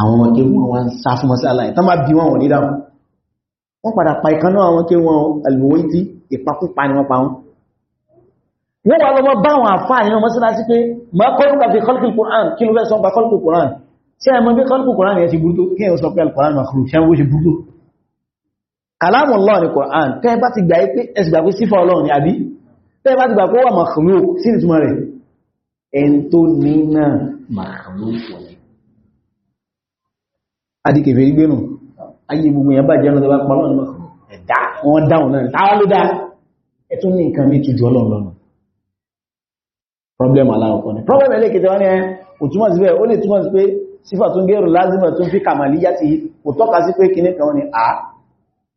àwọn ọmọdé wọn wá ń sá fún mọ́sálà ẹ̀ tán bá bí wọn wọ̀n nídà wọ́n padà pa ìkan náà àwọn kéwọn alùwòye tí ìpakúpa ni wọ́n pa wọn wọ́n wà lọ́mọ bá àwọn àfáà nínú mọ́sálà sí pé ma kọ́lùkà fi kọ́lùkù Qur'an kí ló fẹ́ sọ pa kọ́lùkù Qur'an tí a mọ́ bí kọ́lùkù Qur'an yẹn ti burúkú kí ẹ̀ sọ pé Al-Qur'an makhluk ṣe bó kàlámù Allah ní Kùrán tẹ́ bá ti gbà yí pé ẹsìgbà pé sífà Ọlọ́run ni àbí tẹ́ bá ti gbà kó wà makhluk sí ìtumọ̀ rẹ̀ ẹn tó ní náà makhluk wọ̀nyí adìkẹfẹ́ gbénù ayé gbogbo yẹn bá jẹ́ ọ̀nà tó bá pàlọ́ ẹ̀dá wọn dáhùn náà táwọn ló dá ẹ̀tún ní nǹkan ní ìtújú problem aláwọ̀kọ́ ni problem ẹlẹ́kẹta wọn ni ó túmọ̀ sí bẹ́ẹ̀ ó lè túmọ̀ sí pé sífà tó ń gẹ́rù lázìmọ̀ tó ń a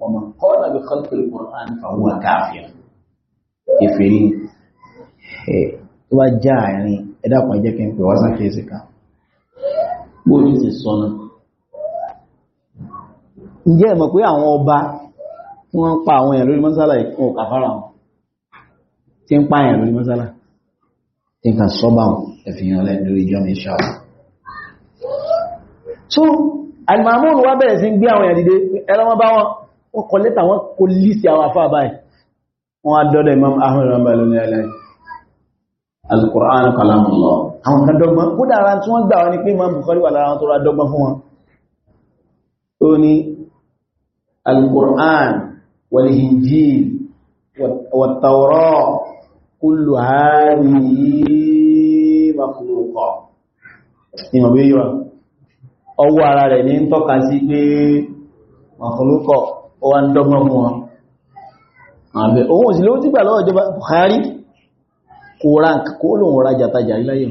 ومن قال بخلق القرآن فهو كافر kèfèrí tó يعني إذا àárín ẹ̀dàpọ̀ jẹ́ kí n pè wá sáké ìsìnká bóòlù ti sọ́nà ǹjẹ́ ẹ̀mọ̀ pé àwọn ọba wọ́n ń pa àwọn èèyàn lórí mọ́sálà ìkún ọ̀kà fara wọn tí ń pa èèyàn lórí mọ́sálà tí ń kà sọ́bà wọn ẹ̀fìyàn lẹ́nu lórí ìjọ mi ṣáà so alimamuru wa bẹ̀rẹ̀ sí gbé àwọn èèyàn dìde ẹlọ́wọ́n bá wọn wọ́n kọ lẹ́tà wọ́n kò lísì àwọn afá báyìí wọ́n á dọ́dọ̀ Imam Ahmad rambalu ní alẹ́ al-Qur'an kalamullah àwọn kan dọ́gbọ́n kó dára tí wọ́n gbà wọ́n ni pé Imam Bukhari wà lára kullu hadhihi makhluqa ìmọ̀ bí yíwa ọwọ́ ara rẹ̀ ní tọ́ka sí pé makhluqa ó wá ń dọ́gbọ́n fún wọn àbẹ̀ òun òsì ló ti gbà lọ́wọ́ ìjọba Buhari kò ra nǹkan kó lòun ra jàtajà iláyè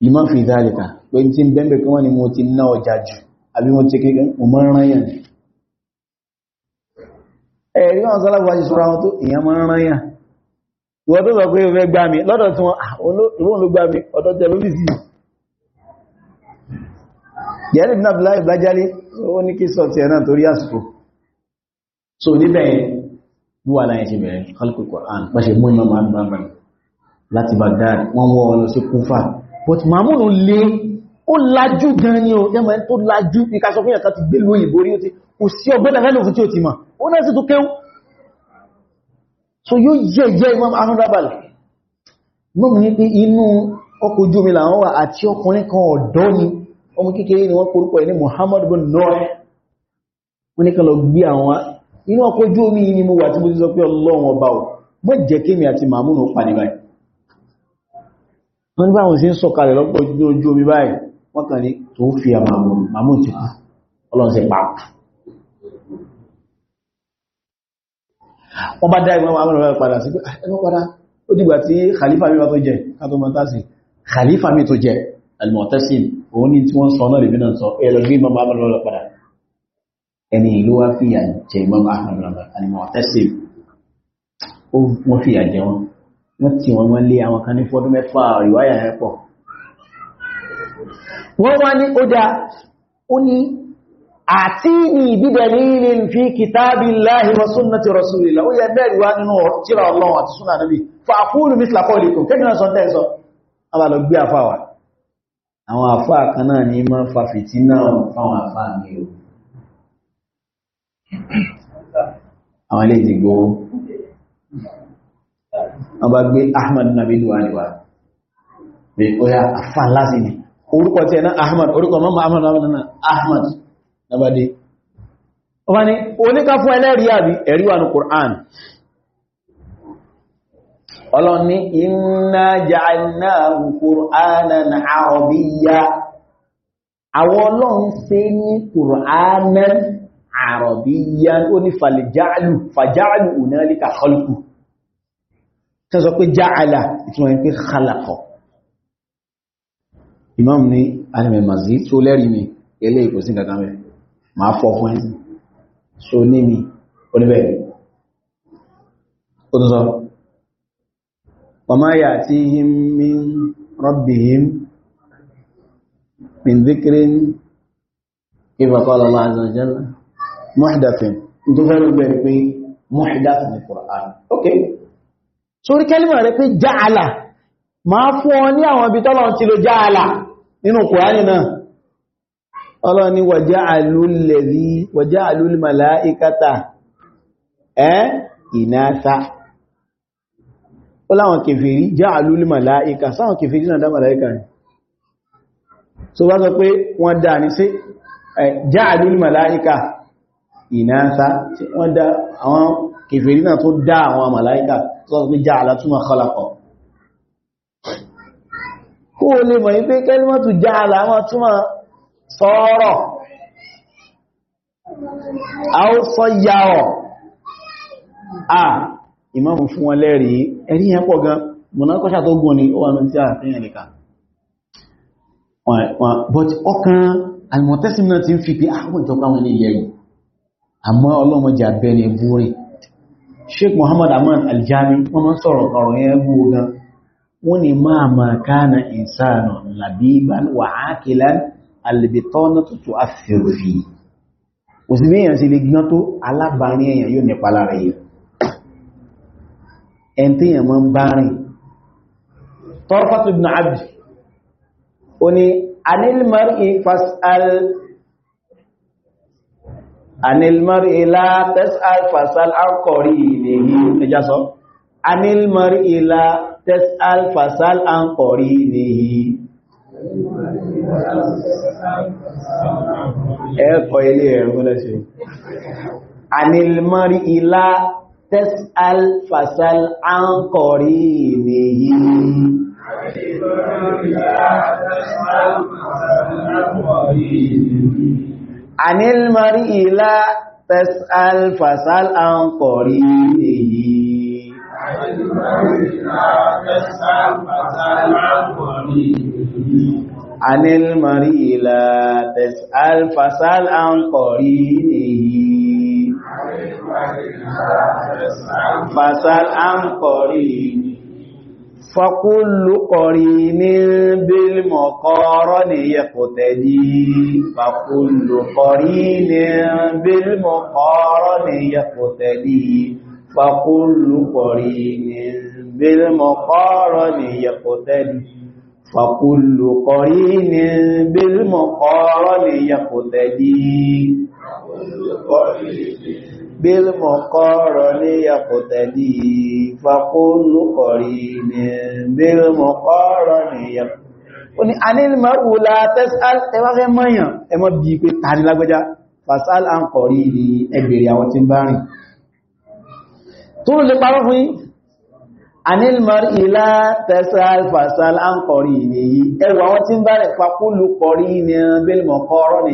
ni máa fi ìdáríkà pé tí ń bẹ́ẹ̀bẹ̀ kí wọ́n ni mo ti ná ọjà jù àbí mo ti kékeré mo máa rán yàn ẹ̀rí wọn sọ́lábà ti sọ́ra wọn tó náà láì blájálé ó ní kí sọ ti ẹ̀ torí àsìkò so níbẹ̀ wíwà láyé ṣe bẹ̀rẹ̀ khalqul Qur'an pàṣẹ mú imam al-Barbahari láti Baghdad wọ́n wọ́ ọ lọ sí Kúfà but Mamunu lé ó lajú gan ni o yẹ́mọ̀ tó lajú ìkàṣọ fún ìyàtà ti gbélú ìborí ó ti kò sí ọgbẹ́lẹ̀ lẹ́nu fún tí ó so yóò yẹ yẹ imam ahmadabal mọ́mù ní pé inú ọkọ̀ ojú omi làwọn wà àti ọkùnrin kan ọ̀dọ́ ni ọmọ kékeré ni wọ́n korúkọ ẹ̀ ní Muhammad bin Nuh wọ́n ní kan lọ gbé àwọn inú ọkọ̀ ojú omi ni mo wà tí mo ti sọ pé ọlọ́run ọba ò mọ́ jẹ́ kémi àti màmúnù pàdé báyìí wọ́n ní báwọn sí ń sọ̀kalẹ̀ lọ́pọ̀ ojú omi báyìí wọ́n kàn ní ah, tó fi àmàmù ti tí khalifa mi tó jẹ kátó khalifa mi tó jẹ almọ̀tẹ́sìn òun ní tí wọ́n sọ náà lè mí sọ ẹlọgbé mọ́ àmàmù padà ẹni ìlú wá fìyà jẹ Imam Ahmad al-Mu'tasim wọ́n fìyà jẹ wọn wọ́n tí wọ́n wọ́n lé àwọn kan ní fọ́dún mẹ́fà ìwáyà ẹ̀ pọ̀ wọ́n wá ní ó dá ó ní àti ní bidalilin fi kitabillahi wa sunnati rasulillah ó yẹ bẹ́ẹ̀rẹ̀ wá nínú tírà Ọlọ́run àti súnà níbi fàkúrù mithla qawlikum kẹ́gbìnà sọ tẹ́ẹ̀sọ́ alàlọ́ náà ní máa àwọn ilé ti gbówó wọ́n bá gbé Ahmad Nabidu àríwá pé ó yá àfà láti ní orúkọ tí ẹ̀nà Ahmad orúkọ mọ́mọ́ Ahmad Ahmad nabade wọ́n ni oníká fún ẹlẹ́rí àbí ẹ̀rí wà ní Qur'an ọlọ́run ní inna ja'alnahu Qur'anan Arabiyya àwọn ọlọ́run ṣe ní Qur'anan àrọ̀bíyàn ó ní fàlìjáàlù fàjáàlù ònàlíkà khalqu tí sọ pé jáàlà ìtumọ̀ ní pé khalaqọ̀ imam ní alìmẹ̀màzí tó lẹ́rí mi ilé ìkòsí kankan mẹ́ ma fọ́ fún ẹ́ so ní mi oníbẹ̀ min rabbihim min dhikrin kí fàkọ́ Allah muhdathin tó fẹ́ lọ́gbẹ̀ rẹ̀ pé muhdathin ní Qur'an ok sórí kẹ́lìmọ̀ rẹ̀ pé ja'ala máa fún ọ ní àwọn ibi tọ́lọ̀ ti lo ja'ala nínú Qur'an náà ọlọ́ni wa ja'alul ladhi wa ja'alul malaikata ẹ́ ìnáta ó láwọn kèfèrí ja'alul malaika sáwọn kèfèrí náà dá malaika ni ìnáta tí wọ́n dá àwọn kèfèrí náà tó dá àwọn màláíkà tó sọ pé já alátúmọ̀ kọlakọ̀ kó o lè mọ̀ yí pé kẹ́límọ́tù já aláwọ̀ túmọ̀ sọ́ọ̀rọ̀ àwọ́sọ́ ya ọ̀ à ìmáàmù fún wọn lẹ́rìí ẹ̀rí yẹn pọ̀ gan mọ̀nákọ́ṣà tó gùn ni ó wà ní tí a but ọkàn àìmọ̀tẹ́sìn náà ti ń fi pé àwọn ah, ìjọba wọn ní ilẹ̀ yìí àmọ́ ọlọ́mọjà bẹni búrì sheik muhammad aman aljami wọ́n mọ́ sọ̀rọ̀ ọ̀rọ̀ yẹn bú gan wọ́n ni máa ma káàna ìsáànà labiban wà ákìlán albitọ́nà tó tó afẹ́rùfì òsìlẹ̀ èèyàn sí lè gbọ́n tó alábàárín èèyàn yóò nípa lára yìí ẹn anilmar ila tesal fasal ankori ilehi ẹja sọ anilmar ila tesal fasal ankori ilehi ẹ̀kọ́ ilé ẹ̀rùn lẹ́ṣẹ́ anilmar ila tesal fasal ankori ilehi anilmar ila tesal fasal ankori ilehi anil mari ila tas'al fasal an kori èyí anil mari ila tas'al fasal an kori èyí fasal an kori èyí فكل قرين بالمقارن يقتدي فكل قرين بالمقارن يقتدي فكل قرين بالمقارن يقتدي فكل قرين بالمقارن يقتدي فكل قرين بالمقارن يقتدي فكل قرين بالمقارن يقتدي ó ní anilmaru la tesal ẹwàrẹ mọ́yàn ẹmọ́ bí pé tàní lágbẹ́já fasal an kọ̀rí ní ẹgbèrè àwọn tí ń bá rìn tó lè parọ́ fún yí anilmaru la tesal fasal an kọ̀rí ní ẹwà àwọn tí ń bá rẹ̀ pakúlù kọ̀rí ní bílmọ̀ kọ́rọ̀ ní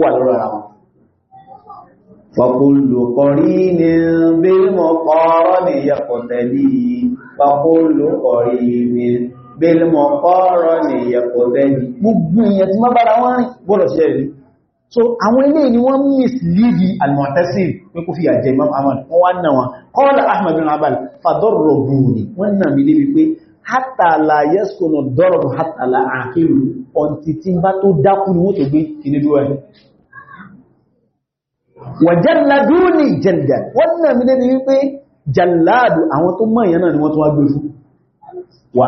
yẹ فكل قرين بالمقارن يقتدي فكل قرين بالمقارن يقتدي gbogbo èèyàn tí wọ́n bára wọ́n rìn bọ́lọ̀ ṣe rí so àwọn ilé ni wọ́n misleadi al-mu'tasim pé kó fi àjẹ imam ahmad wọ́n wá náà wọn qala ahmad bin abal fadarrabuni wọ́n náà mi lébi pé hatta la yaskunu ad-darb hatta la aqilu ọ̀n títí bá tó dákú ni wọ́n tó gbé kìnnìdúwẹ́ wà jálladú ní ìjẹ̀dẹ̀ wọ́n náà mílé ni wípé jálladù àwọn tó mọ̀ ìyẹn náà ni wọ́n tún wá gbé fún